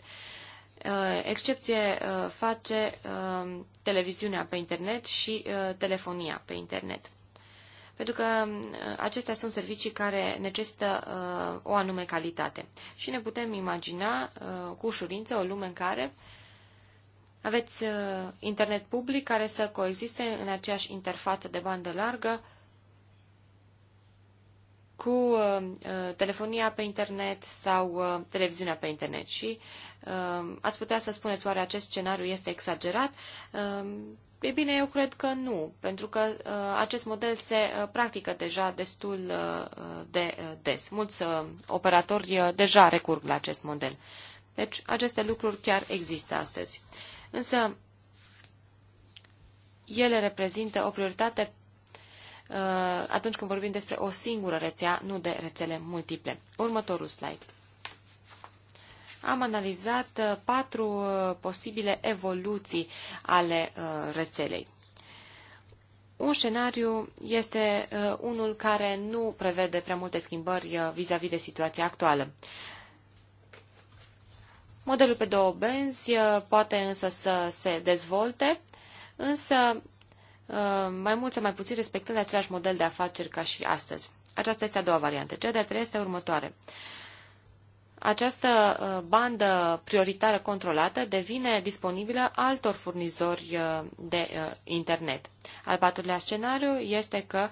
S2: Excepție face televiziunea pe internet și telefonia pe internet pentru că uh, acestea sunt servicii care necesită uh, o anume calitate. Și ne putem imagina uh, cu ușurință o lume în care aveți uh, internet public care să coexiste în aceeași interfață de bandă largă cu uh, uh telefonia pe internet sau uh, televiziunea pe internet. Și uh, ați putea să spuneți oare acest scenariu este exagerat? Uh, E bine, eu cred că nu, pentru că uh, acest model se uh, practică deja destul uh, uh, de uh, des. Mulți uh, operatori uh, deja recurg la acest model. Deci, aceste lucruri chiar există astăzi. Însă, ele reprezintă o prioritate uh, atunci când vorbim despre o singură rețea, nu de rețele multiple. Următorul slide am analizat uh, patru uh, posibile evoluții ale uh, rețelei. Un scenariu este unul care nu prevede prea multe schimbări vis-a-vis -vis de situația actuală. Modelul pe două benzi poate însă să se dezvolte, însă mai mult sau mai puțin respectând același model de afaceri ca și astăzi. Aceasta este a doua variantă. Cea de-a treia este următoare această uh, bandă prioritară controlată devine disponibilă altor furnizori uh, de uh, internet. Al patrulea scenariu este că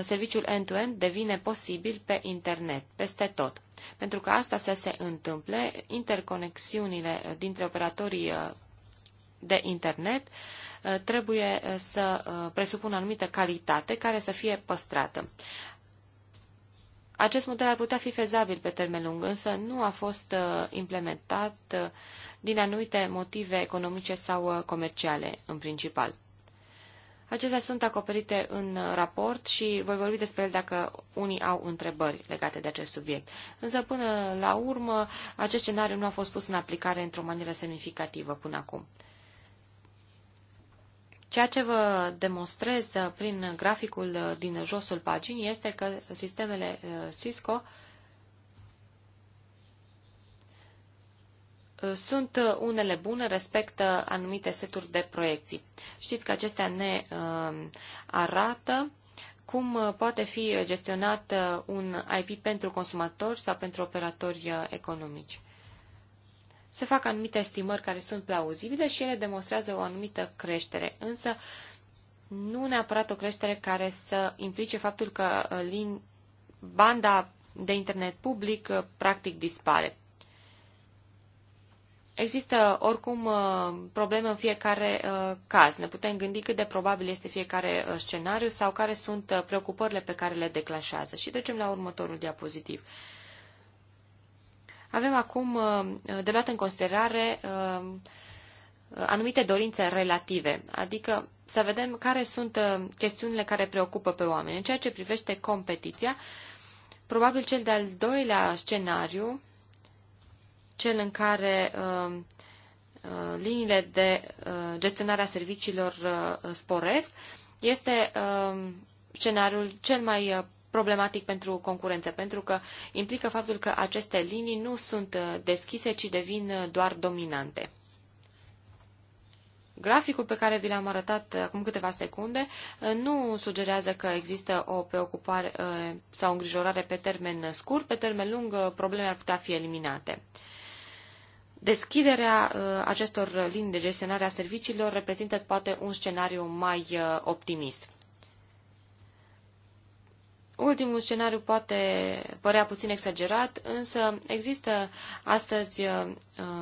S2: serviciul end-to-end -end devine posibil pe internet, peste tot. Pentru că asta să se întâmple, interconexiunile dintre operatorii de internet trebuie să presupună anumită calitate care să fie păstrată. Acest model ar putea fi fezabil pe termen lung, însă nu a fost uh, implementat uh, din anumite motive economice sau uh, comerciale, în principal. Acestea sunt acoperite în raport și voi vorbi despre el dacă unii au întrebări legate de acest subiect. Însă, până la urmă, acest scenariu nu a fost pus în aplicare într-o manieră semnificativă până acum. Ceea ce vă demonstrez uh, prin graficul uh, din josul paginii este că sistemele uh, Cisco sunt unele bune, respectă anumite seturi de proiecții. Știți că acestea ne arată cum poate fi gestionat un IP pentru consumatori sau pentru operatori economici se fac anumite estimări care sunt plauzibile și ele demonstrează o anumită creștere, însă nu neapărat o creștere care să implice faptul că uh, lin... banda de internet public uh, practic dispare. Există oricum uh, probleme în fiecare caz. Ne putem gândi cât de probabil este fiecare scenariu sau care sunt preocupările pe care le declanșează. Și trecem la următorul diapozitiv. Avem acum uh, de luat în considerare uh, anumite dorințe relative, adică să vedem care sunt uh, chestiunile care preocupă pe oameni. În ceea ce privește competiția, probabil cel de-al doilea scenariu, cel în care liniile de gestionare a serviciilor sporesc, este scenariul cel mai problematic pentru concurență, pentru că implică faptul că aceste linii nu sunt uh, deschise, ci devin uh, doar dominante. Graficul pe care vi l-am arătat uh, acum câteva secunde nu sugerează că există o preocupare sau îngrijorare pe termen scurt, pe termen lung probleme ar putea fi eliminate. Deschiderea acestor linii de gestionare a serviciilor reprezintă poate un scenariu mai optimist. Ultimul scenariu poate părea puțin exagerat, însă există astăzi uh,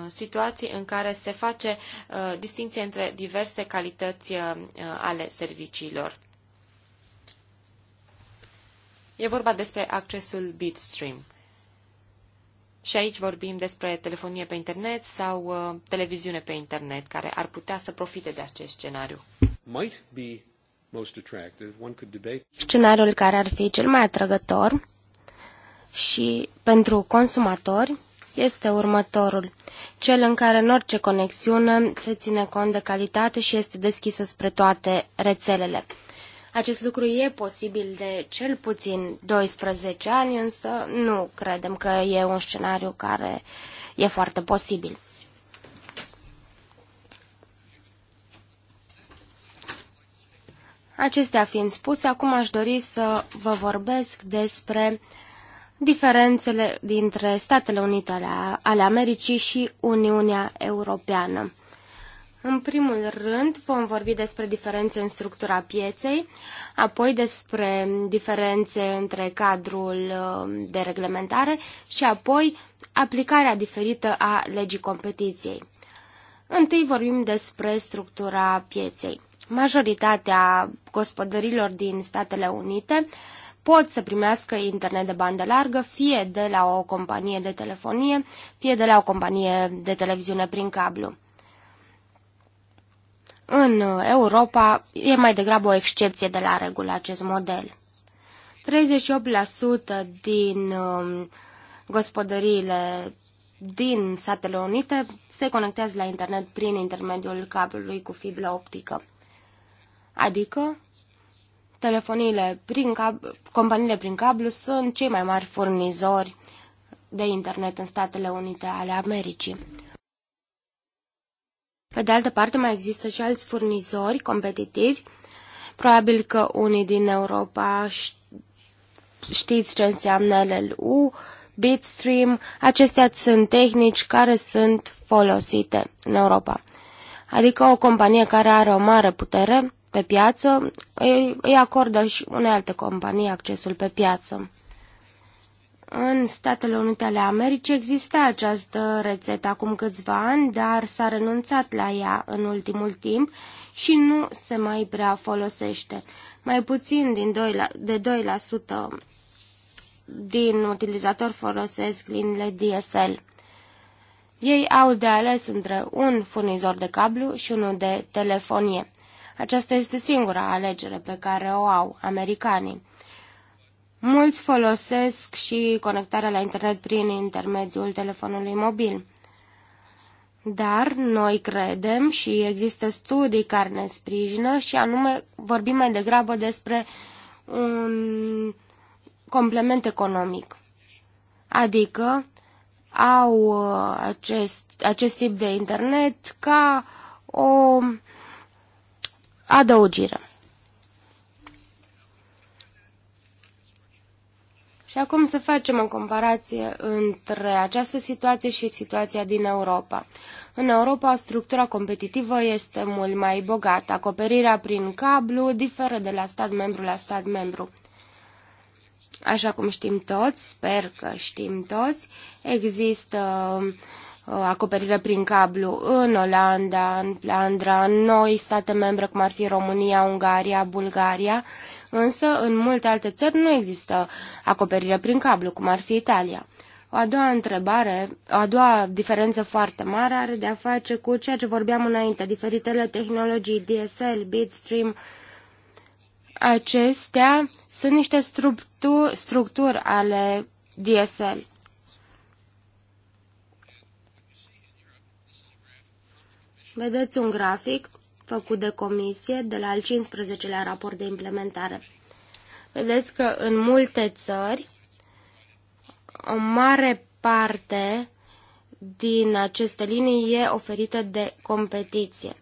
S2: situații în care se face uh, distinție între diverse calități uh, ale serviciilor. E vorba despre accesul bitstream. Și aici vorbim despre telefonie pe internet sau uh, televiziune pe internet, care ar putea să profite de acest scenariu.
S1: Might be
S2: Scenariul care
S3: ar fi cel mai atrăgător și pentru consumatori este următorul, cel în care în orice conexiune se ține cont de calitate și este deschisă spre toate rețelele. Acest lucru e posibil de cel puțin 12 ani, însă nu credem că e un scenariu care e foarte posibil. Acestea fiind spuse, acum aș dori să vă vorbesc despre diferențele dintre Statele Unite ale, ale Americii și Uniunea Europeană. În primul rând vom vorbi despre diferențe în structura pieței, apoi despre diferențe între cadrul um, de reglementare și apoi aplicarea diferită a legii competiției. Întâi vorbim despre structura pieței majoritatea gospodărilor din Statele Unite pot să primească internet de bandă largă, fie de la o companie de telefonie, fie de la o companie de televiziune prin cablu. În Europa e mai degrabă o excepție de la regulă acest model. 38% din um, gospodăriile din Statele Unite se conectează la internet prin intermediul cablului cu fibră optică. Adică, telefoniile prin cablu, companiile prin cablu sunt cei mai mari furnizori de internet în Statele Unite ale Americii. Pe de altă parte, mai există și alți furnizori competitivi. Probabil că unii din Europa știți ce înseamnă LLU, Bitstream. Acestea sunt tehnici care sunt folosite în Europa. Adică o companie care are o mare putere pe piață, îi, îi acordă și unei alte companii accesul pe piață. În Statele Unite ale Americii exista această rețetă acum câțiva ani, dar s-a renunțat la ea în ultimul timp și nu se mai prea folosește. Mai puțin din 2 la, de 2% din utilizatori folosesc liniile DSL. Ei au de ales între un furnizor de cablu și unul de telefonie. Aceasta este singura alegere pe care o au americanii. Mulți folosesc și conectarea la internet prin intermediul telefonului mobil. Dar noi credem și există studii care ne sprijină și anume vorbim mai degrabă despre un complement economic. Adică au uh, acest, acest tip de internet ca o adăugire. Și acum să facem o comparație între această situație și situația din Europa. În Europa, structura competitivă este mult mai bogată. Acoperirea prin cablu diferă de la stat membru la stat membru. Așa cum știm toți, sper că știm toți, există Uh, acoperire prin cablu în Olanda, în Flandra, în noi state membre cum ar fi România, Ungaria, Bulgaria, însă în multe alte țări nu există acoperire prin cablu, cum ar fi Italia. O a doua întrebare, o a doua diferență foarte mare are de a face cu ceea ce vorbeam înainte, diferitele tehnologii DSL, Bitstream, acestea sunt niște structuri, structuri ale DSL. Vedeți un grafic făcut de comisie de la al 15-lea raport de implementare. Vedeți că în multe țări o mare parte din aceste linii e oferită de competiție.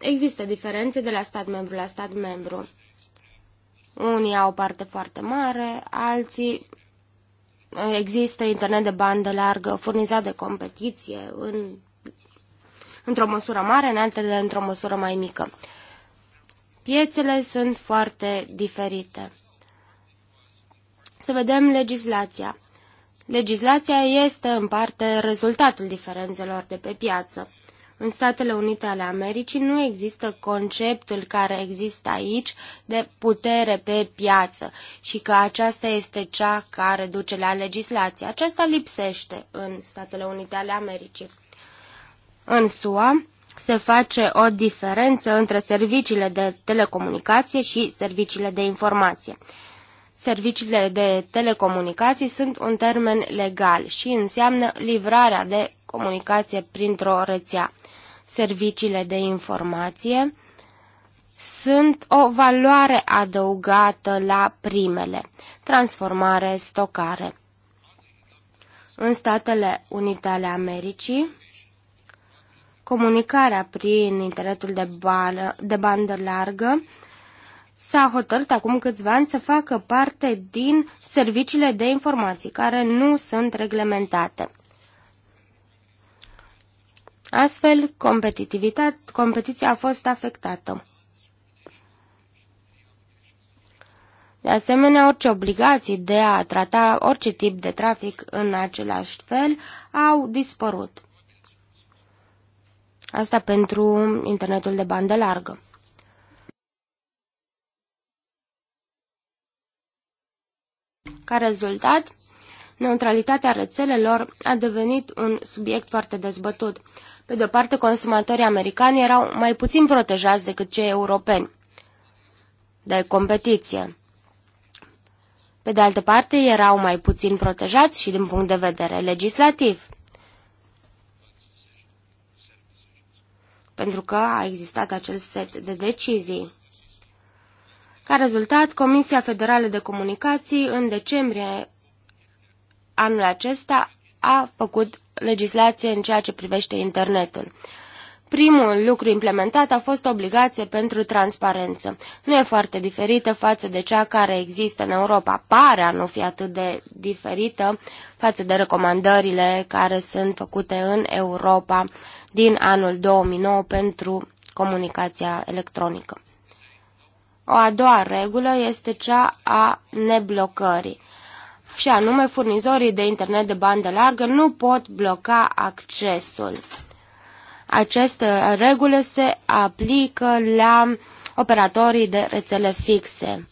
S3: Există diferențe de la stat membru la stat membru. Unii au o parte foarte mare, alții există internet de bandă largă furnizat de competiție în într-o măsură mare, în altele într-o măsură mai mică. Piețele sunt foarte diferite. Să vedem legislația. Legislația este în parte rezultatul diferențelor de pe piață. În Statele Unite ale Americii nu există conceptul care există aici de putere pe piață și că aceasta este cea care duce la legislație. Aceasta lipsește în Statele Unite ale Americii. În SUA se face o diferență între serviciile de telecomunicație și serviciile de informație. Serviciile de telecomunicații sunt un termen legal și înseamnă livrarea de comunicație printr-o rețea. Serviciile de informație sunt o valoare adăugată la primele, transformare, stocare. În Statele Unite ale Americii, comunicarea prin internetul de, bară, de bandă largă s-a hotărât acum câțiva ani să facă parte din serviciile de informații care nu sunt reglementate. Astfel, competiția a fost afectată. De asemenea, orice obligații de a trata orice tip de trafic în același fel au dispărut. Asta pentru internetul de bandă largă. Ca rezultat, neutralitatea rețelelor a devenit un subiect foarte dezbătut. Pe de-o parte, consumatorii americani erau mai puțin protejați decât cei europeni de competiție. Pe de altă parte, erau mai puțin protejați și din punct de vedere legislativ. pentru că a existat acel set de decizii. Ca rezultat, Comisia Federală de Comunicații în decembrie anul acesta a făcut legislație în ceea ce privește internetul. Primul lucru implementat a fost obligație pentru transparență. Nu e foarte diferită față de cea care există în Europa. Pare a nu fi atât de diferită față de recomandările care sunt făcute în Europa din anul 2009 pentru comunicația electronică. O a doua regulă este cea a neblocării și anume furnizorii de internet de bandă largă nu pot bloca accesul. Aceste regulă se aplică la operatorii de rețele fixe.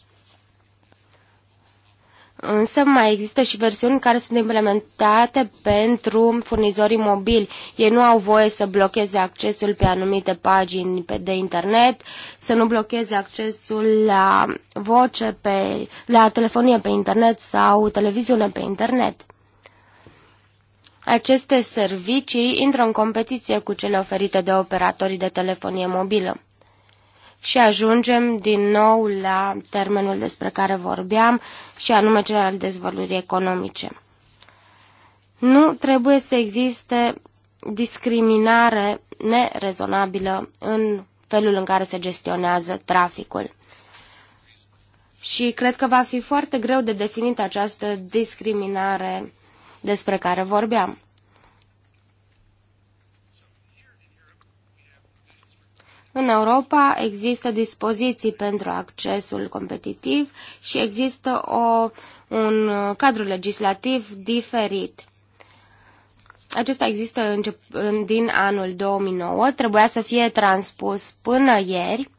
S3: Însă mai există și versiuni care sunt implementate pentru furnizorii mobili. Ei nu au voie să blocheze accesul pe anumite pagini de internet, să nu blocheze accesul la voce, pe, la telefonie pe internet sau televiziune pe internet. Aceste servicii intră în competiție cu cele oferite de operatorii de telefonie mobilă și ajungem din nou la termenul despre care vorbeam și anume cel al dezvăluirii economice. Nu trebuie să existe discriminare nerezonabilă în felul în care se gestionează traficul. Și cred că va fi foarte greu de definit această discriminare despre care vorbeam. În Europa există dispoziții pentru accesul competitiv și există o, un cadru legislativ diferit. Acesta există încep, din anul 2009, trebuia să fie transpus până ieri.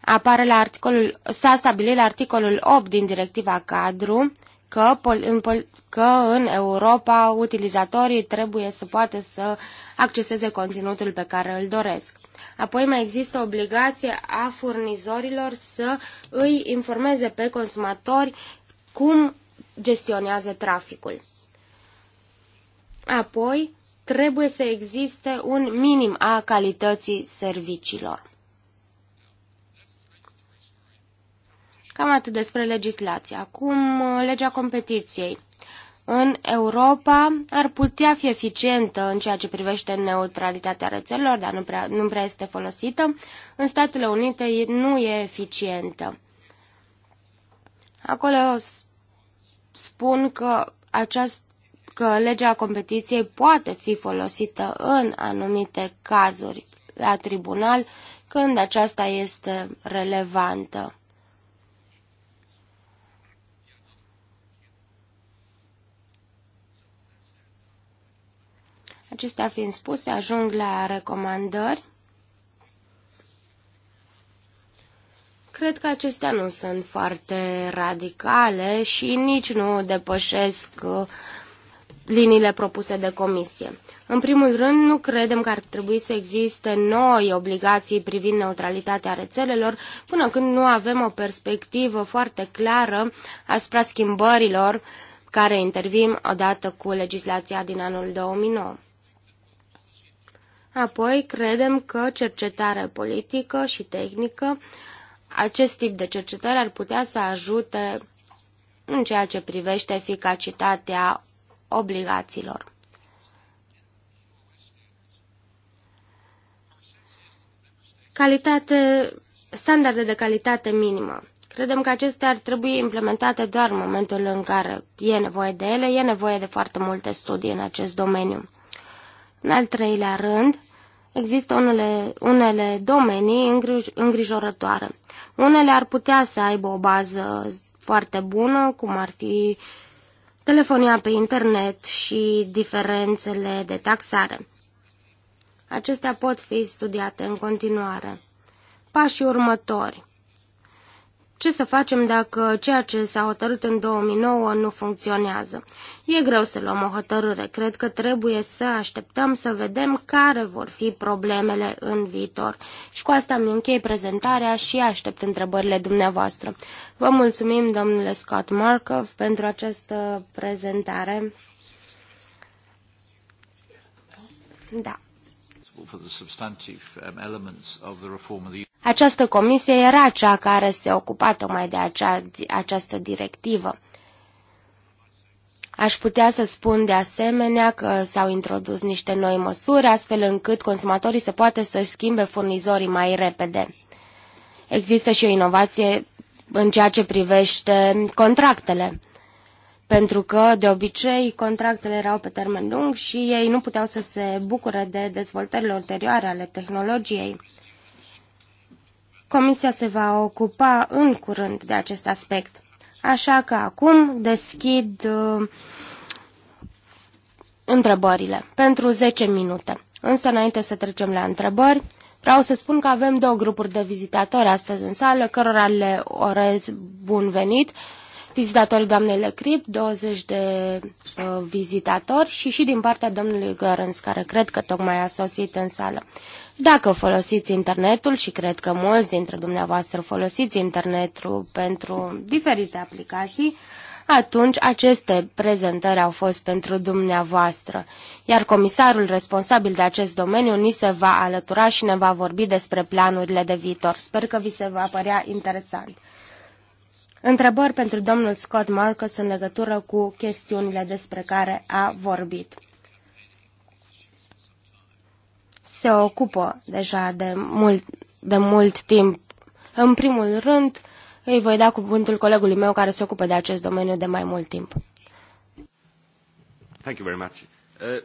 S3: Apare la articolul, s-a stabilit la articolul 8 din directiva cadru că în, că în Europa utilizatorii trebuie să poată să acceseze conținutul pe care îl doresc. Apoi mai există obligație a furnizorilor să îi informeze pe consumatori cum gestionează traficul. Apoi, trebuie să existe un minim a calității serviciilor. Cam atât despre legislație. Acum, uh, legea competiției. În Europa ar putea fi eficientă în ceea ce privește neutralitatea rețelelor, dar nu prea, nu prea este folosită. În Statele Unite nu e eficientă. Acolo spun că, aceast, că legea competiției poate fi folosită în anumite cazuri la tribunal când aceasta este relevantă. Acestea fiind spuse, ajung la recomandări. Cred că acestea nu sunt foarte radicale și nici nu depășesc uh, liniile propuse de comisie. În primul rând, nu credem că ar trebui să existe noi obligații privind neutralitatea rețelelor până când nu avem o perspectivă foarte clară asupra schimbărilor care intervin odată cu legislația din anul 2009. Apoi, credem că cercetare politică și tehnică, acest tip de cercetare ar putea să ajute în ceea ce privește eficacitatea obligațiilor. Calitate, standarde de calitate minimă. Credem că acestea ar trebui implementate doar în momentul în care e nevoie de ele, e nevoie de foarte multe studii în acest domeniu. În al treilea rând, Există unele, unele domenii îngrijorătoare. Unele ar putea să aibă o bază foarte bună, cum ar fi telefonia pe internet și diferențele de taxare. Acestea pot fi studiate în continuare. Pașii următori ce să facem dacă ceea ce s-a hotărât în 2009 nu funcționează? E greu să luăm o hotărâre. Cred că trebuie să așteptăm să vedem care vor fi problemele în viitor. Și cu asta mi închei prezentarea și aștept întrebările dumneavoastră. Vă mulțumim, domnule Scott Markov, pentru această prezentare. Da.
S1: Um,
S3: această comisie era cea care se ocupa tocmai de acea, această directivă. Aș putea să spun de asemenea că s-au introdus niște noi măsuri, astfel încât consumatorii să poată să-și schimbe furnizorii mai repede. Există și o inovație în ceea ce privește contractele pentru că, de obicei, contractele erau pe termen lung și ei nu puteau să se bucure de dezvoltările ulterioare ale tehnologiei. Comisia se va ocupa în curând de acest aspect. Așa că acum deschid uh, întrebările pentru 10 minute. Însă, înainte să trecem la întrebări, vreau să spun că avem două grupuri de vizitatori astăzi în sală, cărora le orez bun venit vizitatorii doamnei Lecrip, 20 de uh, vizitatori și și din partea domnului Gărâns, care cred că tocmai a sosit în sală. Dacă folosiți internetul și cred că mulți dintre dumneavoastră folosiți internetul pentru diferite aplicații, atunci aceste prezentări au fost pentru dumneavoastră, iar comisarul responsabil de acest domeniu ni se va alătura și ne va vorbi despre planurile de viitor. Sper că vi se va părea interesant. Întrebări pentru domnul Scott Marcus în legătură cu chestiunile despre care a vorbit. Se ocupă deja de mult, de mult timp. În primul rând, îi voi da cuvântul colegului meu care se ocupă de acest domeniu de mai mult timp.
S4: Thank you very much. Uh...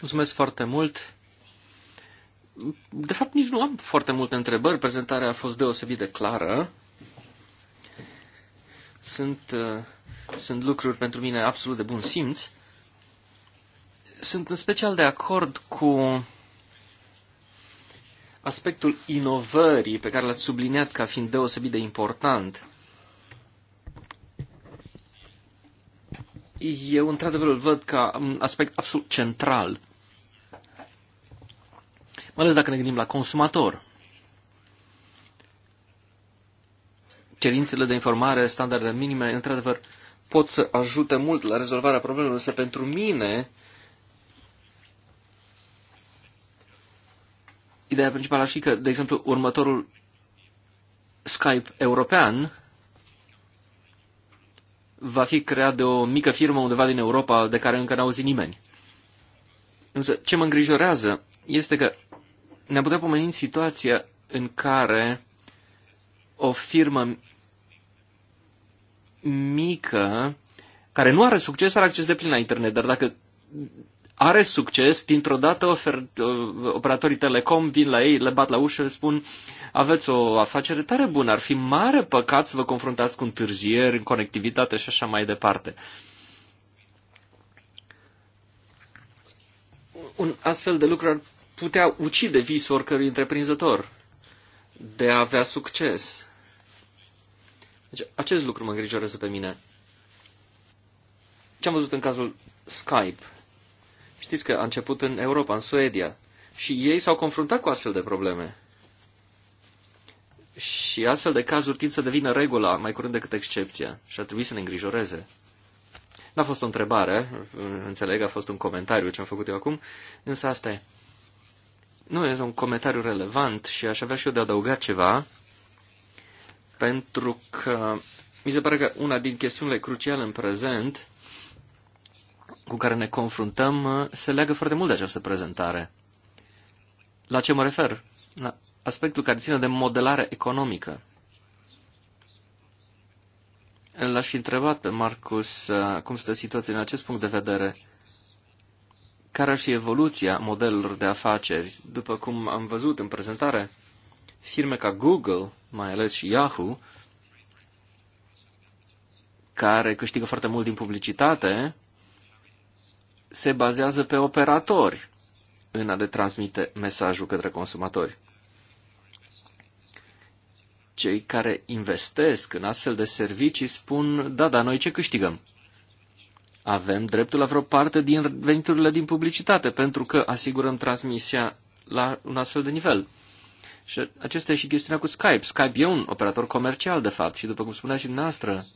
S4: Mulțumesc foarte mult. De fapt, nici nu am foarte multe întrebări. Prezentarea a fost deosebit de clară sunt, uh, sunt lucruri pentru mine absolut de bun simț. Sunt în special de acord cu aspectul inovării pe care l-ați subliniat ca fiind deosebit de important. Eu, într-adevăr, îl văd ca un aspect absolut central, mai ales dacă ne gândim la consumator. cerințele de informare, standardele minime, într-adevăr, pot să ajute mult la rezolvarea problemelor, însă pentru mine ideea principală ar fi că, de exemplu, următorul Skype european va fi creat de o mică firmă undeva din Europa de care încă n-a auzit nimeni. Însă ce mă îngrijorează este că ne-am putea pomeni în situația în care o firmă mică care nu are succes are acces de plin la internet, dar dacă are succes, dintr-o dată ofer, operatorii telecom vin la ei, le bat la ușă, le spun aveți o afacere tare bună, ar fi mare păcat să vă confruntați cu întârzieri, în conectivitate și așa mai departe. Un astfel de lucru ar putea ucide visul oricărui întreprinzător de a avea succes. Deci, acest lucru mă îngrijorează pe mine. Ce am văzut în cazul Skype? Știți că a început în Europa, în Suedia, și ei s-au confruntat cu astfel de probleme. Și astfel de cazuri tind să devină regula mai curând decât excepția și ar trebui să ne îngrijoreze. N-a fost o întrebare, înțeleg, a fost un comentariu ce am făcut eu acum, însă asta e. Nu, este un comentariu relevant și aș avea și eu de adăugat ceva, pentru că mi se pare că una din chestiunile cruciale în prezent cu care ne confruntăm uh, se leagă foarte mult de această prezentare. La ce mă refer? La aspectul care ține de modelare economică. L-aș fi întrebat pe Marcus uh, cum stă situația în acest punct de vedere care ar fi evoluția modelelor de afaceri. După cum am văzut în prezentare, firme ca Google, mai ales și Yahoo, care câștigă foarte mult din publicitate, se bazează pe operatori în a le transmite mesajul către consumatori. Cei care investesc în astfel de servicii spun, da, da noi ce câștigăm? avem dreptul la vreo parte din veniturile din publicitate, pentru că asigurăm transmisia la un astfel de nivel. Și acesta e și chestiunea cu Skype. Skype e un operator comercial, de fapt, și după cum spunea și dumneavoastră,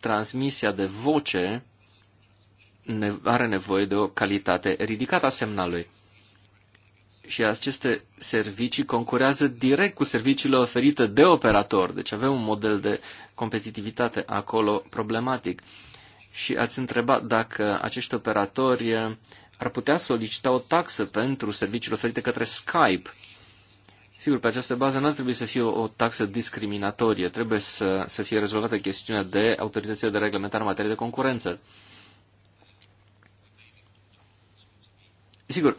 S4: transmisia de voce ne- are nevoie de o calitate ridicată a semnalului. Și aceste servicii concurează direct cu serviciile oferite de operator, deci avem un model de competitivitate acolo problematic și ați întrebat dacă acești operatori eh, ar putea solicita o taxă pentru serviciile oferite către Skype. Sigur, pe această bază nu ar trebui să fie o, o taxă discriminatorie. Trebuie să, să fie rezolvată chestiunea de autoritățile de reglementare în materie de concurență. Sigur,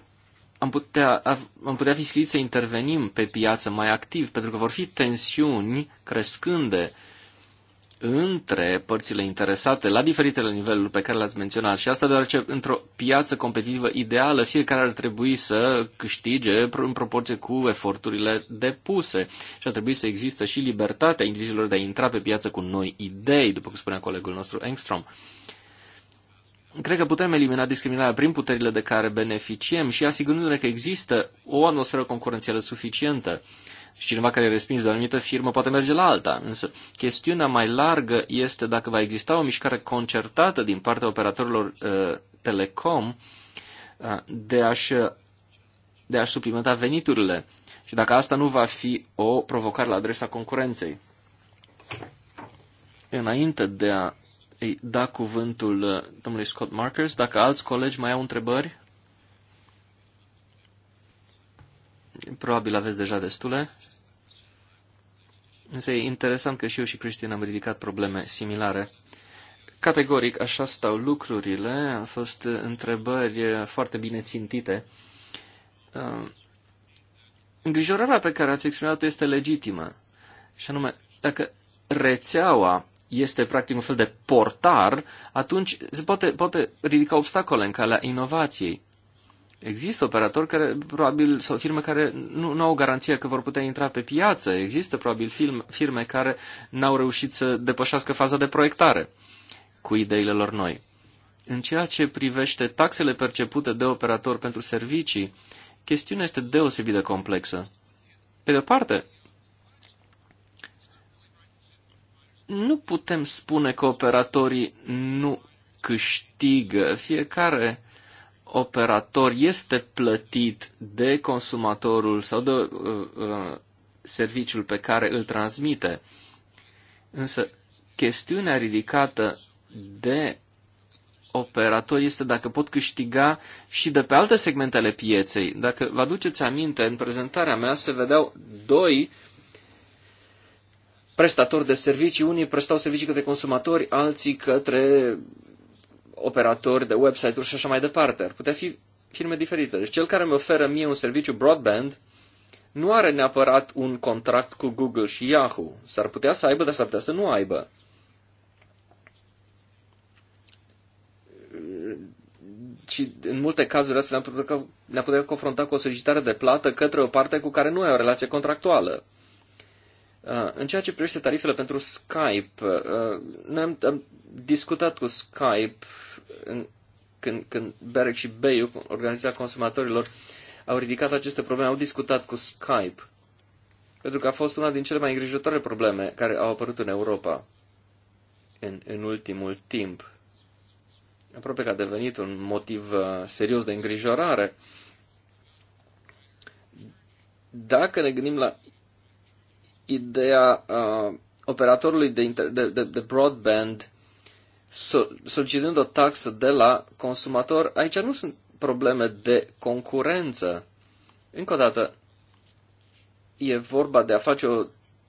S4: am putea, am putea fi silit să intervenim pe piață mai activ, pentru că vor fi tensiuni crescânde uh, între părțile interesate la diferitele niveluri pe care le-ați menționat și asta deoarece într-o piață competitivă ideală fiecare ar trebui să câștige în proporție cu eforturile depuse și ar trebui să există și libertatea indivizilor de a intra pe piață cu noi idei, după cum spunea colegul nostru Engstrom. Cred că putem elimina discriminarea prin puterile de care beneficiem și asigurându-ne că există o atmosferă concurențială suficientă. Uh, și cineva care respinge de o anumită firmă poate merge la alta. Însă chestiunea mai largă este dacă va exista o mișcare concertată din partea operatorilor uh, telecom uh, de a-și de a-și suplimenta veniturile și dacă asta nu va fi o provocare la adresa concurenței. Înainte de a îi da cuvântul uh, domnului Scott Markers, dacă alți colegi mai au întrebări, probabil aveți deja destule. Însă e interesant că și eu și Cristian am ridicat probleme similare. Categoric, așa stau lucrurile, au fost uh, întrebări uh, foarte bine țintite. Uh, îngrijorarea pe care ați exprimat-o este legitimă. Și anume, dacă rețeaua este practic un fel de portar, atunci se poate, poate ridica obstacole în calea inovației. Există operatori care, probabil, sau firme care nu, nu au garanția că vor putea intra pe piață. Există, probabil, film, firme care n-au reușit să depășească faza de proiectare cu ideile lor noi. În ceea ce privește taxele percepute de operator pentru servicii, chestiunea este deosebit de complexă. Pe de-o parte, nu putem spune că operatorii nu câștigă. Fiecare operator este plătit de consumatorul sau de uh, uh, serviciul pe care îl transmite. Însă, chestiunea ridicată de operator este dacă pot câștiga și de pe alte segmente ale pieței. Dacă vă aduceți aminte, în prezentarea mea se vedeau doi prestatori de servicii. Unii prestau servicii către consumatori, alții către operatori de website-uri și așa mai departe. Ar putea fi firme diferite. Deci cel care mi oferă mie un serviciu broadband nu are neapărat un contract cu Google și Yahoo. S-ar putea să aibă, dar s-ar putea să nu aibă. Și în multe cazuri astfel ne-am putea, confrunta cu o solicitare de plată către o parte cu care nu ai o relație contractuală. Uh, în ceea ce privește tarifele pentru Skype, uh, ne am discutat cu Skype în, când, când Berek și Beiu, Organizația Consumatorilor, au ridicat aceste probleme, au discutat cu Skype, pentru că a fost una din cele mai îngrijitoare probleme care au apărut în Europa în, în ultimul timp. Aproape că a devenit un motiv uh, serios de îngrijorare. Dacă ne gândim la ideea uh, operatorului de, inter- de, de, de broadband solicitând o taxă de la consumator, aici nu sunt probleme de concurență. Încă o dată, e vorba de a face o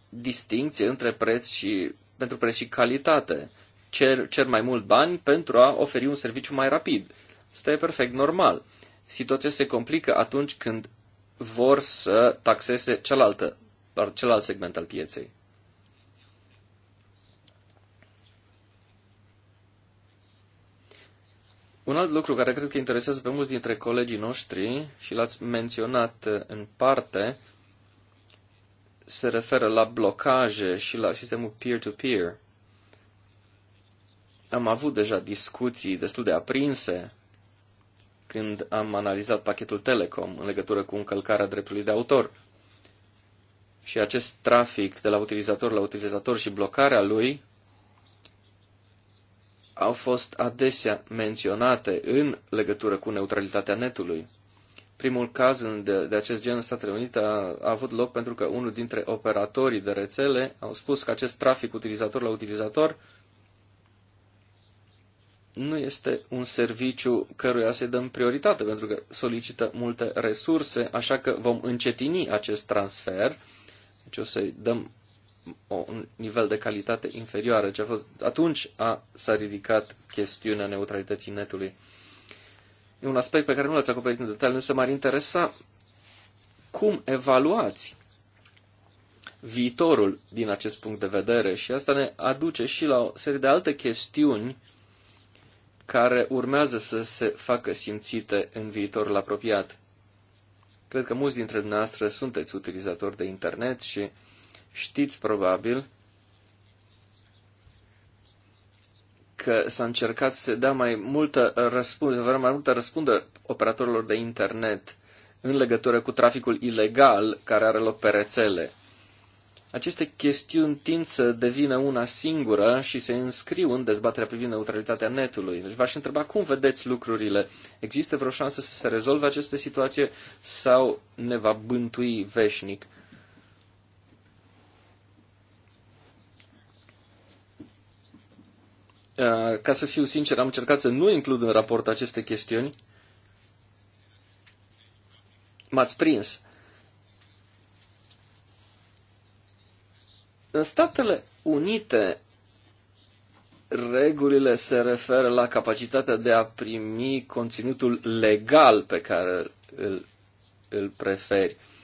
S4: distinție între preț și, pentru preț și calitate. Cer, cer mai mult bani pentru a oferi un serviciu mai rapid. Asta e perfect normal. Situația se complică atunci când vor să taxeze cealaltă, celălalt segment al pieței. Un alt lucru care cred că interesează pe mulți dintre colegii noștri și l-ați menționat în parte, se referă la blocaje și la sistemul peer-to-peer. -peer. Am avut deja discuții destul de aprinse când am analizat pachetul Telecom în legătură cu încălcarea dreptului de autor. Și acest trafic de la utilizator la utilizator și blocarea lui au fost adesea menționate în legătură cu neutralitatea netului. Primul caz de, de acest gen în Statele Unite a, a avut loc pentru că unul dintre operatorii de rețele au spus că acest trafic utilizator la utilizator nu este un serviciu căruia să dăm prioritate, pentru că solicită multe resurse, așa că vom încetini acest transfer, deci o să-i dăm un nivel de calitate inferioară. Ce a fost, atunci a, s-a ridicat chestiunea neutralității netului. E un aspect pe care nu l-ați acoperit în detaliu, însă m-ar interesa cum evaluați viitorul din acest punct de vedere și asta ne aduce și la o serie de alte chestiuni care urmează să se facă simțite în viitorul apropiat. Cred că mulți dintre dumneavoastră sunteți utilizatori de internet și Știți probabil că s-a încercat să dea mai multă răspundere, mai multă răspundere operatorilor de internet în legătură cu traficul ilegal care are loc pe rețele. Aceste chestiuni tind să devină una singură și se înscriu în dezbaterea privind neutralitatea netului. Deci v-aș întreba cum vedeți lucrurile. Există vreo șansă să se rezolve această situație sau ne va bântui veșnic Uh, ca să fiu sincer, am încercat să nu includ în raport aceste chestiuni. M-ați prins. În Statele Unite, regulile se referă la capacitatea de a primi conținutul legal pe care îl, îl preferi. Uh,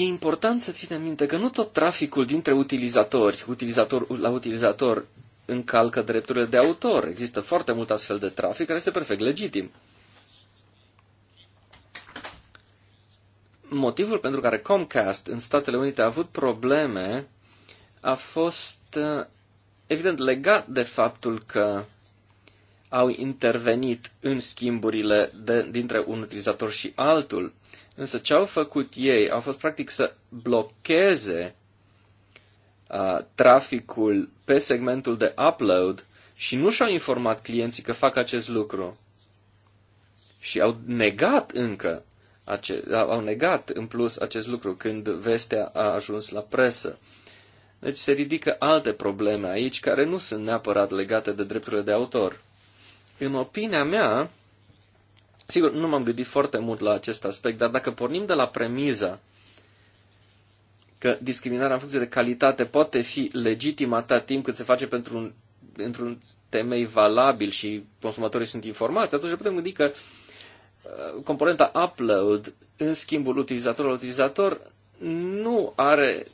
S4: e important să ținem minte că nu tot traficul dintre utilizatori, utilizator la utilizator, încalcă drepturile de autor. Există foarte mult astfel de trafic care este perfect legitim. Motivul pentru care Comcast în Statele Unite a avut probleme a fost eh, evident legat de faptul că au intervenit în schimburile de, dintre un utilizator și altul. Însă ce au făcut ei au fost practic să blocheze uh, traficul pe segmentul de upload și nu și-au informat clienții că fac acest lucru. Și au negat încă, ace- au negat în plus acest lucru când vestea a ajuns la presă. Deci se ridică alte probleme aici care nu sunt neapărat legate de drepturile de autor. În opinia mea, Sigur, nu m-am gândit foarte mult la acest aspect, dar dacă pornim de la premiza că discriminarea în funcție de calitate poate fi legitimă atâta timp cât se face pentru un, într-un temei valabil și consumatorii sunt informați, atunci putem gândi că uh, componenta upload în schimbul utilizatorului utilizator nu are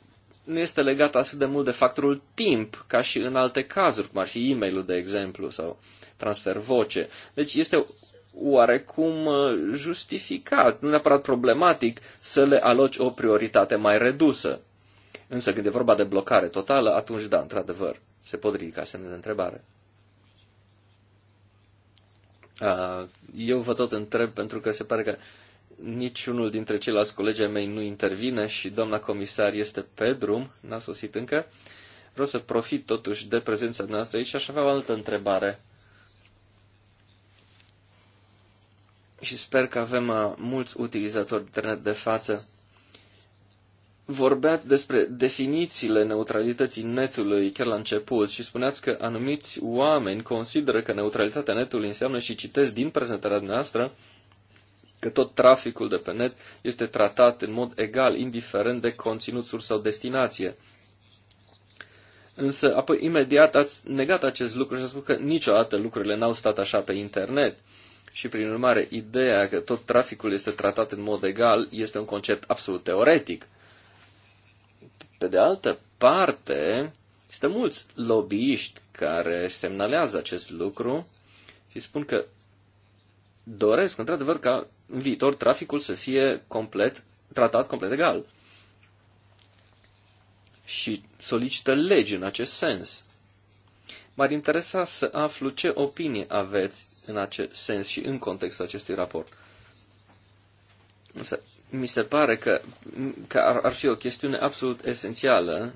S4: nu este legată atât de mult de factorul timp ca și în alte cazuri, cum ar fi e mail de exemplu, sau transfer voce. Deci este oarecum uh, justificat, nu neapărat problematic, să le aloci o prioritate mai redusă. Însă când e vorba de blocare totală, atunci da, într-adevăr, se pot ridica semne de întrebare. Uh, eu vă tot întreb pentru că se pare că niciunul dintre ceilalți colegi mei nu intervine și doamna comisar este pe drum, n-a sosit încă. Vreau să profit totuși de prezența noastră aici și aș avea o altă întrebare. și sper că avem uh, mulți utilizatori de internet de față. Vorbeați despre definițiile neutralității netului chiar la început și spuneați că anumiți oameni consideră că neutralitatea netului înseamnă și citesc din prezentarea noastră că tot traficul de pe net este tratat în mod egal, indiferent de conținut, sursă sau destinație. Însă, apoi, imediat ați negat acest lucru și ați spus că niciodată lucrurile n-au stat așa pe internet. Și prin urmare, ideea că tot traficul este tratat în mod egal este un concept absolut teoretic. Pe de altă parte, sunt mulți lobbyiști care semnalează acest lucru și spun că doresc, într-adevăr, ca în viitor traficul să fie complet, tratat complet egal. Și solicită legi în acest sens. M-ar interesa să aflu ce opinie aveți în acest sens și în contextul acestui raport. Însă, mi se pare că, că ar, ar fi o chestiune absolut esențială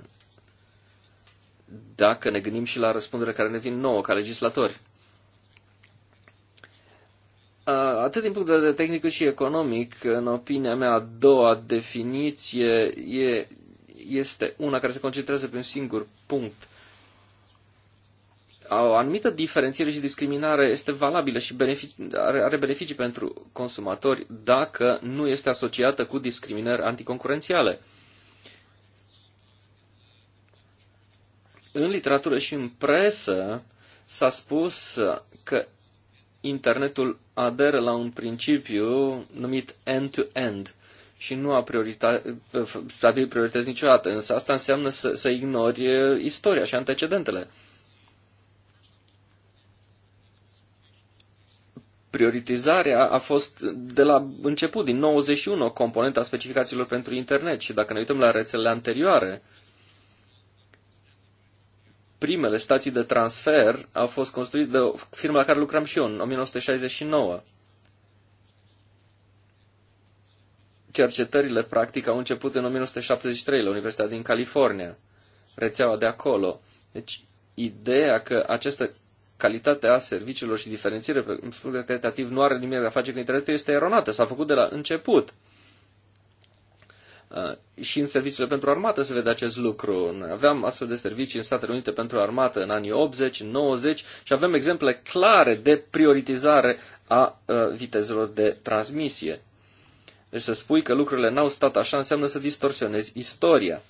S4: dacă ne gândim și la răspunderea care ne vin nouă ca legislatori. Atât din punct de vedere tehnic și economic, în opinia mea, a doua definiție e, este una care se concentrează pe un singur punct o anumită diferențiere și discriminare este valabilă și are, are beneficii pentru consumatori dacă nu este asociată cu discriminări anticoncurențiale. În literatură și în presă s-a spus că internetul aderă la un principiu numit end-to-end -end și nu a priorita- stabilit priorități niciodată, însă asta înseamnă să, să ignori istoria și antecedentele. prioritizarea a fost de la început, din 91, o componentă a specificațiilor pentru internet. Și dacă ne uităm la rețelele anterioare, primele stații de transfer au fost construite de o firmă la care lucram și eu, în 1969. Cercetările, practic, au început în 1973 la Universitatea din California, rețeaua de acolo. Deci, ideea că aceste calitatea serviciilor și diferențiere pe studiul calitativ nu are nimic de a face cu internetul, este eronată, s-a făcut de la început. Uh, și în serviciile pentru armată se vede acest lucru. Noi aveam astfel de servicii în Statele Unite pentru armată în anii 80, 90 și avem exemple clare de prioritizare a uh, vitezelor de transmisie. Deci să spui că lucrurile n-au stat așa înseamnă să distorsionezi istoria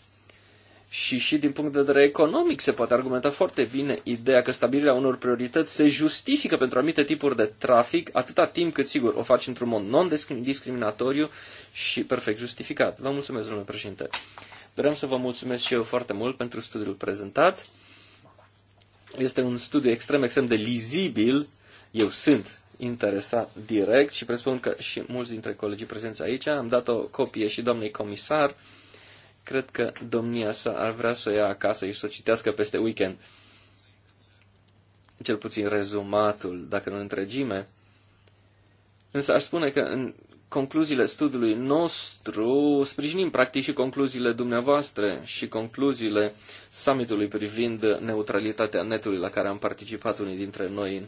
S4: și și din punct de vedere economic se poate argumenta foarte bine ideea că stabilirea unor priorități se justifică pentru anumite tipuri de trafic, atâta timp cât, sigur, o faci într-un mod non-discriminatoriu și perfect justificat. Vă mulțumesc, domnule președinte. Doream să vă mulțumesc și eu foarte mult pentru studiul prezentat. Este un studiu extrem, extrem de lizibil. Eu sunt interesat direct și presupun că și mulți dintre colegii prezenți aici. Am dat o copie și doamnei comisar Cred că domnia sa ar vrea să o ia acasă și să o citească peste weekend. Cel puțin rezumatul, dacă nu întregime. Însă aș spune că în concluziile studiului nostru sprijinim practic și concluziile dumneavoastră și concluziile summitului privind neutralitatea netului la care am participat unii dintre noi în,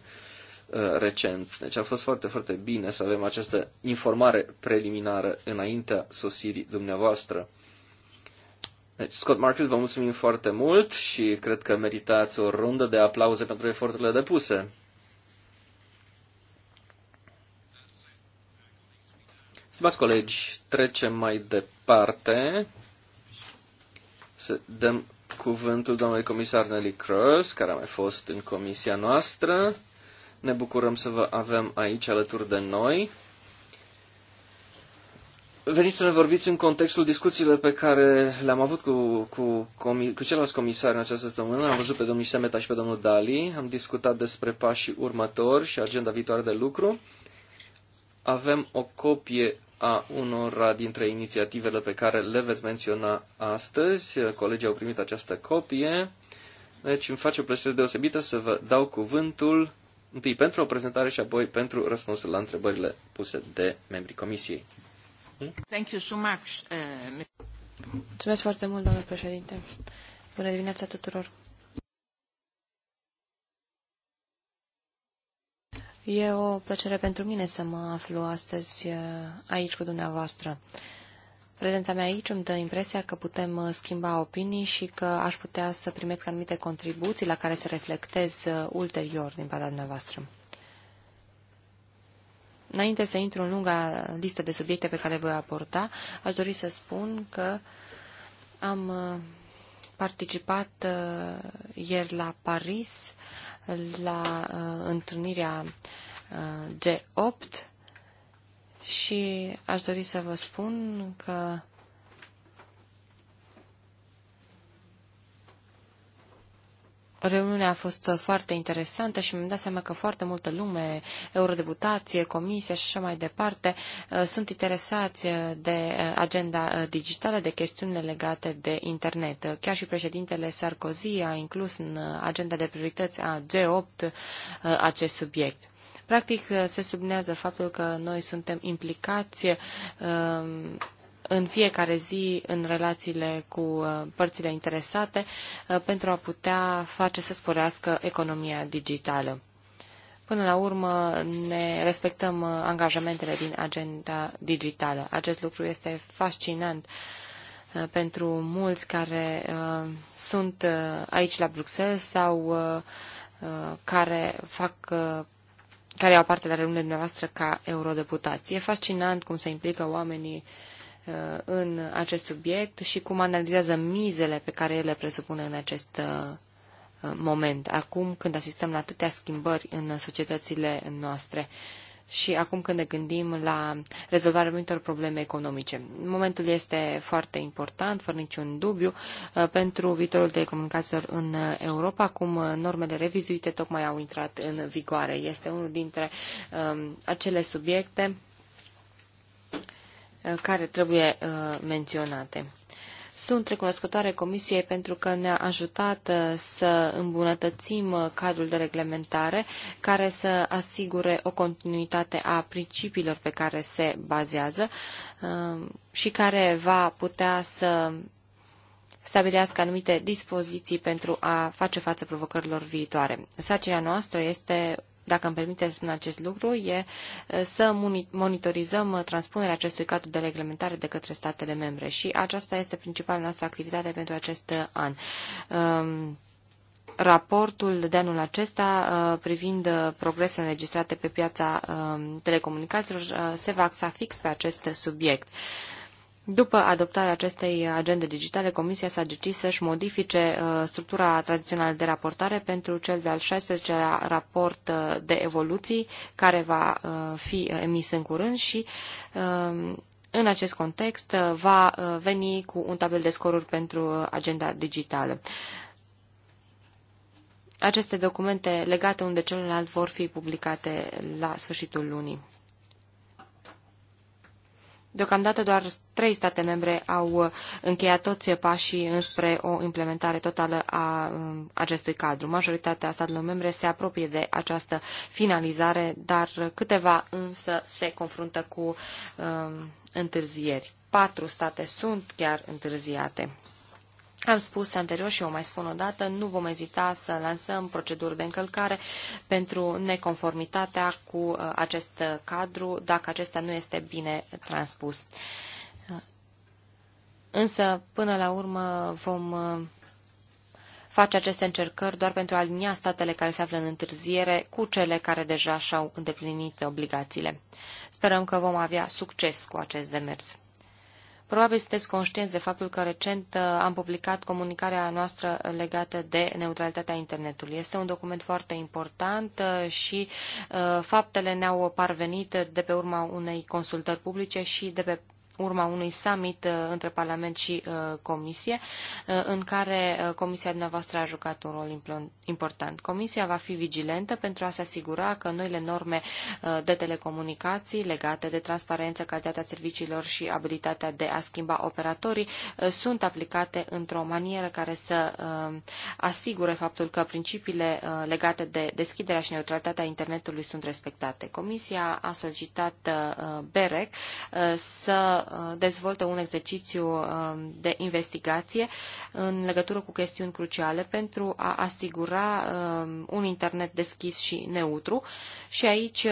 S4: uh, recent. Deci a fost foarte, foarte bine să avem această informare preliminară înaintea sosirii dumneavoastră. Deci, Scott Marcus, vă mulțumim foarte mult și cred că meritați o rundă de aplauze pentru eforturile depuse. Stimați colegi, trecem mai departe. Să dăm cuvântul domnului comisar Nelly Cross, care a mai fost în comisia noastră. Ne bucurăm să vă avem aici alături de noi veniți să ne vorbiți în contextul discuțiilor pe care le-am avut cu, cu, comi, cu ceilalți comisari în această săptămână. Am văzut pe domnul Semeta și pe domnul Dali, am discutat despre pașii următori și agenda viitoare de lucru. Avem o copie a unora dintre inițiativele pe care le veți menționa astăzi. Colegii au primit această copie. Deci îmi face o plăcere deosebită să vă dau cuvântul întâi pentru o prezentare și apoi pentru răspunsul la întrebările puse de membrii comisiei. Thank you so much. Uh,
S2: Mulțumesc foarte mult, doamnă președinte. Bună dimineața tuturor. E o plăcere pentru mine să mă aflu astăzi uh, aici cu dumneavoastră. Prezența mea aici îmi dă impresia că putem uh, schimba opinii și că aș putea să primesc anumite contribuții la care să reflectez ulterior din partea dumneavoastră. Înainte să intru în lunga listă de subiecte pe care voi aporta, aș dori să spun că am uh, participat uh, ieri la Paris la uh, întâlnirea G8 și aș dori să vă spun că Reuniunea a fost uh, foarte interesantă și mi-am dat seama că foarte multă lume, eurodeputație, comisie și așa mai departe, uh, sunt interesați uh, de agenda digitală, de chestiunile legate de internet. Chiar și președintele Sarkozy a inclus în agenda de priorități a G8 acest subiect. Practic, se sublinează faptul că noi suntem implicați um, în fiecare zi în relațiile cu uh, părțile interesate uh, pentru a putea face să sporească economia digitală. Până la urmă ne respectăm uh, angajamentele din agenda digitală. Acest lucru este fascinant pentru mulți care sunt aici la Bruxelles sau care fac care au parte la reuniunile dumneavoastră ca eurodeputați. E fascinant cum se implică oamenii uh, Uh, în acest subiect și cum analizează mizele pe care ele presupune în acest uh, uh, moment, acum când asistăm la atâtea schimbări în societățile noastre și acum când ne gândim la rezolvarea multor probleme economice. Momentul este foarte important, fără niciun dubiu, pentru viitorul de comunicațiilor în Europa, acum normele revizuite tocmai au intrat în vigoare. Este unul dintre um, acele subiecte Eh, care trebuie eh, menționate. Sunt recunoscătoare Comisiei pentru că ne-a ajutat eh, să îmbunătățim cadrul de reglementare care să asigure o continuitate a principiilor pe care se bazează și care va putea să stabilească anumite dispoziții pentru a face față provocărilor viitoare. Sarcina noastră este dacă îmi permiteți spun acest lucru, e să monitorizăm transpunerea acestui cadru de reglementare de către statele membre și aceasta este principala noastră activitate pentru acest an. Ehm, raportul de anul acesta privind progresele înregistrate pe piața telecomunicațiilor se va axa fix pe acest subiect. După adoptarea acestei agende digitale, Comisia s-a decis să-și modifice uh, structura tradițională de raportare pentru cel de-al 16-lea raport uh, de evoluții, care va uh, fi emis în curând și um, în acest context va veni cu un tabel de scoruri pentru agenda digitală. Aceste documente legate unde celălalt vor fi publicate la sfârșitul lunii. Deocamdată doar trei state membre au uh, încheiat toți pașii înspre o implementare totală a um, acestui cadru. Majoritatea statelor membre se apropie de această finalizare, dar câteva însă se confruntă cu um, întârzieri. Patru state sunt chiar întârziate. Am spus anterior și o mai spun o dată, nu vom ezita să lansăm proceduri de încălcare pentru neconformitatea cu uh, acest cadru, dacă acesta nu este bine transpus. Uh, însă, până la urmă, vom uh, face aceste încercări doar pentru a alinia statele care se află în întârziere cu cele care deja și-au îndeplinit obligațiile. Sperăm că vom avea succes cu acest demers. Probabil sunteți conștienți de faptul că recent uh, am publicat comunicarea noastră legată de neutralitatea internetului. Este un document foarte important uh, și uh, faptele ne-au parvenit de pe urma unei consultări publice și de pe urma unui summit uh, între Parlament și uh, Comisie, uh, în care Comisia dumneavoastră a jucat un rol important. Comisia va fi vigilentă pentru a se asigura că noile norme de telecomunicații legate de transparență, calitatea serviciilor și abilitatea de a schimba operatorii sunt aplicate într-o manieră care să asigure faptul că principiile legate de deschiderea și neutralitatea internetului sunt respectate. Comisia a solicitat BEREC să Uh, dezvoltă un exercițiu uh, de investigație în legătură cu chestiuni cruciale pentru a asigura uh, un internet deschis și neutru. Și aici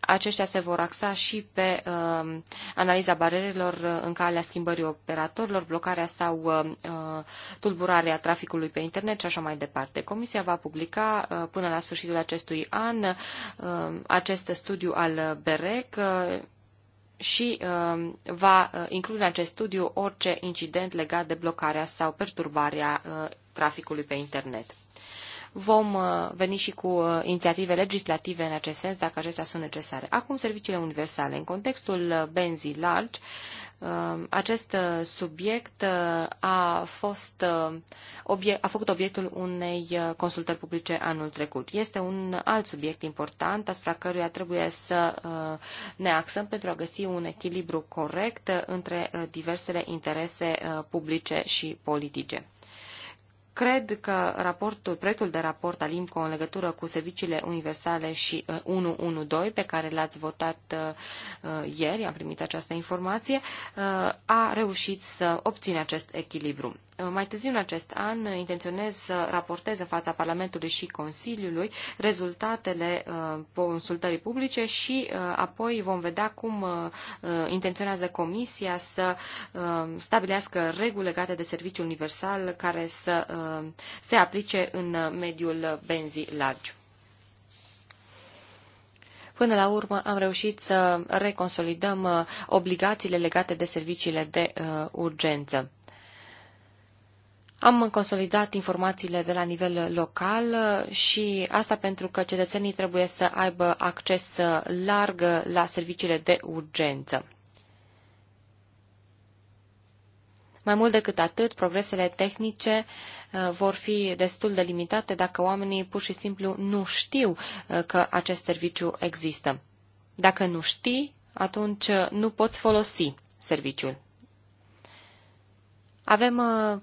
S2: aceștia se vor axa și pe analiza barierelor în calea schimbării operatorilor, blocarea sau tulburarea traficului pe internet și așa mai departe. Comisia va publica până la sfârșitul acestui an acest studiu al BEREC și um, va uh, include în acest studiu orice incident legat de blocarea sau perturbarea uh, traficului pe internet. Vom uh, veni și cu inițiative legislative în acest sens, dacă acestea sunt necesare. Acum, serviciile universale. În contextul benzii largi, Um, acest uh, subiect uh, a, fost, uh, a făcut obiectul unei consultări publice anul trecut. Este un alt subiect important asupra căruia trebuie să ne axăm pentru a găsi un echilibru corect între diversele interese publice și politice. Cred că raportul, proiectul de raport al IMCO în legătură cu serviciile universale și 112 uh, pe care l-ați votat uh, uh, ieri, am primit această informație, a reușit să obțină acest echilibru. Mai târziu în acest an intenționez să raportez în fața Parlamentului și Consiliului rezultatele consultării publice și apoi vom vedea cum intenționează Comisia să stabilească reguli legate de serviciu universal care să Uh, se aplice în uh, mediul benzii largi. Până la urmă am reușit să reconsolidăm uh, obligațiile legate de serviciile de uh, urgență. Am consolidat informațiile de la nivel local și asta pentru că cetățenii trebuie să aibă acces larg la serviciile de urgență. Mai mult decât atât, progresele tehnice uh, Uh, vor fi destul de limitate dacă oamenii pur și simplu nu știu uh, că acest serviciu există. Dacă nu știi, atunci uh, nu poți folosi serviciul. Avem,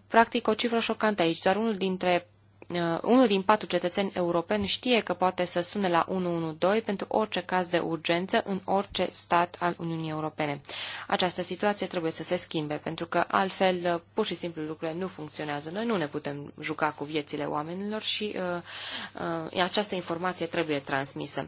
S2: practic, o cifră șocantă aici. Doar unul dintre Uh, unul din patru cetățeni europeni știe că poate să sune la 112 pentru orice caz de urgență în orice stat al Uniunii Europene. Această situație trebuie să se schimbe, pentru că altfel uh, pur și simplu lucrurile nu funcționează. Noi nu ne putem juca cu viețile oamenilor și uh, uh, această informație trebuie transmisă.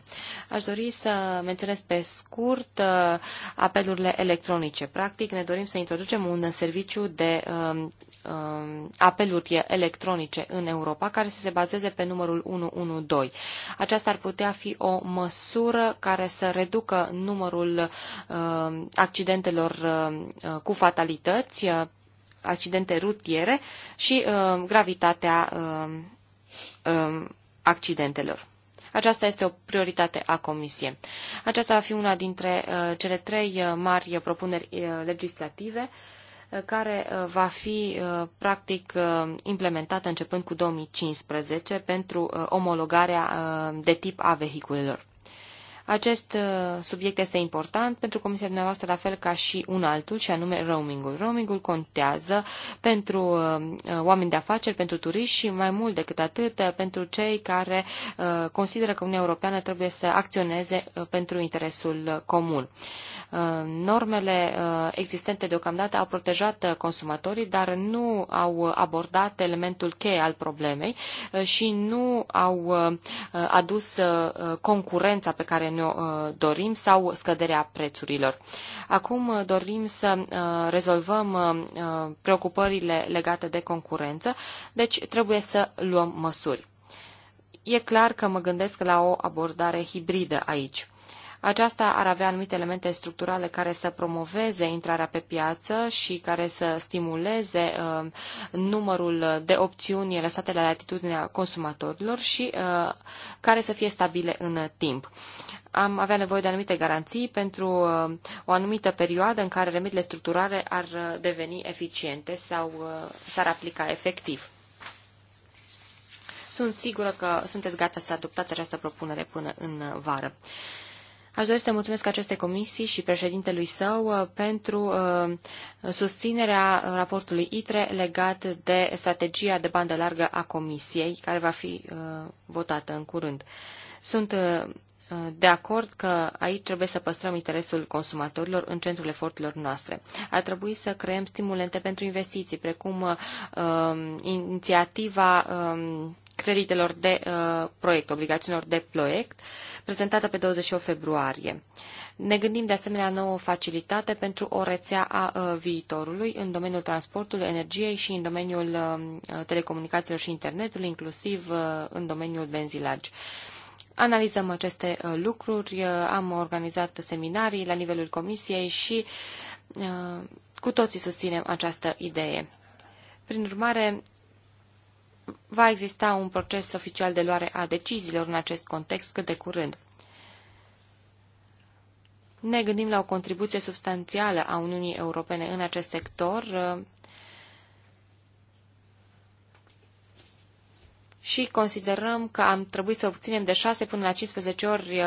S2: Aș dori să menționez pe scurt uh, apelurile electronice. Practic, ne dorim să introducem un serviciu de uh, uh, apeluri electronice în Europa, care să se bazeze pe numărul 112. Aceasta ar putea fi o măsură care să reducă numărul uh, accidentelor uh, uh, cu fatalități, accidente rutiere și gravitatea accidentelor. Aceasta este o prioritate a Comisiei. Aceasta va fi una dintre uh, cele trei uh, mari propuneri uh, legislative uh, care uh, va fi uh, practic uh, implementată începând cu 2015 pentru omologarea de tip a vehiculelor. Acest uh, subiect este important pentru comisia dumneavoastră, la fel ca și un altul, și anume roamingul. Roamingul contează pentru uh, uh, oameni de afaceri, pentru turiști și mai mult decât atât pentru cei care consideră că Uniunea Europeană trebuie să acționeze pentru interesul comun. Normele existente deocamdată au protejat consumatorii, dar nu au abordat elementul cheie al problemei și nu au adus concurența pe care ne-o uh, dorim sau scăderea prețurilor. Acum uh, dorim să uh, rezolvăm preocupările legate de concurență, deci trebuie să luăm măsuri. E clar că mă gândesc la o abordare hibridă aici. Aceasta ar avea anumite elemente structurale care să promoveze intrarea pe piață și care să stimuleze uh, numărul de opțiuni lăsate la latitudinea consumatorilor și uh, care să fie stabile în timp am avea nevoie de anumite garanții pentru uh, o anumită perioadă în care remediile structurale ar uh, deveni eficiente sau uh, s-ar aplica efectiv. Sunt sigură că sunteți gata să adoptați această propunere până în vară. Aș dori să mulțumesc acestei comisii și președintelui său uh, pentru uh, susținerea raportului ITRE legat de strategia de bandă largă a comisiei, care va fi uh, votată în curând. Sunt de acord că aici trebuie să păstrăm interesul consumatorilor în centrul eforturilor noastre. Ar trebui să creăm stimulente pentru investiții, precum uh, um, inițiativa uh, creditelor de uh, proiect, obligațiunilor de proiect, prezentată pe 28 februarie. Ne gândim de asemenea nouă facilitate pentru o rețea a uh, viitorului în domeniul transportului, energiei și în domeniul uh, telecomunicațiilor și internetului, inclusiv uh, în domeniul benzii Analizăm aceste uh, lucruri, uh, am organizat seminarii la nivelul comisiei și uh, cu toții susținem această idee. Prin urmare, va exista un proces oficial de luare a deciziilor în acest context cât de curând. Ne gândim la o contribuție substanțială a Uniunii Europene în acest sector uh, și considerăm că am trebuit să obținem de 6 până la 15 ori uh,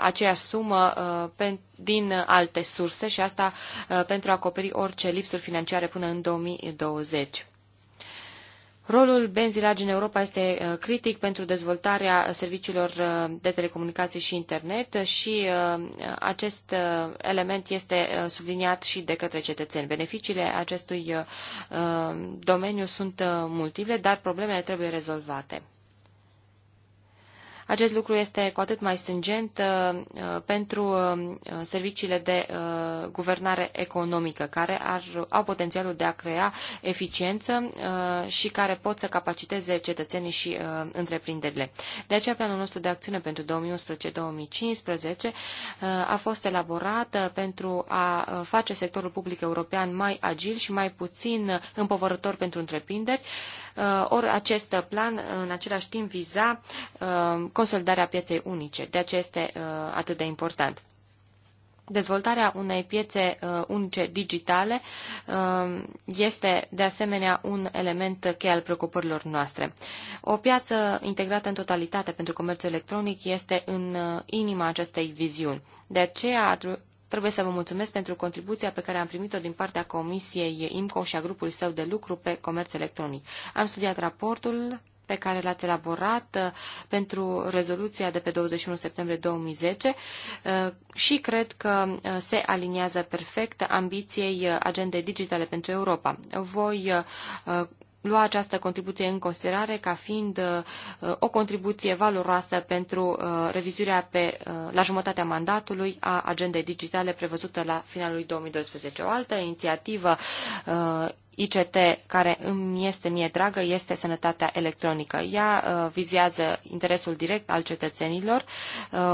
S2: aceeași sumă uh, din alte surse și asta pentru a acoperi orice lipsuri financiare până în 2020. Rolul benzii largi în Europa este uh, critic pentru dezvoltarea serviciilor uh, de telecomunicații și internet și uh, acest element este subliniat și de către cetățeni. Beneficiile acestui domeniu sunt multiple, dar problemele trebuie rezolvate. Acest lucru este cu atât mai stringent uh, uh, pentru uh, serviciile de guvernare economică, care ar, au potențialul de a crea eficiență și care pot să capaciteze cetățenii și întreprinderile. De aceea, planul nostru de acțiune pentru 2011-2015 a fost elaborat pentru a face sectorul public european mai agil și mai puțin împovărător pentru întreprinderi, Uh, ori acest plan în același timp viza uh, consolidarea pieței unice. De aceea este uh, atât de important. Dezvoltarea unei piețe unice digitale este, de asemenea, un element cheie al preocupărilor noastre. O piață integrată în totalitate pentru comerțul electronic este în inima acestei viziuni. De aceea Trebuie să vă mulțumesc pentru contribuția pe care am primit-o din partea Comisiei IMCO și a grupului său de lucru pe comerț electronic. Am studiat raportul pe care l-ați elaborat uh, pentru rezoluția de pe 21 septembrie 2010 uh, și cred că uh, se aliniază perfect ambiției agendei digitale pentru Europa. Voi lua această contribuție în considerare ca fiind uh, o contribuție valoroasă pentru uh, revizuirea pe, uh, la jumătatea mandatului a agendei digitale prevăzută la finalul 2012. O altă inițiativă ICT care îmi este mie dragă este sănătatea electronică. Ea vizează interesul direct al cetățenilor,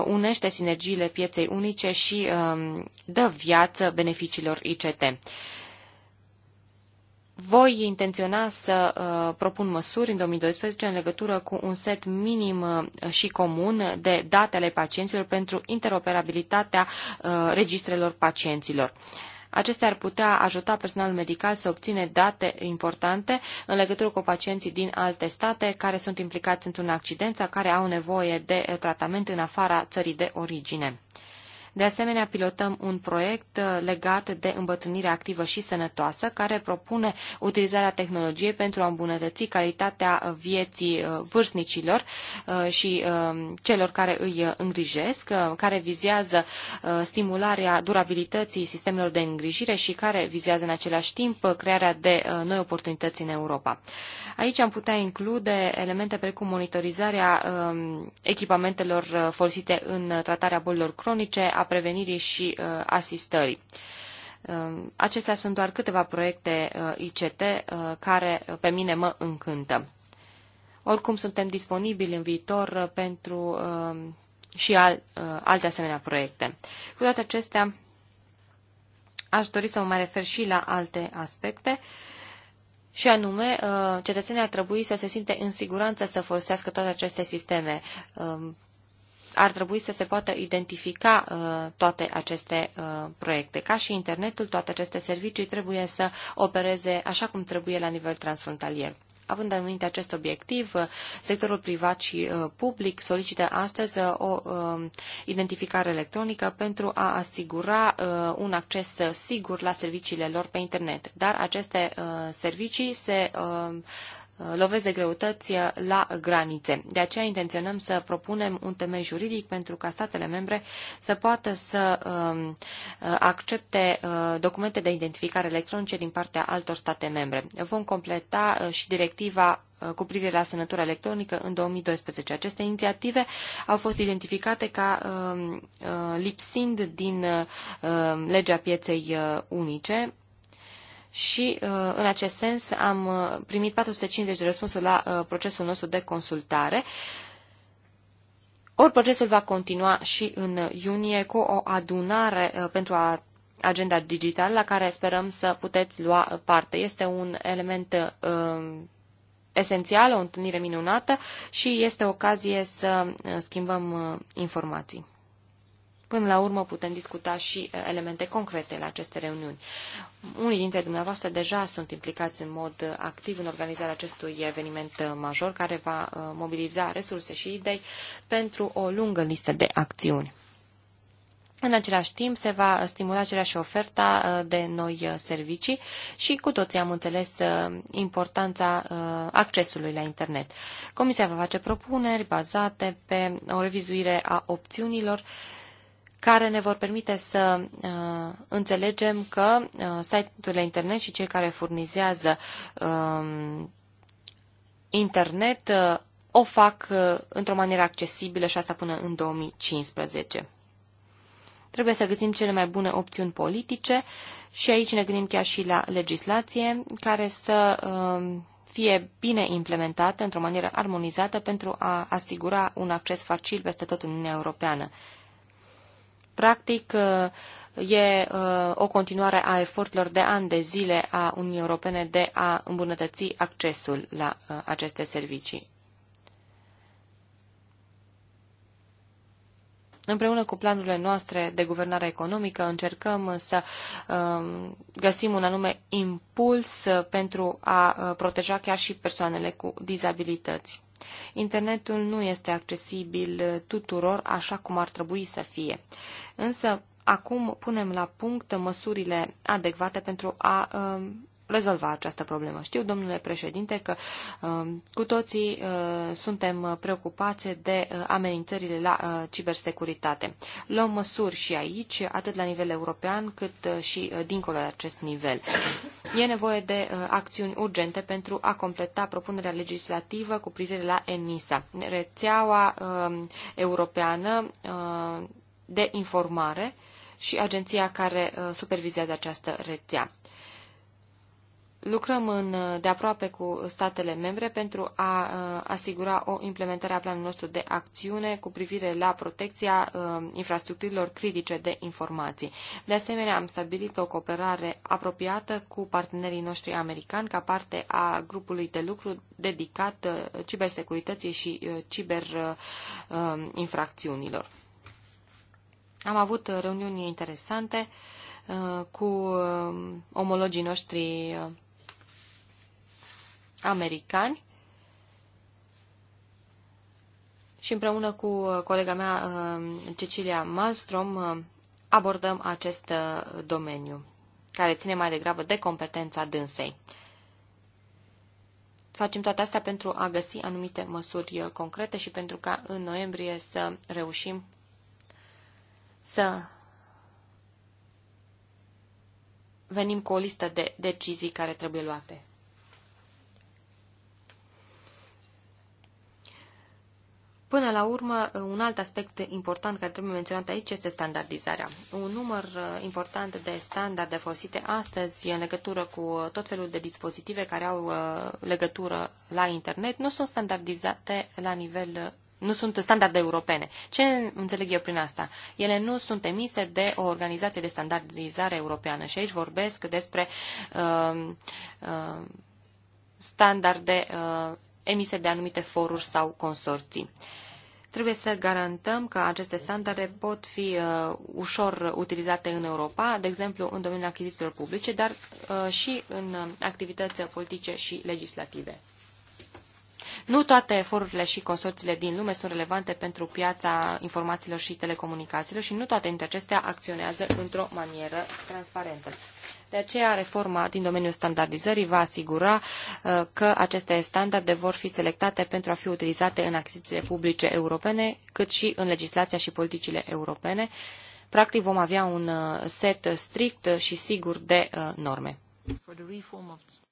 S2: unește sinergiile pieței unice și um, dă viață beneficiilor ICT voi intenționa să uh, propun măsuri în 2012 în legătură cu un set minim uh, și comun de date ale pacienților pentru interoperabilitatea uh, registrelor pacienților. Acestea ar putea ajuta personalul medical să obține date importante în legătură cu pacienții din alte state care sunt implicați într-un accident sau care au nevoie de uh, tratament în afara țării de origine. De asemenea, pilotăm un proiect uh, legat de îmbătrânire activă și sănătoasă, care propune utilizarea tehnologiei pentru a îmbunătăți calitatea uh, vieții uh, vârstnicilor și um, celor care îi îngrijesc, care vizează stimularea durabilității sistemelor de îngrijire și care vizează în același timp crearea de noi oportunități în Europa. Aici am putea include elemente precum monitorizarea um, echipamentelor folosite în tratarea bolilor cronice, a prevenirii și uh, asistării. Um, acestea sunt doar câteva proiecte uh, ICT uh, care pe mine mă încântă. Oricum suntem disponibili în viitor pentru um, și al, alte asemenea proiecte. Cu toate acestea, aș dori să mă mai refer și la alte aspecte. Și anume, cetățenii ar trebui să se simte în siguranță să folosească toate aceste sisteme. Um, ar trebui să se poată identifica uh, toate aceste uh, proiecte. Ca și internetul, toate aceste servicii trebuie să opereze așa cum trebuie la nivel transfrontalier. Având în minte acest obiectiv, uh, sectorul privat și uh, public solicită astăzi uh, o identificare electronică pentru a asigura un acces sigur la serviciile lor pe internet. Dar aceste servicii se lovesc de greutăți la granițe. De aceea intenționăm să propunem un temei juridic pentru ca statele membre să poată să um, accepte uh, documente de identificare electronice din partea altor state membre. Vom completa uh, și directiva uh, cu privire la sănătura electronică în 2012. Aceste inițiative au fost identificate ca um, lipsind din legea pieței unice și uh, în acest sens am uh, primit 450 de răspunsuri la uh, procesul nostru de consultare. Ori procesul va continua și în iunie cu o adunare pentru a agenda digitală la care sperăm să puteți lua parte. Este un element esențial, o întâlnire minunată și este ocazie să schimbăm informații. Până la urmă putem discuta și uh, elemente concrete la aceste reuniuni. Unii dintre dumneavoastră deja sunt implicați în mod uh, activ în organizarea acestui eveniment uh, major care va mobiliza resurse și idei pentru o lungă listă de acțiuni. În același timp, se va stimula aceleași oferta de noi servicii și cu toții am înțeles importanța accesului la internet. Comisia va face propuneri bazate pe o revizuire a opțiunilor care ne vor permite să uh, înțelegem că uh, site-urile internet și cei care furnizează uh, internet uh, o fac uh, într-o manieră accesibilă și asta până în 2015. Trebuie să găsim cele mai bune opțiuni politice și aici ne gândim chiar și la legislație care să uh, fie bine implementată într-o manieră armonizată pentru a asigura un acces facil peste tot în Uniunea Europeană. Practic, uh, e uh, o continuare a eforturilor de ani de zile a Uniunii Europene de a îmbunătăți accesul la uh, aceste servicii. Împreună cu planurile noastre de guvernare economică încercăm să um, găsim un anume impuls pentru a proteja chiar și persoanele cu dizabilități. Internetul nu este accesibil tuturor așa cum ar trebui să fie. Însă, acum punem la punct măsurile adecvate pentru a um, rezolva această problemă. Știu, domnule președinte, că uh, cu toții uh, suntem preocupați de uh, amenințările la cibersecuritate. Luăm măsuri și aici, atât la nivel european, cât și dincolo de acest nivel. E nevoie de acțiuni urgente pentru a completa propunerea legislativă cu privire la ENISA, rețeaua europeană de informare și agenția care supervizează această rețea. Lucrăm în, de aproape cu statele membre pentru a asigura o implementare a planului nostru de acțiune cu privire la protecția infrastructurilor critice de informații. De asemenea, am stabilit o cooperare apropiată cu partenerii noștri americani ca parte a grupului de lucru dedicat cibersecurității și ciberinfracțiunilor. Am avut reuniuni interesante cu omologii noștri americani și împreună cu uh, colega mea uh, Cecilia Malmström uh, abordăm acest domeniu, care ține mai degrabă de competența dânsei. Facem toate astea pentru a găsi anumite măsuri concrete și pentru ca în noiembrie să reușim să venim cu o listă de decizii care trebuie luate. Până la urmă, un alt aspect important care trebuie menționat aici este standardizarea. Un număr uh, important de standarde folosite astăzi în legătură cu uh, tot felul de dispozitive care au uh, legătură la internet nu sunt standardizate la nivel nu sunt standarde europene. Ce înțeleg eu prin asta? Ele nu sunt emise de o organizație de standardizare europeană și aici vorbesc despre uh, uh, standarde uh, emise de anumite foruri sau consorții. Trebuie să garantăm că aceste standarde pot fi uh, ușor utilizate în Europa, de exemplu în domeniul achizițiilor publice, dar uh, și în uh, activități politice și legislative. Nu toate forurile și consorțiile din lume sunt relevante pentru piața informațiilor și telecomunicațiilor și nu toate dintre acestea acționează într-o manieră transparentă. De aceea, reforma din domeniul standardizării va asigura uh, că aceste standarde vor fi selectate pentru a fi utilizate în achizițiile publice europene, cât și în legislația și politicile europene. Practic, vom avea un uh, set strict și sigur de uh, norme.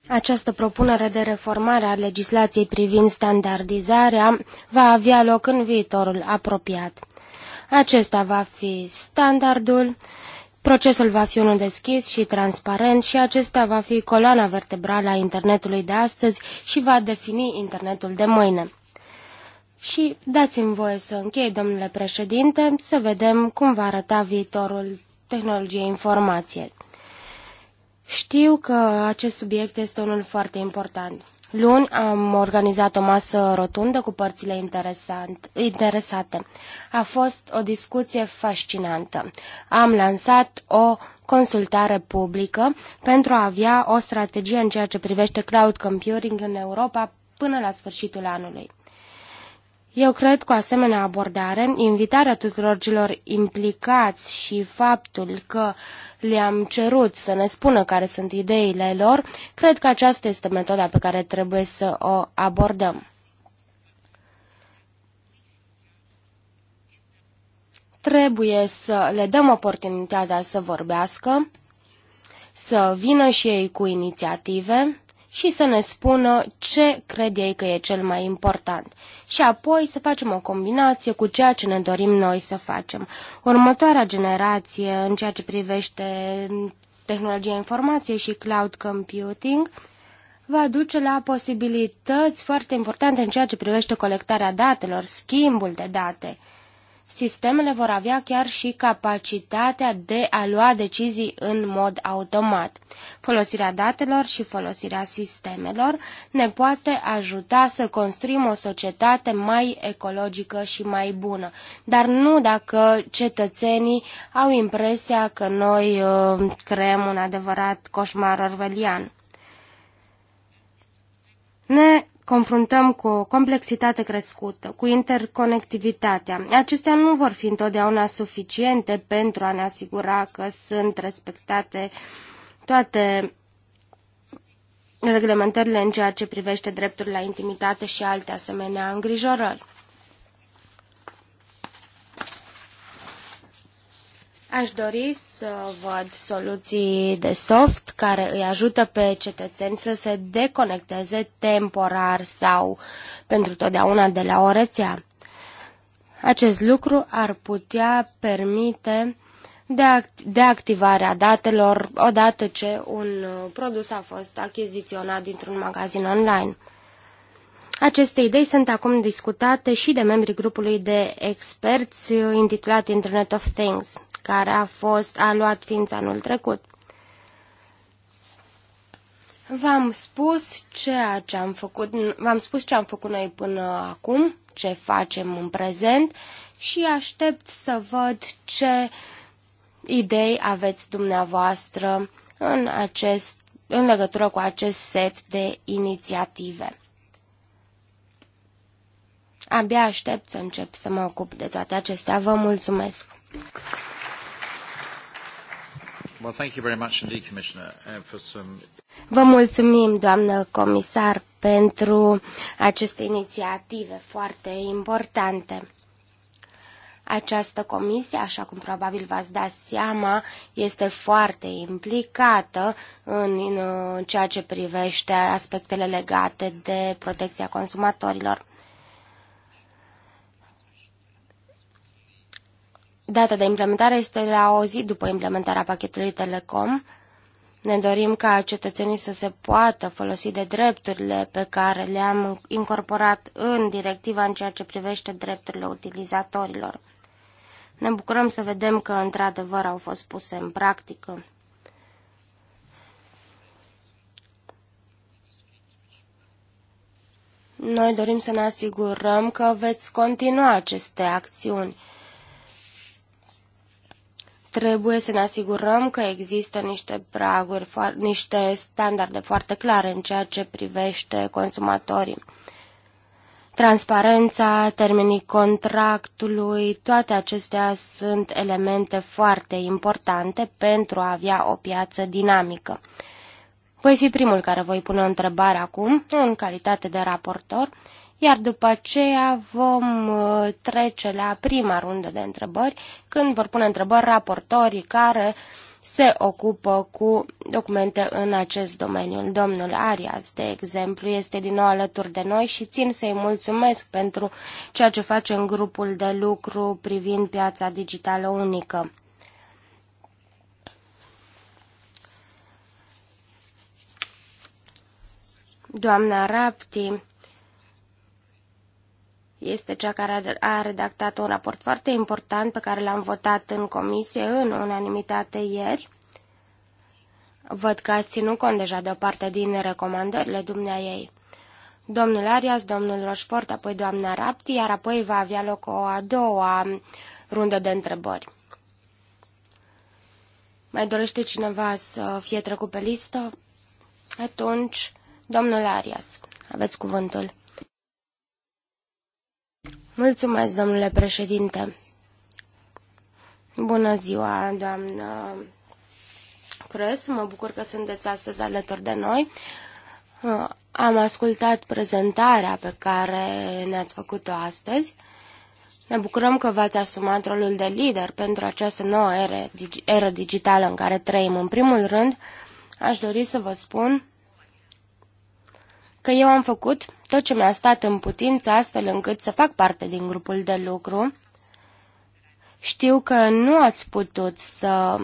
S3: Această propunere de reformare a legislației privind standardizarea va avea loc în viitorul apropiat. Acesta va fi standardul Procesul va fi unul deschis și transparent și acesta va fi coloana vertebrală a internetului de astăzi și va defini internetul de mâine. Și dați-mi voie să închei, domnule președinte, să vedem cum va arăta viitorul tehnologiei informației. Știu că acest subiect este unul foarte important. Luni am organizat o masă rotundă cu părțile interesate. A fost o discuție fascinantă. Am lansat o consultare publică pentru a avea o strategie în ceea ce privește cloud computing în Europa până la sfârșitul anului. Eu cred că asemenea abordare, invitarea tuturor celor implicați și faptul că uh, le-am cerut să ne spună care sunt ideile lor, cred că aceasta este metoda pe care trebuie să o abordăm. Trebuie să le dăm oportunitatea să vorbească, să vină și ei cu inițiative și să ne spună ce cred ei că e cel mai important și apoi să facem o combinație cu ceea ce ne dorim noi să facem. Următoarea generație în ceea ce privește tehnologia informației și cloud computing va duce la posibilități foarte importante în ceea ce privește colectarea datelor, schimbul de date sistemele vor avea chiar și capacitatea de a lua decizii în mod automat. Folosirea datelor și folosirea sistemelor ne poate ajuta să construim o societate mai ecologică și mai bună, dar nu dacă cetățenii au impresia că noi uh, creăm un adevărat coșmar orvelian. Ne confruntăm cu o complexitate crescută, cu interconectivitatea. Acestea nu vor fi întotdeauna suficiente pentru a ne asigura că sunt respectate toate reglementările în ceea ce privește dreptul la intimitate și alte asemenea îngrijorări. Aș dori să văd soluții de soft care îi ajută pe cetățeni să se deconecteze temporar sau pentru totdeauna de la o rețea. Acest lucru ar putea permite de, activarea datelor odată ce un produs a fost achiziționat dintr-un magazin online. Aceste idei sunt acum discutate și de membrii grupului de experți intitulat Internet of Things care a fost aluat ființa anul trecut. V-am spus ceea ce am făcut, v-am spus ce am făcut noi până acum, ce facem în prezent și aștept să văd ce idei aveți dumneavoastră în, acest, în legătură cu acest set de inițiative. Abia aștept să încep să mă ocup de toate acestea. Vă mulțumesc! Vă mulțumim, doamnă comisar, pentru aceste inițiative foarte importante. Această comisie, așa cum probabil v-ați dat seama, este foarte implicată în, în ceea ce privește aspectele legate de protecția consumatorilor. Data de implementare este la o zi după implementarea pachetului Telecom. Ne dorim ca cetățenii să se poată folosi de drepturile pe care le-am incorporat în directiva în ceea ce privește drepturile utilizatorilor. Ne bucurăm să vedem că într-adevăr au fost puse în practică. Noi dorim să ne asigurăm că veți continua aceste acțiuni Trebuie să ne asigurăm că există niște praguri, niște standarde foarte clare în ceea ce privește consumatorii. Transparența, termenii contractului, toate acestea sunt elemente foarte importante pentru a avea o piață dinamică. Voi fi primul care voi pune o întrebare acum, în calitate de raportor, iar după aceea vom uh, trece la prima rundă de întrebări, când vor pune întrebări raportorii care se ocupă cu documente în acest domeniu. Domnul Arias, de exemplu, este din nou alături de noi și țin să-i mulțumesc pentru ceea ce face în grupul de lucru privind piața digitală unică. Doamna Rapti este cea care a redactat un raport foarte important pe care l-am votat în comisie în unanimitate ieri. Văd că ați ținut cont deja de o parte din recomandările dumnea ei. Domnul Arias, domnul Roșfort, apoi doamna Rapti, iar apoi va avea loc o a doua rundă de întrebări. Mai dorește cineva să fie trecut pe listă? Atunci, domnul Arias, aveți cuvântul. Mulțumesc, domnule președinte. Bună ziua, doamnă Crăs. Mă bucur că sunteți astăzi alături de noi. Uh, am ascultat prezentarea pe care ne-ați făcut-o astăzi. Ne bucurăm că v-ați asumat rolul de lider pentru această nouă eră digitală în care trăim. În primul rând, aș dori să vă spun că eu am făcut tot ce mi-a stat în putință astfel încât să fac parte din grupul de lucru. Știu că nu ați putut să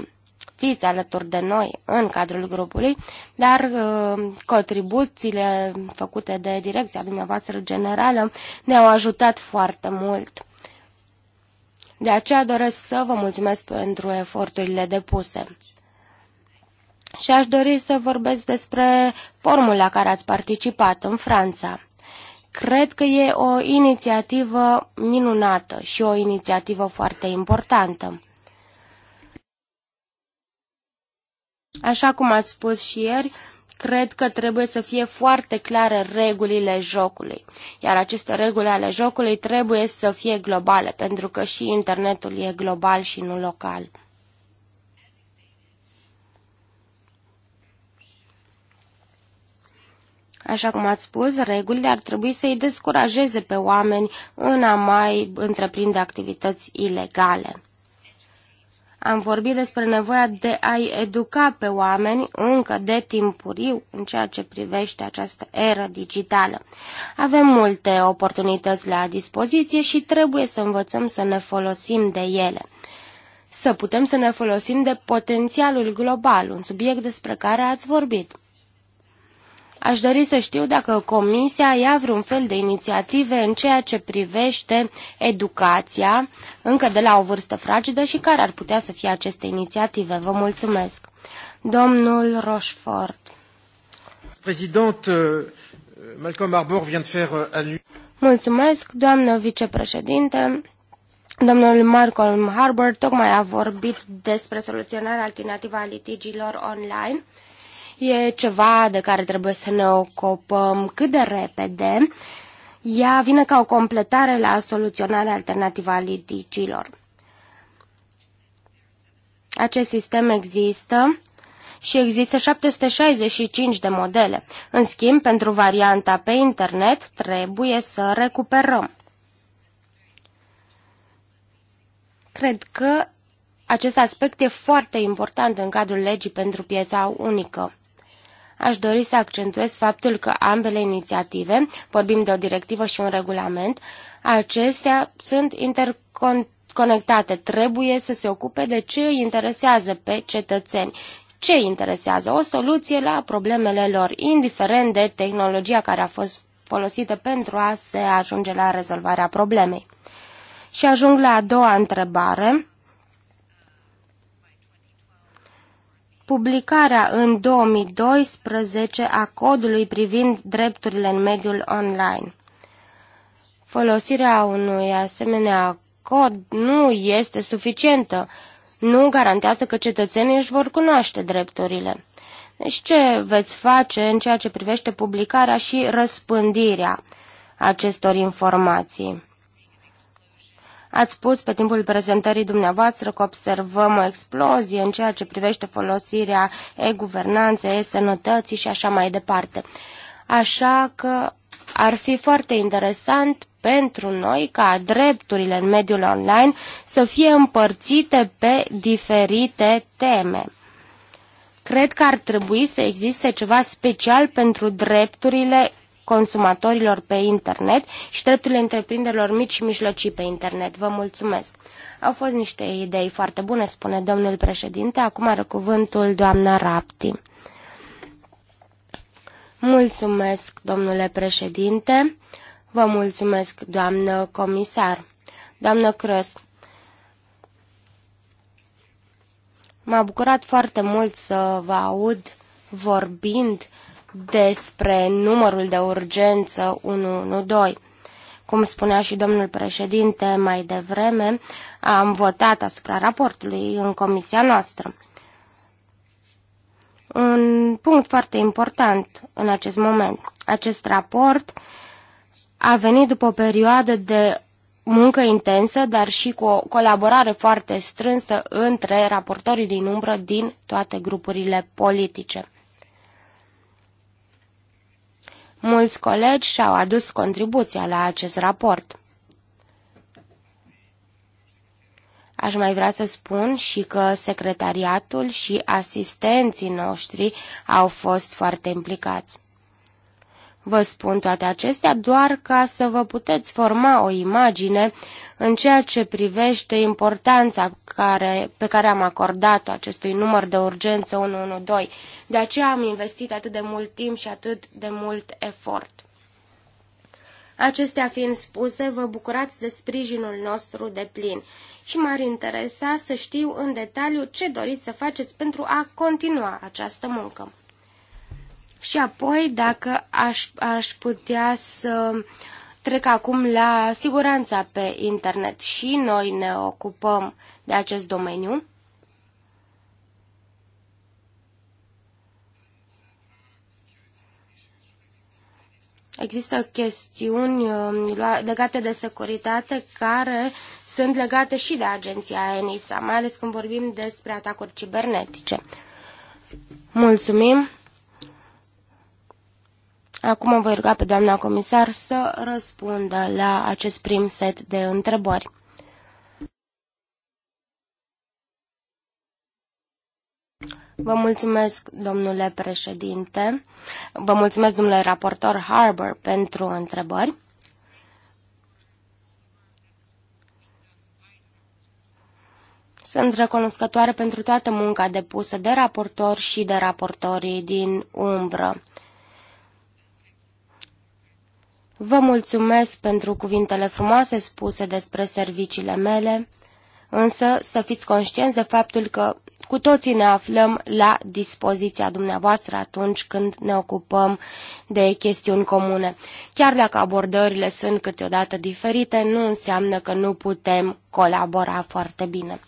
S3: fiți alături de noi în cadrul grupului, dar uh, contribuțiile făcute de direcția dumneavoastră generală ne-au ajutat foarte mult. De aceea doresc să vă mulțumesc pentru eforturile depuse și aș dori să vorbesc despre formula care ați participat în Franța. Cred că e o inițiativă minunată și o inițiativă foarte importantă. Așa cum ați spus și ieri, cred că trebuie să fie foarte clare regulile jocului, iar aceste reguli ale jocului trebuie să fie globale, pentru că și internetul e global și nu local. Așa cum ați spus, regulile ar trebui să-i descurajeze pe oameni în a mai întreprinde activități ilegale. Am vorbit despre nevoia de a-i educa pe oameni încă de timpuriu în ceea ce privește această eră digitală. Avem multe oportunități la dispoziție și trebuie să învățăm să ne folosim de ele. Să putem să ne folosim de potențialul global, un subiect despre care ați vorbit. Aș dori să știu dacă Comisia ia vreun fel de inițiative în ceea ce privește educația, încă de la o vârstă fragedă și care ar putea să fie aceste inițiative. Vă mulțumesc. Domnul Rochefort.
S1: Présidente, Malcolm Harbour vient de faire
S3: Mulțumesc, doamnă vicepreședinte. Domnul Malcolm Harbour tocmai a vorbit despre soluționarea alternativă a litigiilor online. E ceva de care trebuie să ne ocupăm cât de repede. Ea vine ca o completare la soluționarea alternativă a litigilor. Acest sistem există și există 765 de modele. În schimb, pentru varianta pe internet trebuie să recuperăm. Cred că acest aspect e foarte important în cadrul legii pentru piața unică aș dori să accentuez faptul că ambele inițiative, vorbim de o directivă și un regulament, acestea sunt interconectate, trebuie să se ocupe de ce îi interesează pe cetățeni. Ce îi interesează? O soluție la problemele lor, indiferent de tehnologia care a fost folosită pentru a se ajunge la rezolvarea problemei. Și ajung la a doua întrebare publicarea în 2012 a codului privind drepturile în mediul online. Folosirea unui asemenea cod nu este suficientă, nu garantează că cetățenii își vor cunoaște drepturile. Deci ce veți face în ceea ce privește publicarea și răspândirea acestor informații? Ați spus pe timpul prezentării dumneavoastră că observăm o explozie în ceea ce privește folosirea e-guvernanței, e-sănătății și așa mai departe. Așa că ar fi foarte interesant pentru noi ca drepturile în mediul online să fie împărțite pe diferite teme. Cred că ar trebui să existe ceva special pentru drepturile consumatorilor pe internet și drepturile întreprinderilor mici și mijlocii pe internet. Vă mulțumesc! Au fost niște idei foarte bune, spune domnul președinte. Acum are cuvântul doamna Rapti. Mulțumesc, domnule președinte. Vă mulțumesc, doamnă comisar. Doamnă Crăs, m-a bucurat foarte mult să vă aud vorbind despre numărul de urgență 112. Cum spunea și domnul președinte mai devreme, am votat asupra raportului în comisia noastră. Un punct foarte important în acest moment. Acest raport a venit după o perioadă de muncă intensă, dar și cu o colaborare foarte strânsă între raportorii din umbră din toate grupurile politice. Mulți colegi și-au adus contribuția la acest raport. Aș mai vrea să spun și că secretariatul și asistenții noștri au fost foarte implicați. Vă spun toate acestea doar ca să vă puteți forma o imagine în ceea ce privește importanța care, pe care am acordat-o acestui număr de urgență 112. De aceea am investit atât de mult timp și atât de mult efort. Acestea fiind spuse, vă bucurați de sprijinul nostru de plin și m-ar interesa să știu în detaliu ce doriți să faceți pentru a continua această muncă. Și apoi, dacă aș, aș putea să trec acum la siguranța pe internet. Și noi ne ocupăm de acest domeniu. Există chestiuni um, legate de securitate care sunt legate și de agenția ENISA, mai ales când vorbim despre atacuri cibernetice. Mulțumim! Acum o voi ruga pe doamna comisar să răspundă la acest prim set de întrebări. Vă mulțumesc, domnule președinte. Vă mulțumesc, domnule raportor Harbour, pentru întrebări. Sunt recunoscătoare pentru toată munca depusă de raportor și de raportorii din umbră. Vă mulțumesc pentru cuvintele frumoase spuse despre serviciile mele, însă să fiți conștienți de faptul că cu toții ne aflăm la dispoziția dumneavoastră atunci când ne ocupăm de chestiuni comune. Chiar dacă abordările sunt câteodată diferite, nu înseamnă că nu putem colabora foarte bine.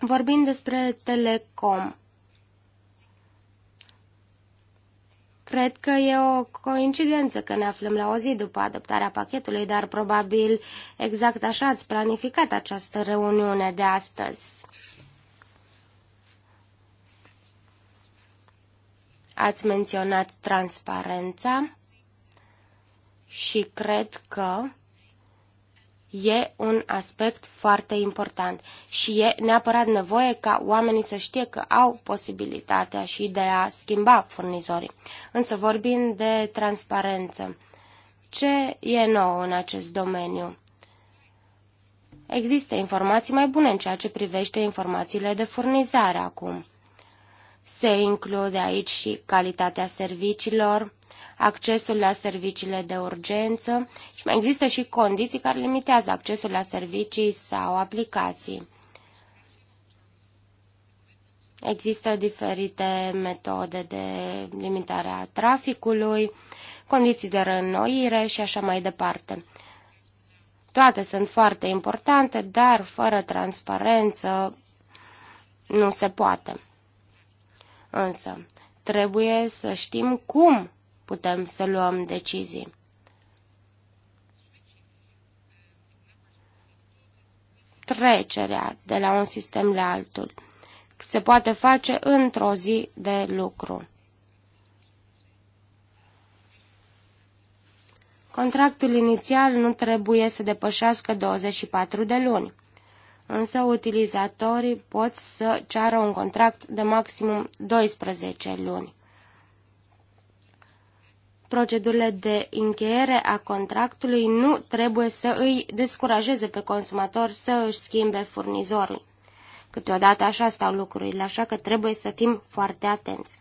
S3: Vorbind despre telecom, Cred că e o coincidență că ne aflăm la o zi după adoptarea pachetului, dar probabil exact așa ați planificat această reuniune de astăzi. Ați menționat transparența și cred că e un aspect foarte important și e neapărat nevoie ca oamenii să știe că au posibilitatea și de a schimba furnizorii. Însă vorbim de transparență. Ce e nou în acest domeniu? Există informații mai bune în ceea ce privește informațiile de furnizare acum. Se include aici și calitatea serviciilor, accesul la serviciile de urgență și mai există și condiții care limitează accesul la servicii sau aplicații. Există diferite metode de limitare a traficului, condiții de reînnoire și așa mai departe. Toate sunt foarte importante, dar fără transparență nu se poate. Însă, trebuie să știm cum putem să luăm decizii. Trecerea de la un sistem la altul se poate face într-o zi de lucru. Contractul inițial nu trebuie să depășească 24 de luni, însă utilizatorii pot să ceară un contract de maximum 12 luni procedurile de încheiere a contractului nu trebuie să îi descurajeze pe consumator să își schimbe furnizorul. Câteodată așa stau lucrurile, așa că trebuie să fim foarte atenți.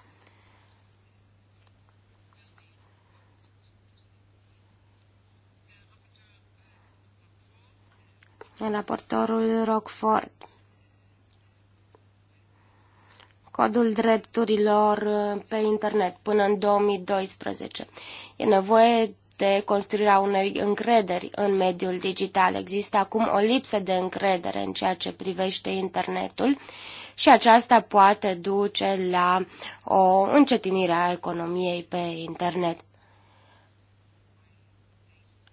S3: Raportorul Rockford codul drepturilor uh, pe internet până în 2012. E nevoie de construirea unei încrederi în mediul digital. Există acum o lipsă de încredere în ceea ce privește internetul și aceasta poate duce la o încetinire a economiei pe internet.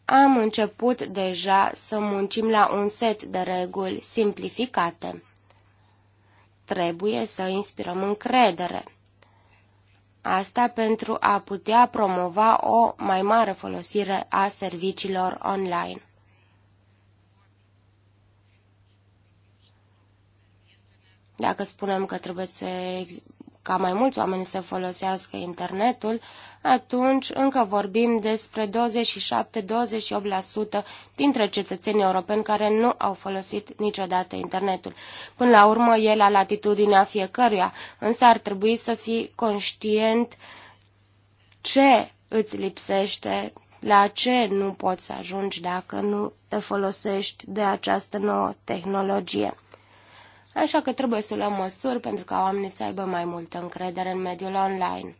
S3: Am început deja să muncim la un set de reguli simplificate trebuie să inspirăm încredere. Asta pentru a putea promova o mai mare folosire a serviciilor online. Dacă spunem că trebuie să, ca mai mulți oameni să folosească internetul, atunci încă vorbim despre 27-28% dintre cetățenii europeni care nu au folosit niciodată internetul. Până la urmă e la latitudinea fiecăruia, însă ar trebui să fii conștient ce îți lipsește, la ce nu poți să ajungi dacă nu te folosești de această nouă tehnologie. Așa că trebuie să luăm măsuri pentru ca oamenii să aibă mai multă încredere în mediul online.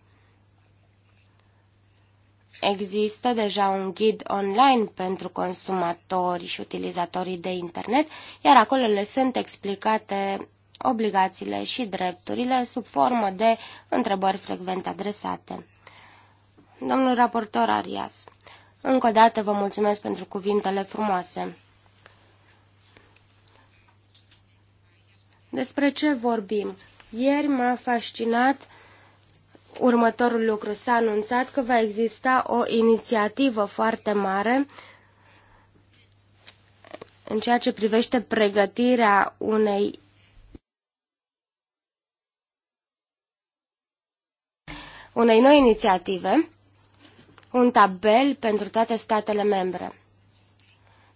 S3: Există deja un ghid online pentru consumatori și utilizatorii de internet, iar acolo le sunt explicate obligațiile și drepturile sub formă de întrebări frecvent adresate. Domnul raportor Arias, încă o dată vă mulțumesc pentru cuvintele frumoase. Despre ce vorbim? Ieri m-a fascinat următorul lucru. S-a anunțat că va exista o inițiativă foarte mare în ceea ce privește pregătirea unei unei noi inițiative, un tabel pentru toate statele membre.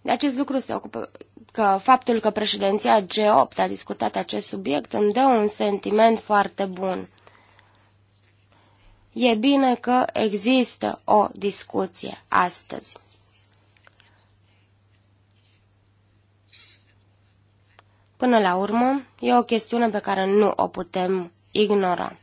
S3: De acest lucru se ocupă că faptul că președinția G8 a discutat acest subiect îmi dă un sentiment foarte bun. E bine că există o discuție astăzi. Până la urmă, e o chestiune pe care nu o putem ignora.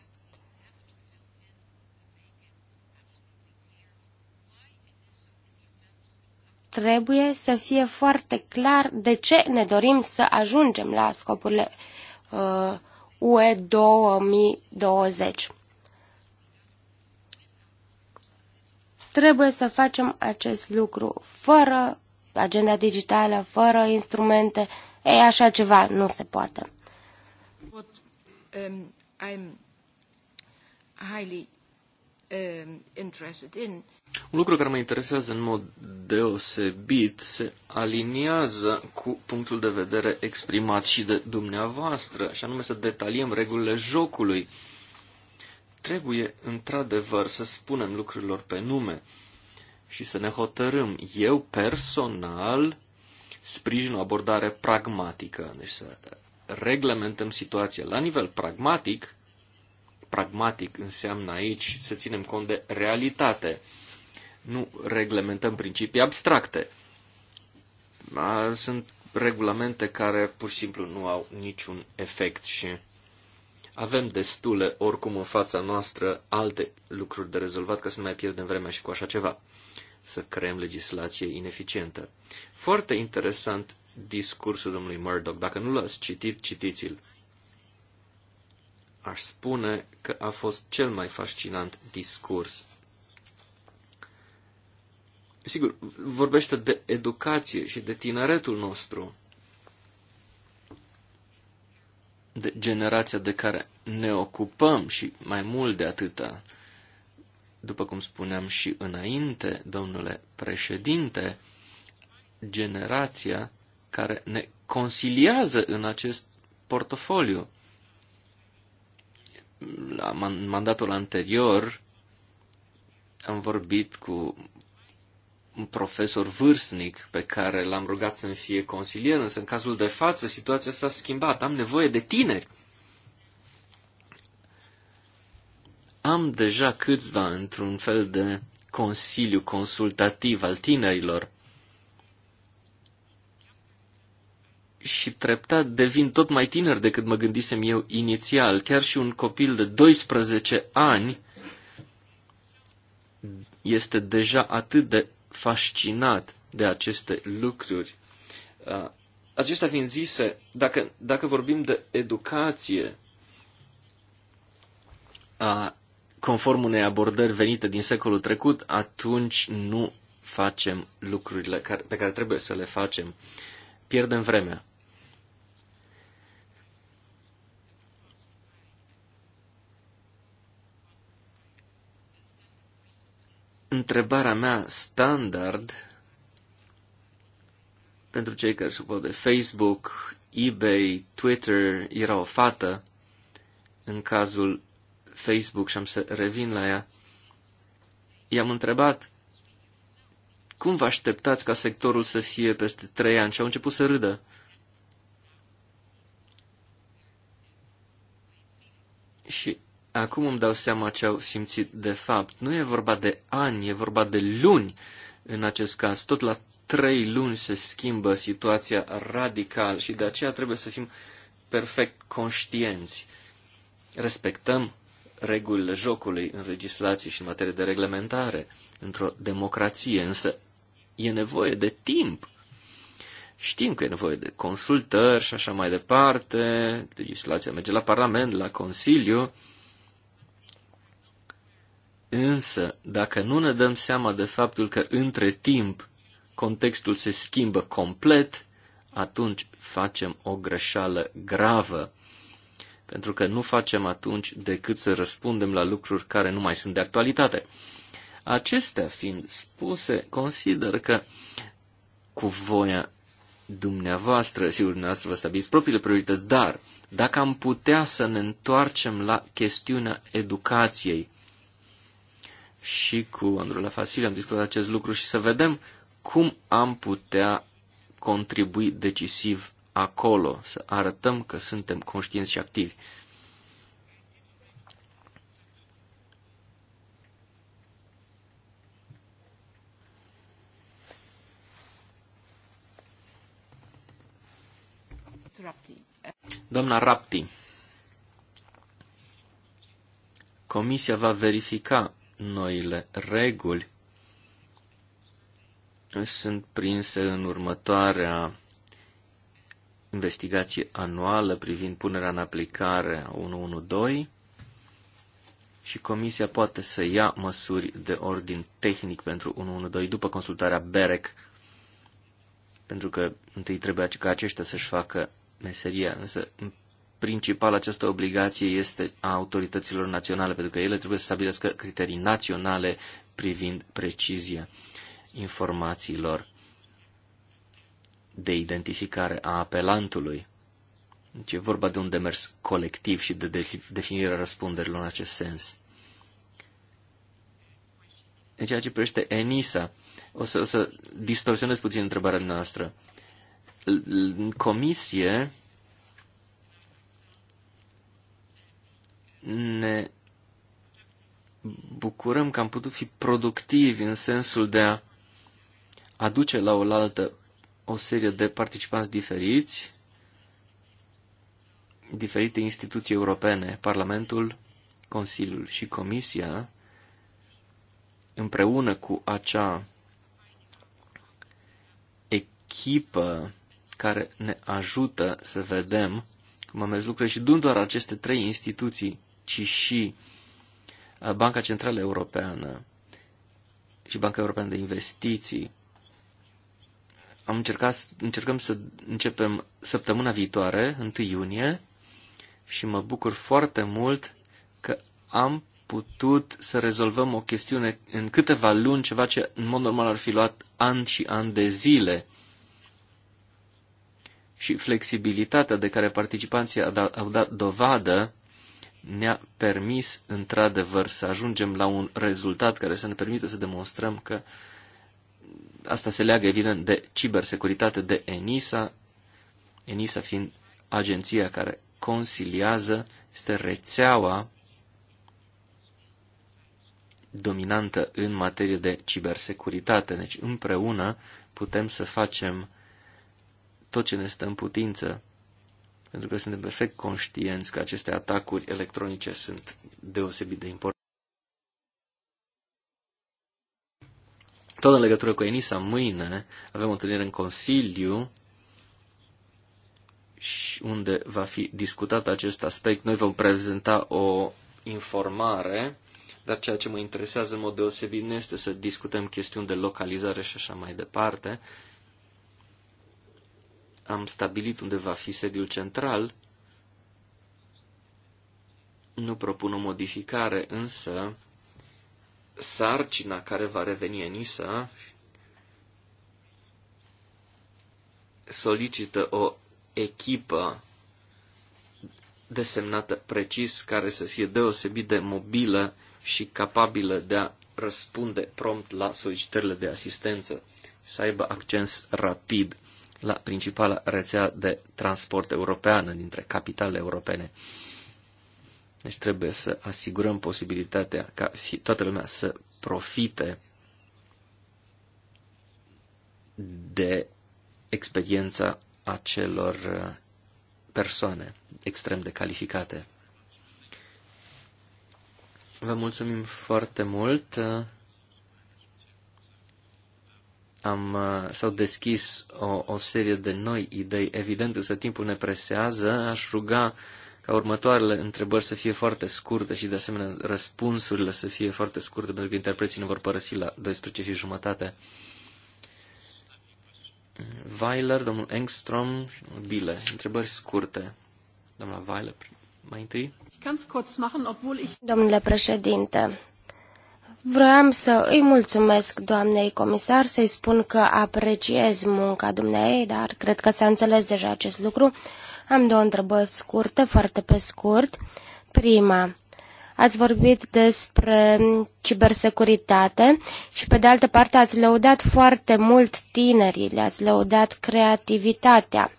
S3: Trebuie să fie foarte clar de ce ne dorim să ajungem la scopurile uh, UE 2020. Trebuie să facem acest lucru fără agenda digitală, fără instrumente. Ei, așa ceva nu se poate.
S2: But, um, I'm highly um, interested in
S4: un lucru care mă interesează în mod deosebit se aliniază cu punctul de vedere exprimat și de dumneavoastră, și anume să detaliem regulile jocului. Trebuie, într-adevăr, să spunem lucrurilor pe nume și să ne hotărâm. Eu, personal, sprijin o abordare pragmatică, deci să reglementăm situația la nivel pragmatic. Pragmatic înseamnă aici să ținem cont de realitate. Nu reglementăm principii abstracte. Sunt regulamente care pur și simplu nu au niciun efect și avem destule, oricum, în fața noastră alte lucruri de rezolvat ca să nu mai pierdem vremea și cu așa ceva. Să creăm legislație ineficientă. Foarte interesant discursul domnului Murdoch. Dacă nu l-ați citit, citiți-l. Aș spune că a fost cel mai fascinant discurs Sigur, vorbește de educație și de tineretul nostru. de generația de care ne ocupăm și mai mult de atâta. După cum spuneam și înainte, domnule președinte, generația care ne consiliază în acest portofoliu. La mandatul anterior am vorbit cu un profesor vârstnic pe care l-am rugat să-mi fie consilier, însă în cazul de față situația s-a schimbat. Am nevoie de tineri. Am deja câțiva într-un fel de consiliu consultativ al tinerilor. Și treptat devin tot mai tineri decât mă gândisem eu inițial. Chiar și un copil de 12 ani este deja atât de fascinat de aceste lucruri. Acestea fiind zise, dacă, dacă vorbim de educație, conform unei abordări venite din secolul trecut, atunci nu facem lucrurile pe care trebuie să le facem. Pierdem vremea. întrebarea mea standard pentru cei care se pot de Facebook, eBay, Twitter, era o fată în cazul Facebook și am să revin la ea. I-am întrebat cum vă așteptați ca sectorul să fie peste trei ani și au început să râdă. Și Acum îmi dau seama ce au simțit de fapt. Nu e vorba de ani, e vorba de luni în acest caz. Tot la trei luni se schimbă situația radical și de aceea trebuie să fim perfect conștienți. Respectăm regulile jocului în legislație și în materie de reglementare într-o democrație, însă e nevoie de timp. Știm că e nevoie de consultări și așa mai departe, legislația merge la Parlament, la Consiliu, Însă, dacă nu ne dăm seama de faptul că între timp contextul se schimbă complet, atunci facem o greșeală gravă, pentru că nu facem atunci decât să răspundem la lucruri care nu mai sunt de actualitate. Acestea fiind spuse, consider că cu voia dumneavoastră, sigur, dumneavoastră vă stabiliți propriile priorități, dar dacă am putea să ne întoarcem la chestiunea educației, și cu Andrula Fasile am discutat acest lucru și să vedem cum am putea contribui decisiv acolo, să arătăm că suntem conștienți și activi. Doamna Rapti, Comisia va verifica noile reguli sunt prinse în următoarea investigație anuală privind punerea în aplicare a 112 și comisia poate să ia măsuri de ordin tehnic pentru 112 după consultarea BEREC, pentru că întâi trebuie ca aceștia să-și facă meseria, însă în principal această obligație este a autorităților naționale, pentru că ele trebuie să stabilească criterii naționale privind precizia informațiilor de identificare a apelantului. Deci e vorba de un demers colectiv și de definirea răspunderilor în acest sens. În ceea ce privește ENISA, o să, o să distorsionez puțin întrebarea noastră. În comisie, ne bucurăm că am putut fi productivi în sensul de a aduce la oaltă o serie de participanți diferiți, diferite instituții europene, Parlamentul, Consiliul și Comisia, împreună cu acea echipă care ne ajută să vedem cum am mers lucrurile și nu doar aceste trei instituții ci și uh, Banca Centrală Europeană și Banca Europeană de Investiții. Am încercat, încercăm să începem săptămâna viitoare, 1 iunie, și mă bucur foarte mult că am putut să rezolvăm o chestiune în câteva luni, ceva ce în mod normal ar fi luat ani și ani de zile. Și flexibilitatea de care participanții au dat dovadă ne-a permis într-adevăr să ajungem la un rezultat care să ne permită să demonstrăm că asta se leagă evident de cibersecuritate, de ENISA, ENISA fiind agenția care consiliază, este rețeaua dominantă în materie de cibersecuritate. Deci împreună putem să facem tot ce ne stă în putință pentru că suntem perfect conștienți că aceste atacuri electronice sunt deosebit de importante. Tot în legătură cu ENISA, mâine avem o întâlnire în Consiliu și unde va fi discutat acest aspect. Noi vom prezenta o informare, dar ceea ce mă interesează în mod deosebit nu este să discutăm chestiuni de localizare și așa mai departe, am stabilit unde va fi sediul central. Nu propun o modificare, însă sarcina care va reveni în ISA solicită o echipă desemnată precis care să fie deosebit de mobilă și capabilă de a răspunde prompt la solicitările de asistență, să aibă acces rapid la principala rețea de transport europeană dintre capitalele europene. Deci trebuie să asigurăm posibilitatea ca toată lumea să profite de experiența acelor uh, persoane extrem de calificate. Vă mulțumim foarte mult. Uh, am, uh, s-au deschis o, o serie de noi idei. Evident, însă timpul ne presează. Aș ruga ca următoarele întrebări să fie foarte scurte și, de asemenea, răspunsurile să fie foarte scurte, pentru că interpreții ne vor părăsi la 12 și jumătate. Weiler, domnul Engstrom, Bile. Întrebări scurte. Doamna Weiler, mai întâi. Domnule președinte,
S3: Vreau să îi mulțumesc doamnei comisar, să-i spun că apreciez munca dumneai, dar cred că s-a înțeles deja acest lucru. Am două întrebări scurte, foarte pe scurt. Prima, ați vorbit despre cibersecuritate și pe de altă parte ați lăudat foarte mult tinerii, le-ați lăudat creativitatea.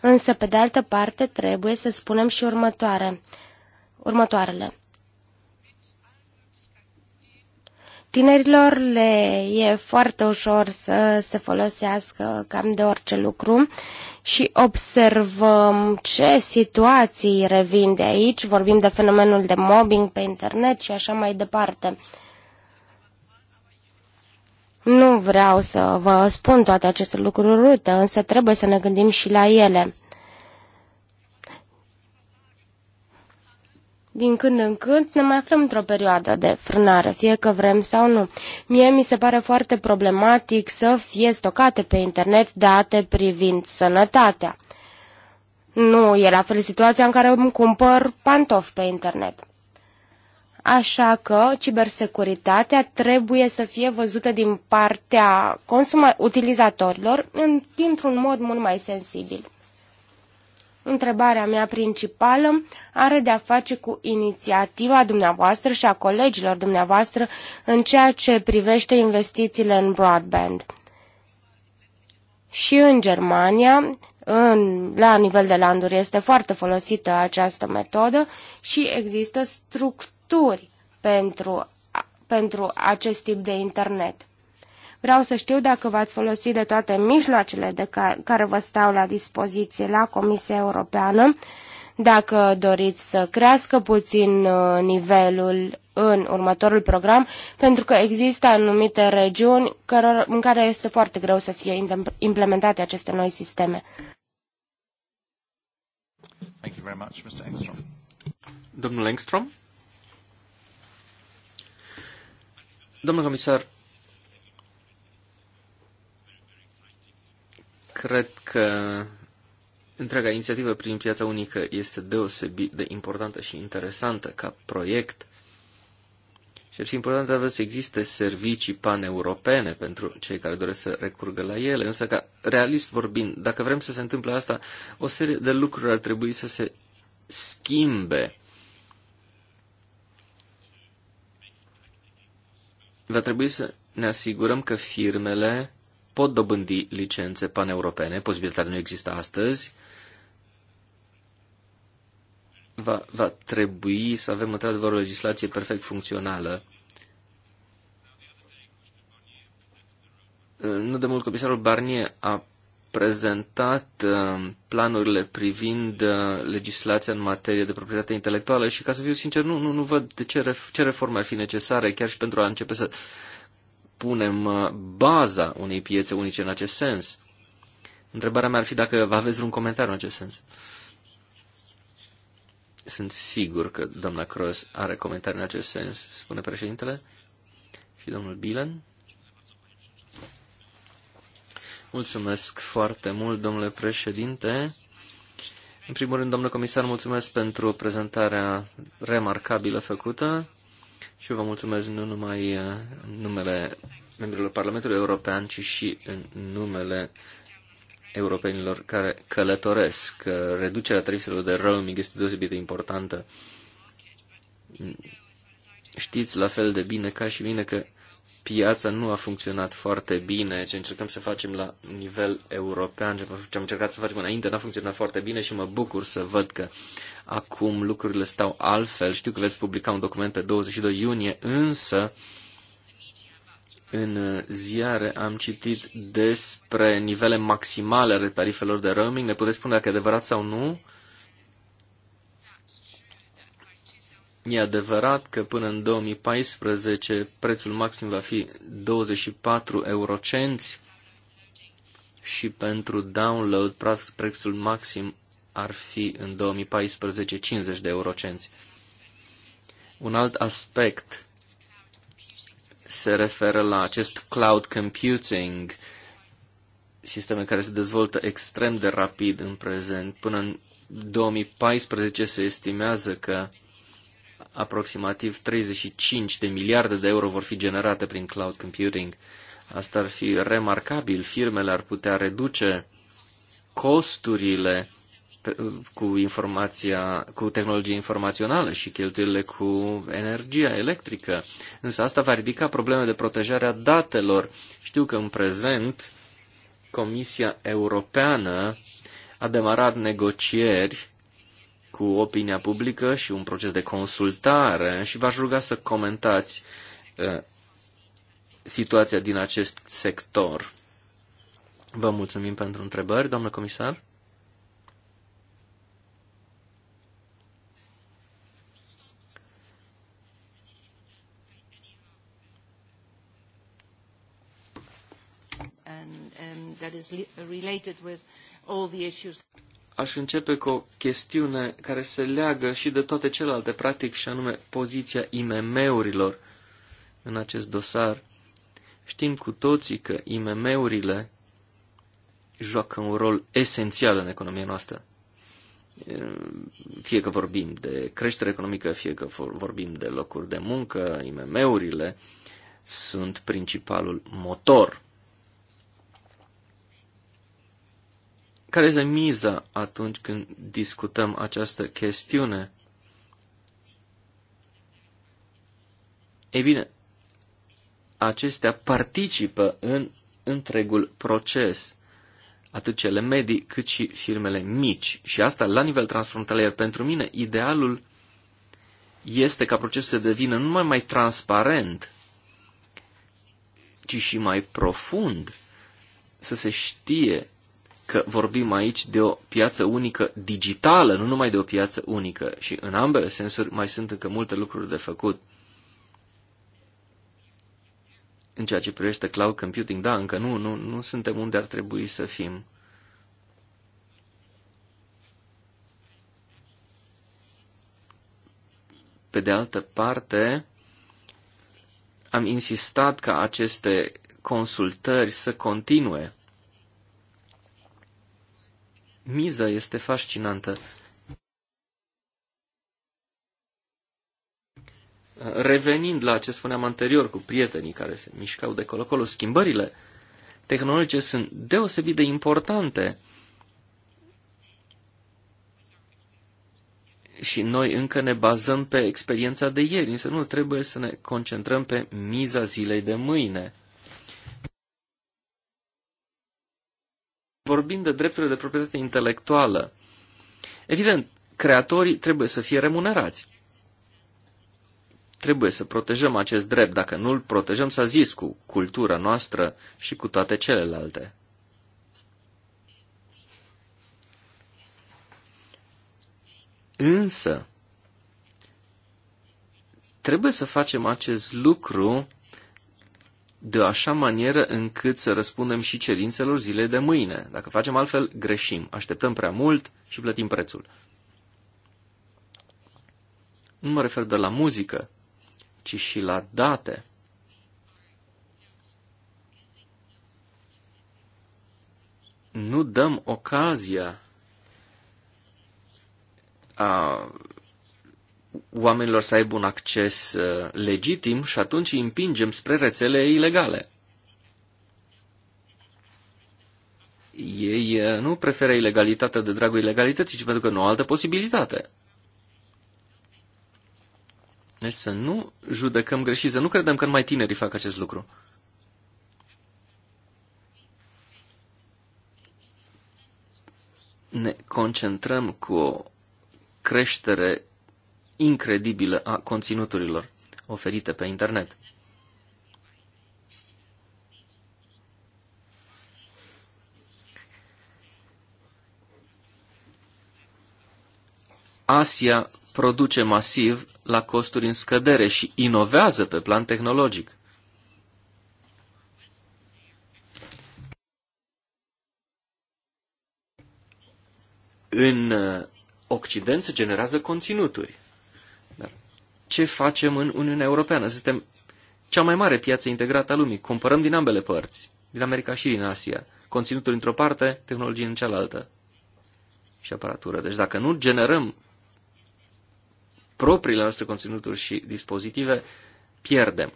S3: Însă, pe de altă parte, trebuie să spunem și următoare. următoarele. Tinerilor le e foarte ușor să se folosească cam de orice lucru și observăm ce situații revin de aici. Vorbim de fenomenul de mobbing pe internet și așa mai departe. Nu vreau să vă spun toate aceste lucruri rute, însă trebuie să ne gândim și la ele. din când în când ne mai aflăm într-o perioadă de frânare, fie că vrem sau nu. Mie mi se pare foarte problematic să fie stocate pe internet date privind sănătatea. Nu e la fel situația în care îmi cumpăr pantofi pe internet. Așa că cibersecuritatea trebuie să fie văzută din partea consuma- utilizatorilor dintr-un mod mult mai sensibil. Întrebarea mea principală are de a face cu inițiativa dumneavoastră și a colegilor dumneavoastră în ceea ce privește investițiile în broadband. Și în Germania, în, la nivel de landuri, este foarte folosită această metodă și există structuri pentru, pentru acest tip de internet. Vreau să știu dacă v-ați folosit de toate mijloacele de care, care vă stau la dispoziție la Comisia Europeană, dacă doriți să crească puțin uh, nivelul în următorul program, pentru că există anumite regiuni în care este foarte greu să fie implementate aceste noi sisteme.
S1: Thank you very much, Mr. Engstrom. Domnul Engstrom?
S4: Domnul comisar, Cred că întreaga inițiativă prin piața unică este deosebit de importantă și interesantă ca proiect și ar fi important de să existe servicii paneuropene pentru cei care doresc să recurgă la ele, însă ca realist vorbind, dacă vrem să se întâmple asta, o serie de lucruri ar trebui să se schimbe. Va trebui să ne asigurăm că firmele pot dobândi licențe paneuropene, posibilitatea nu există astăzi, va, va trebui să avem într-adevăr o legislație perfect funcțională. Nu de mult, comisarul Barnier a prezentat uh, planurile privind uh, legislația în materie de proprietate intelectuală și, ca să fiu sincer, nu, nu, nu văd de ce, ce reforme ar fi necesare, chiar și pentru a începe să punem uh, baza unei piețe unice în acest sens. Întrebarea mea ar fi dacă aveți un comentariu în acest sens. Sunt sigur că doamna Cross are comentarii în acest sens, spune președintele. Și domnul Bilen. Mulțumesc foarte mult, domnule președinte. În primul rând, domnule comisar, mulțumesc pentru prezentarea remarcabilă făcută și vă mulțumesc nu numai uh, în numele membrilor Parlamentului European, ci și în numele europenilor care călătoresc. Uh, reducerea tarifelor de roaming este deosebit de importantă. Știți la fel de bine ca și mine că piața nu a funcționat foarte bine, ce încercăm să facem la nivel european, ce am încercat să facem înainte, n-a funcționat foarte bine și mă bucur să văd că Acum lucrurile stau altfel. Știu că veți publica un document pe 22 iunie, însă în ziare am citit despre nivele maximale ale tarifelor de roaming. Ne puteți spune dacă e adevărat sau nu? E adevărat că până în 2014 prețul maxim va fi 24 eurocenți și pentru download prețul maxim ar fi în 2014 50 de eurocenți. Un alt aspect se referă la acest cloud computing, sisteme care se dezvoltă extrem de rapid în prezent. Până în 2014 se estimează că aproximativ 35 de miliarde de euro vor fi generate prin cloud computing. Asta ar fi remarcabil. Firmele ar putea reduce costurile cu informația, cu tehnologie informațională și cheltuielile cu energia electrică. Însă asta va ridica probleme de protejare a datelor. Știu că în prezent Comisia Europeană a demarat negocieri cu opinia publică și un proces de consultare și v-aș ruga să comentați uh, situația din acest sector. Vă mulțumim pentru întrebări, doamnă comisar.
S2: Um, that is related with all the issues.
S4: Aș începe cu o chestiune care se leagă și de toate celelalte, practic, și anume poziția IMM-urilor în acest dosar. Știm cu toții că IMM-urile joacă un rol esențial în economia noastră. Fie că vorbim de creștere economică, fie că vorbim de locuri de muncă, IMM-urile sunt principalul motor care este miza atunci când discutăm această chestiune? Ei bine, acestea participă în întregul proces, atât cele medii cât și firmele mici. Și asta la nivel transfrontalier. Pentru mine, idealul este ca procesul să devină nu numai mai transparent, ci și mai profund, să se știe că vorbim aici de o piață unică digitală, nu numai de o piață unică. Și în ambele sensuri mai sunt încă multe lucruri de făcut. În ceea ce privește cloud computing, da, încă nu, nu, nu suntem unde ar trebui să fim. Pe de altă parte, am insistat ca aceste consultări să continue Miza este fascinantă. Revenind la ce spuneam anterior cu prietenii care se mișcau de colo-colo, schimbările tehnologice sunt deosebit de importante. și noi încă ne bazăm pe experiența de ieri, însă nu trebuie să ne concentrăm pe miza zilei de mâine. vorbim de drepturile de proprietate intelectuală. Evident, creatorii trebuie să fie remunerați. Trebuie să protejăm acest drept. Dacă nu îl protejăm, s-a zis, cu cultura noastră și cu toate celelalte. Însă, trebuie să facem acest lucru de așa manieră încât să răspundem și cerințelor zilei de mâine. Dacă facem altfel, greșim. Așteptăm prea mult și plătim prețul. Nu mă refer doar la muzică, ci și la date. Nu dăm ocazia a oamenilor să aibă un acces uh, legitim și atunci îi împingem spre rețele ilegale. Ei uh, nu preferă ilegalitatea de dragul ilegalității, ci pentru că nu au altă posibilitate. Deci să nu judecăm greșit, să nu credem că numai tinerii fac acest lucru. Ne concentrăm cu o creștere incredibilă a conținuturilor oferite pe internet. Asia produce masiv la costuri în scădere și inovează pe plan tehnologic. În uh, Occident se generează conținuturi ce facem în Uniunea Europeană. Suntem cea mai mare piață integrată a lumii. Comparăm din ambele părți, din America și din Asia. Conținutul într-o parte, tehnologie în cealaltă și aparatură. Deci dacă nu generăm propriile noastre conținuturi și dispozitive, pierdem.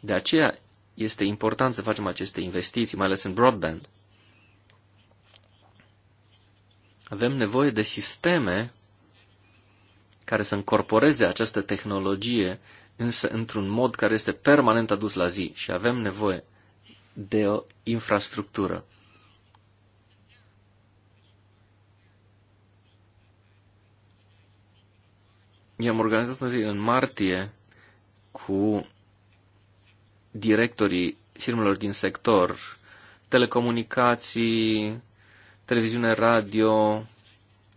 S4: De aceea este important să facem aceste investiții, mai ales în broadband. Avem nevoie de sisteme care să încorporeze această tehnologie, însă într-un mod care este permanent adus la zi și avem nevoie de o infrastructură. I-am organizat în martie cu directorii firmelor din sector, telecomunicații, televiziune, radio,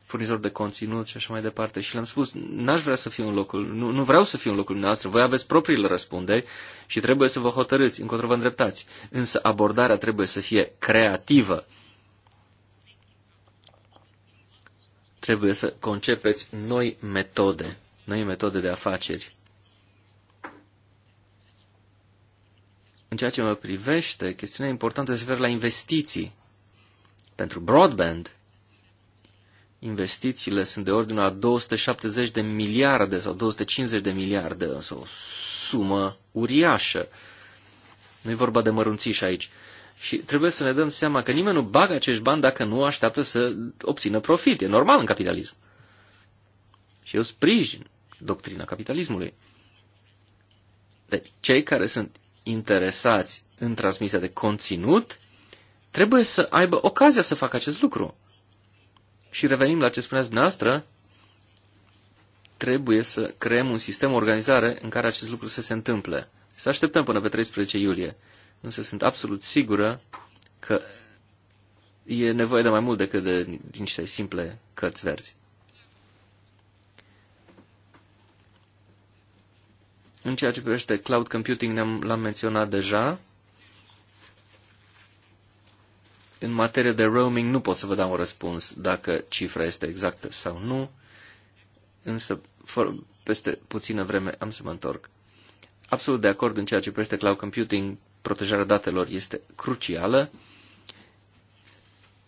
S4: Furnizor de conținut și așa mai departe. Și le-am spus, n-aș vrea să fiu un locul, nu, nu vreau să fiu în locul dumneavoastră, voi aveți propriile răspunderi și trebuie să vă hotărâți, încotro vă îndreptați. Însă abordarea trebuie să fie creativă. Trebuie să concepeți noi metode, noi metode de afaceri. În ceea ce mă privește, chestiunea importantă se referă la investiții. Pentru broadband, investițiile sunt de ordinul a 270 de miliarde sau 250 de miliarde, însă o sumă uriașă. Nu e vorba de mărunțiși aici. Și trebuie să ne dăm seama că nimeni nu bagă acești bani dacă nu așteaptă să obțină profit. E normal în capitalism. Și eu sprijin doctrina capitalismului. Deci, cei care sunt interesați în transmisia de conținut trebuie să aibă ocazia să facă acest lucru și revenim la ce spuneați dumneavoastră, trebuie să creăm un sistem, organizare în care acest lucru să se întâmple. Să așteptăm până pe 13 iulie. Însă sunt absolut sigură că e nevoie de mai mult decât de niște simple cărți verzi. În ceea ce privește cloud computing, ne-am, l-am menționat deja. În materie de roaming nu pot să vă dau un răspuns dacă cifra este exactă sau nu, însă peste puțină vreme am să mă întorc. Absolut de acord în ceea ce privește cloud computing, protejarea datelor este crucială,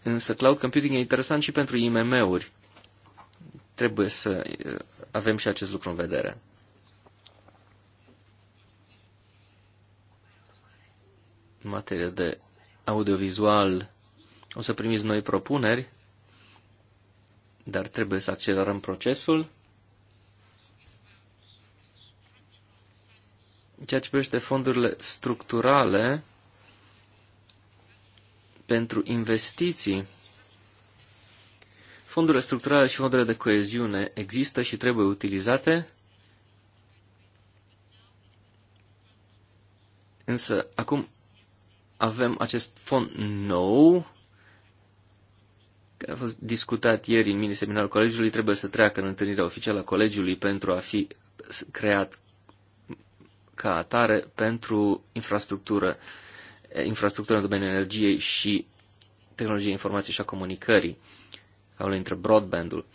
S4: însă cloud computing e interesant și pentru IMM-uri. Trebuie să uh, avem și acest lucru în vedere. În materie de audiovizual, o să primiți noi propuneri, dar trebuie să accelerăm procesul. ceea ce privește fondurile structurale pentru investiții. Fondurile structurale și fondurile de coeziune există și trebuie utilizate, însă acum avem acest fond nou care a fost discutat ieri în miniseminarul colegiului, trebuie să treacă în întâlnirea oficială a colegiului pentru a fi creat ca atare pentru infrastructură, infrastructură în domeniul energiei și tehnologiei informației și a comunicării, ca unul dintre broadband-ul.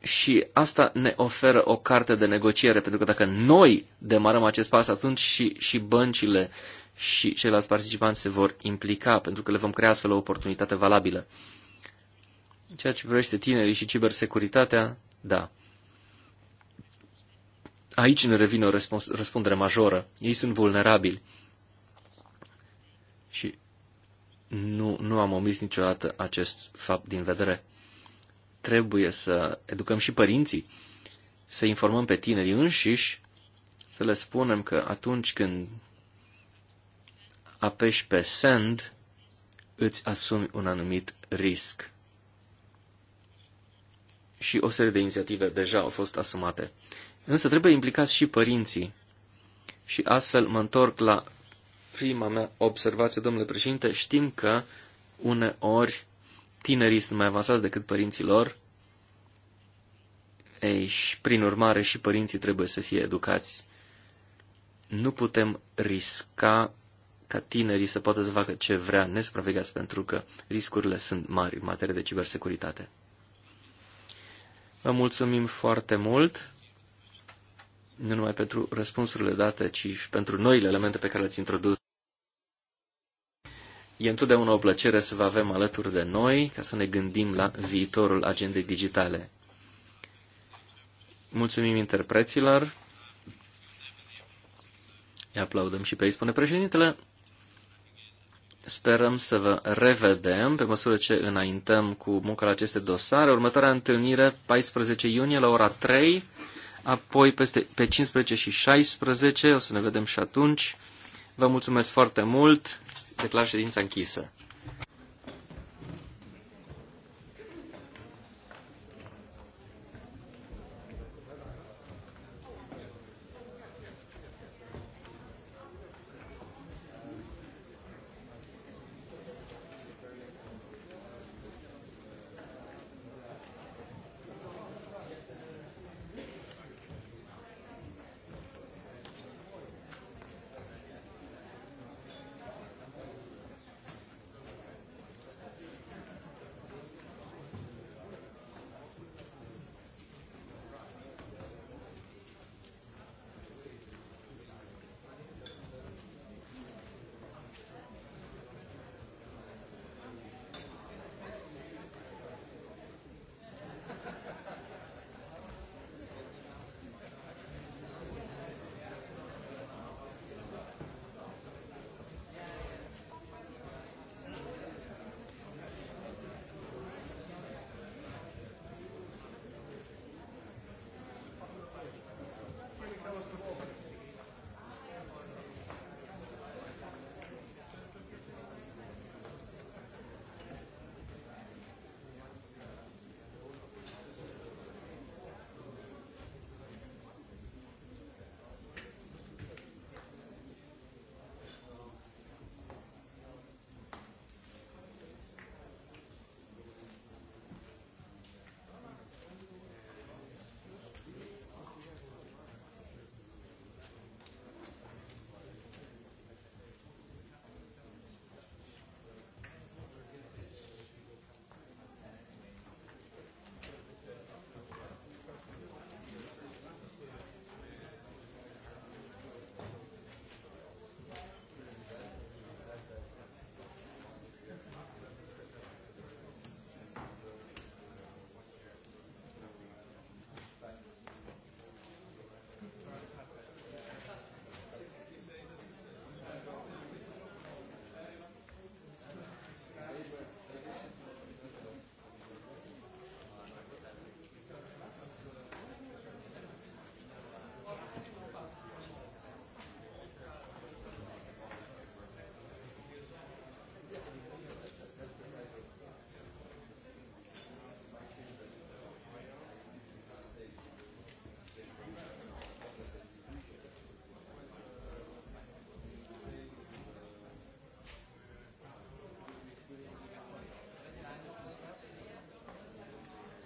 S4: Și asta ne oferă o carte de negociere, pentru că dacă noi demarăm acest pas, atunci și, și băncile uh, și ceilalți participanți se vor implica, pentru că le vom crea astfel o oportunitate valabilă. Ceea ce privește tinerii și cibersecuritatea, da. Aici ne revine o răspundere majoră. Ei sunt vulnerabili. Și nu, nu am omis niciodată acest fapt din vedere. Trebuie să educăm și părinții, să informăm pe tinerii înșiși, să le spunem că atunci când apeși pe send, îți asumi un anumit risc. Și o serie de inițiative deja au fost asumate. Însă trebuie implicați și părinții. Și astfel mă întorc la prima mea observație, domnule președinte, știm că uneori tinerii sunt mai avansați decât părinții lor. Ei, și prin urmare și părinții trebuie să fie educați. Nu putem risca ca tinerii să poată să facă ce vrea nesupravegheați, pentru că riscurile sunt mari în materie de cibersecuritate. Vă mulțumim foarte mult, nu numai pentru răspunsurile date, ci și pentru noile elemente pe care le-ați introdus. E întotdeauna o plăcere să vă avem alături de noi ca să ne gândim la viitorul agendei digitale. Mulțumim interpreților. Îi aplaudăm și pe ei, spune președintele. Sperăm să vă revedem pe măsură ce înaintăm cu munca la aceste dosare. Următoarea întâlnire, 14 iunie la ora 3, apoi peste, pe 15 și 16, o să ne vedem și atunci. Vă mulțumesc foarte mult, declar ședința închisă.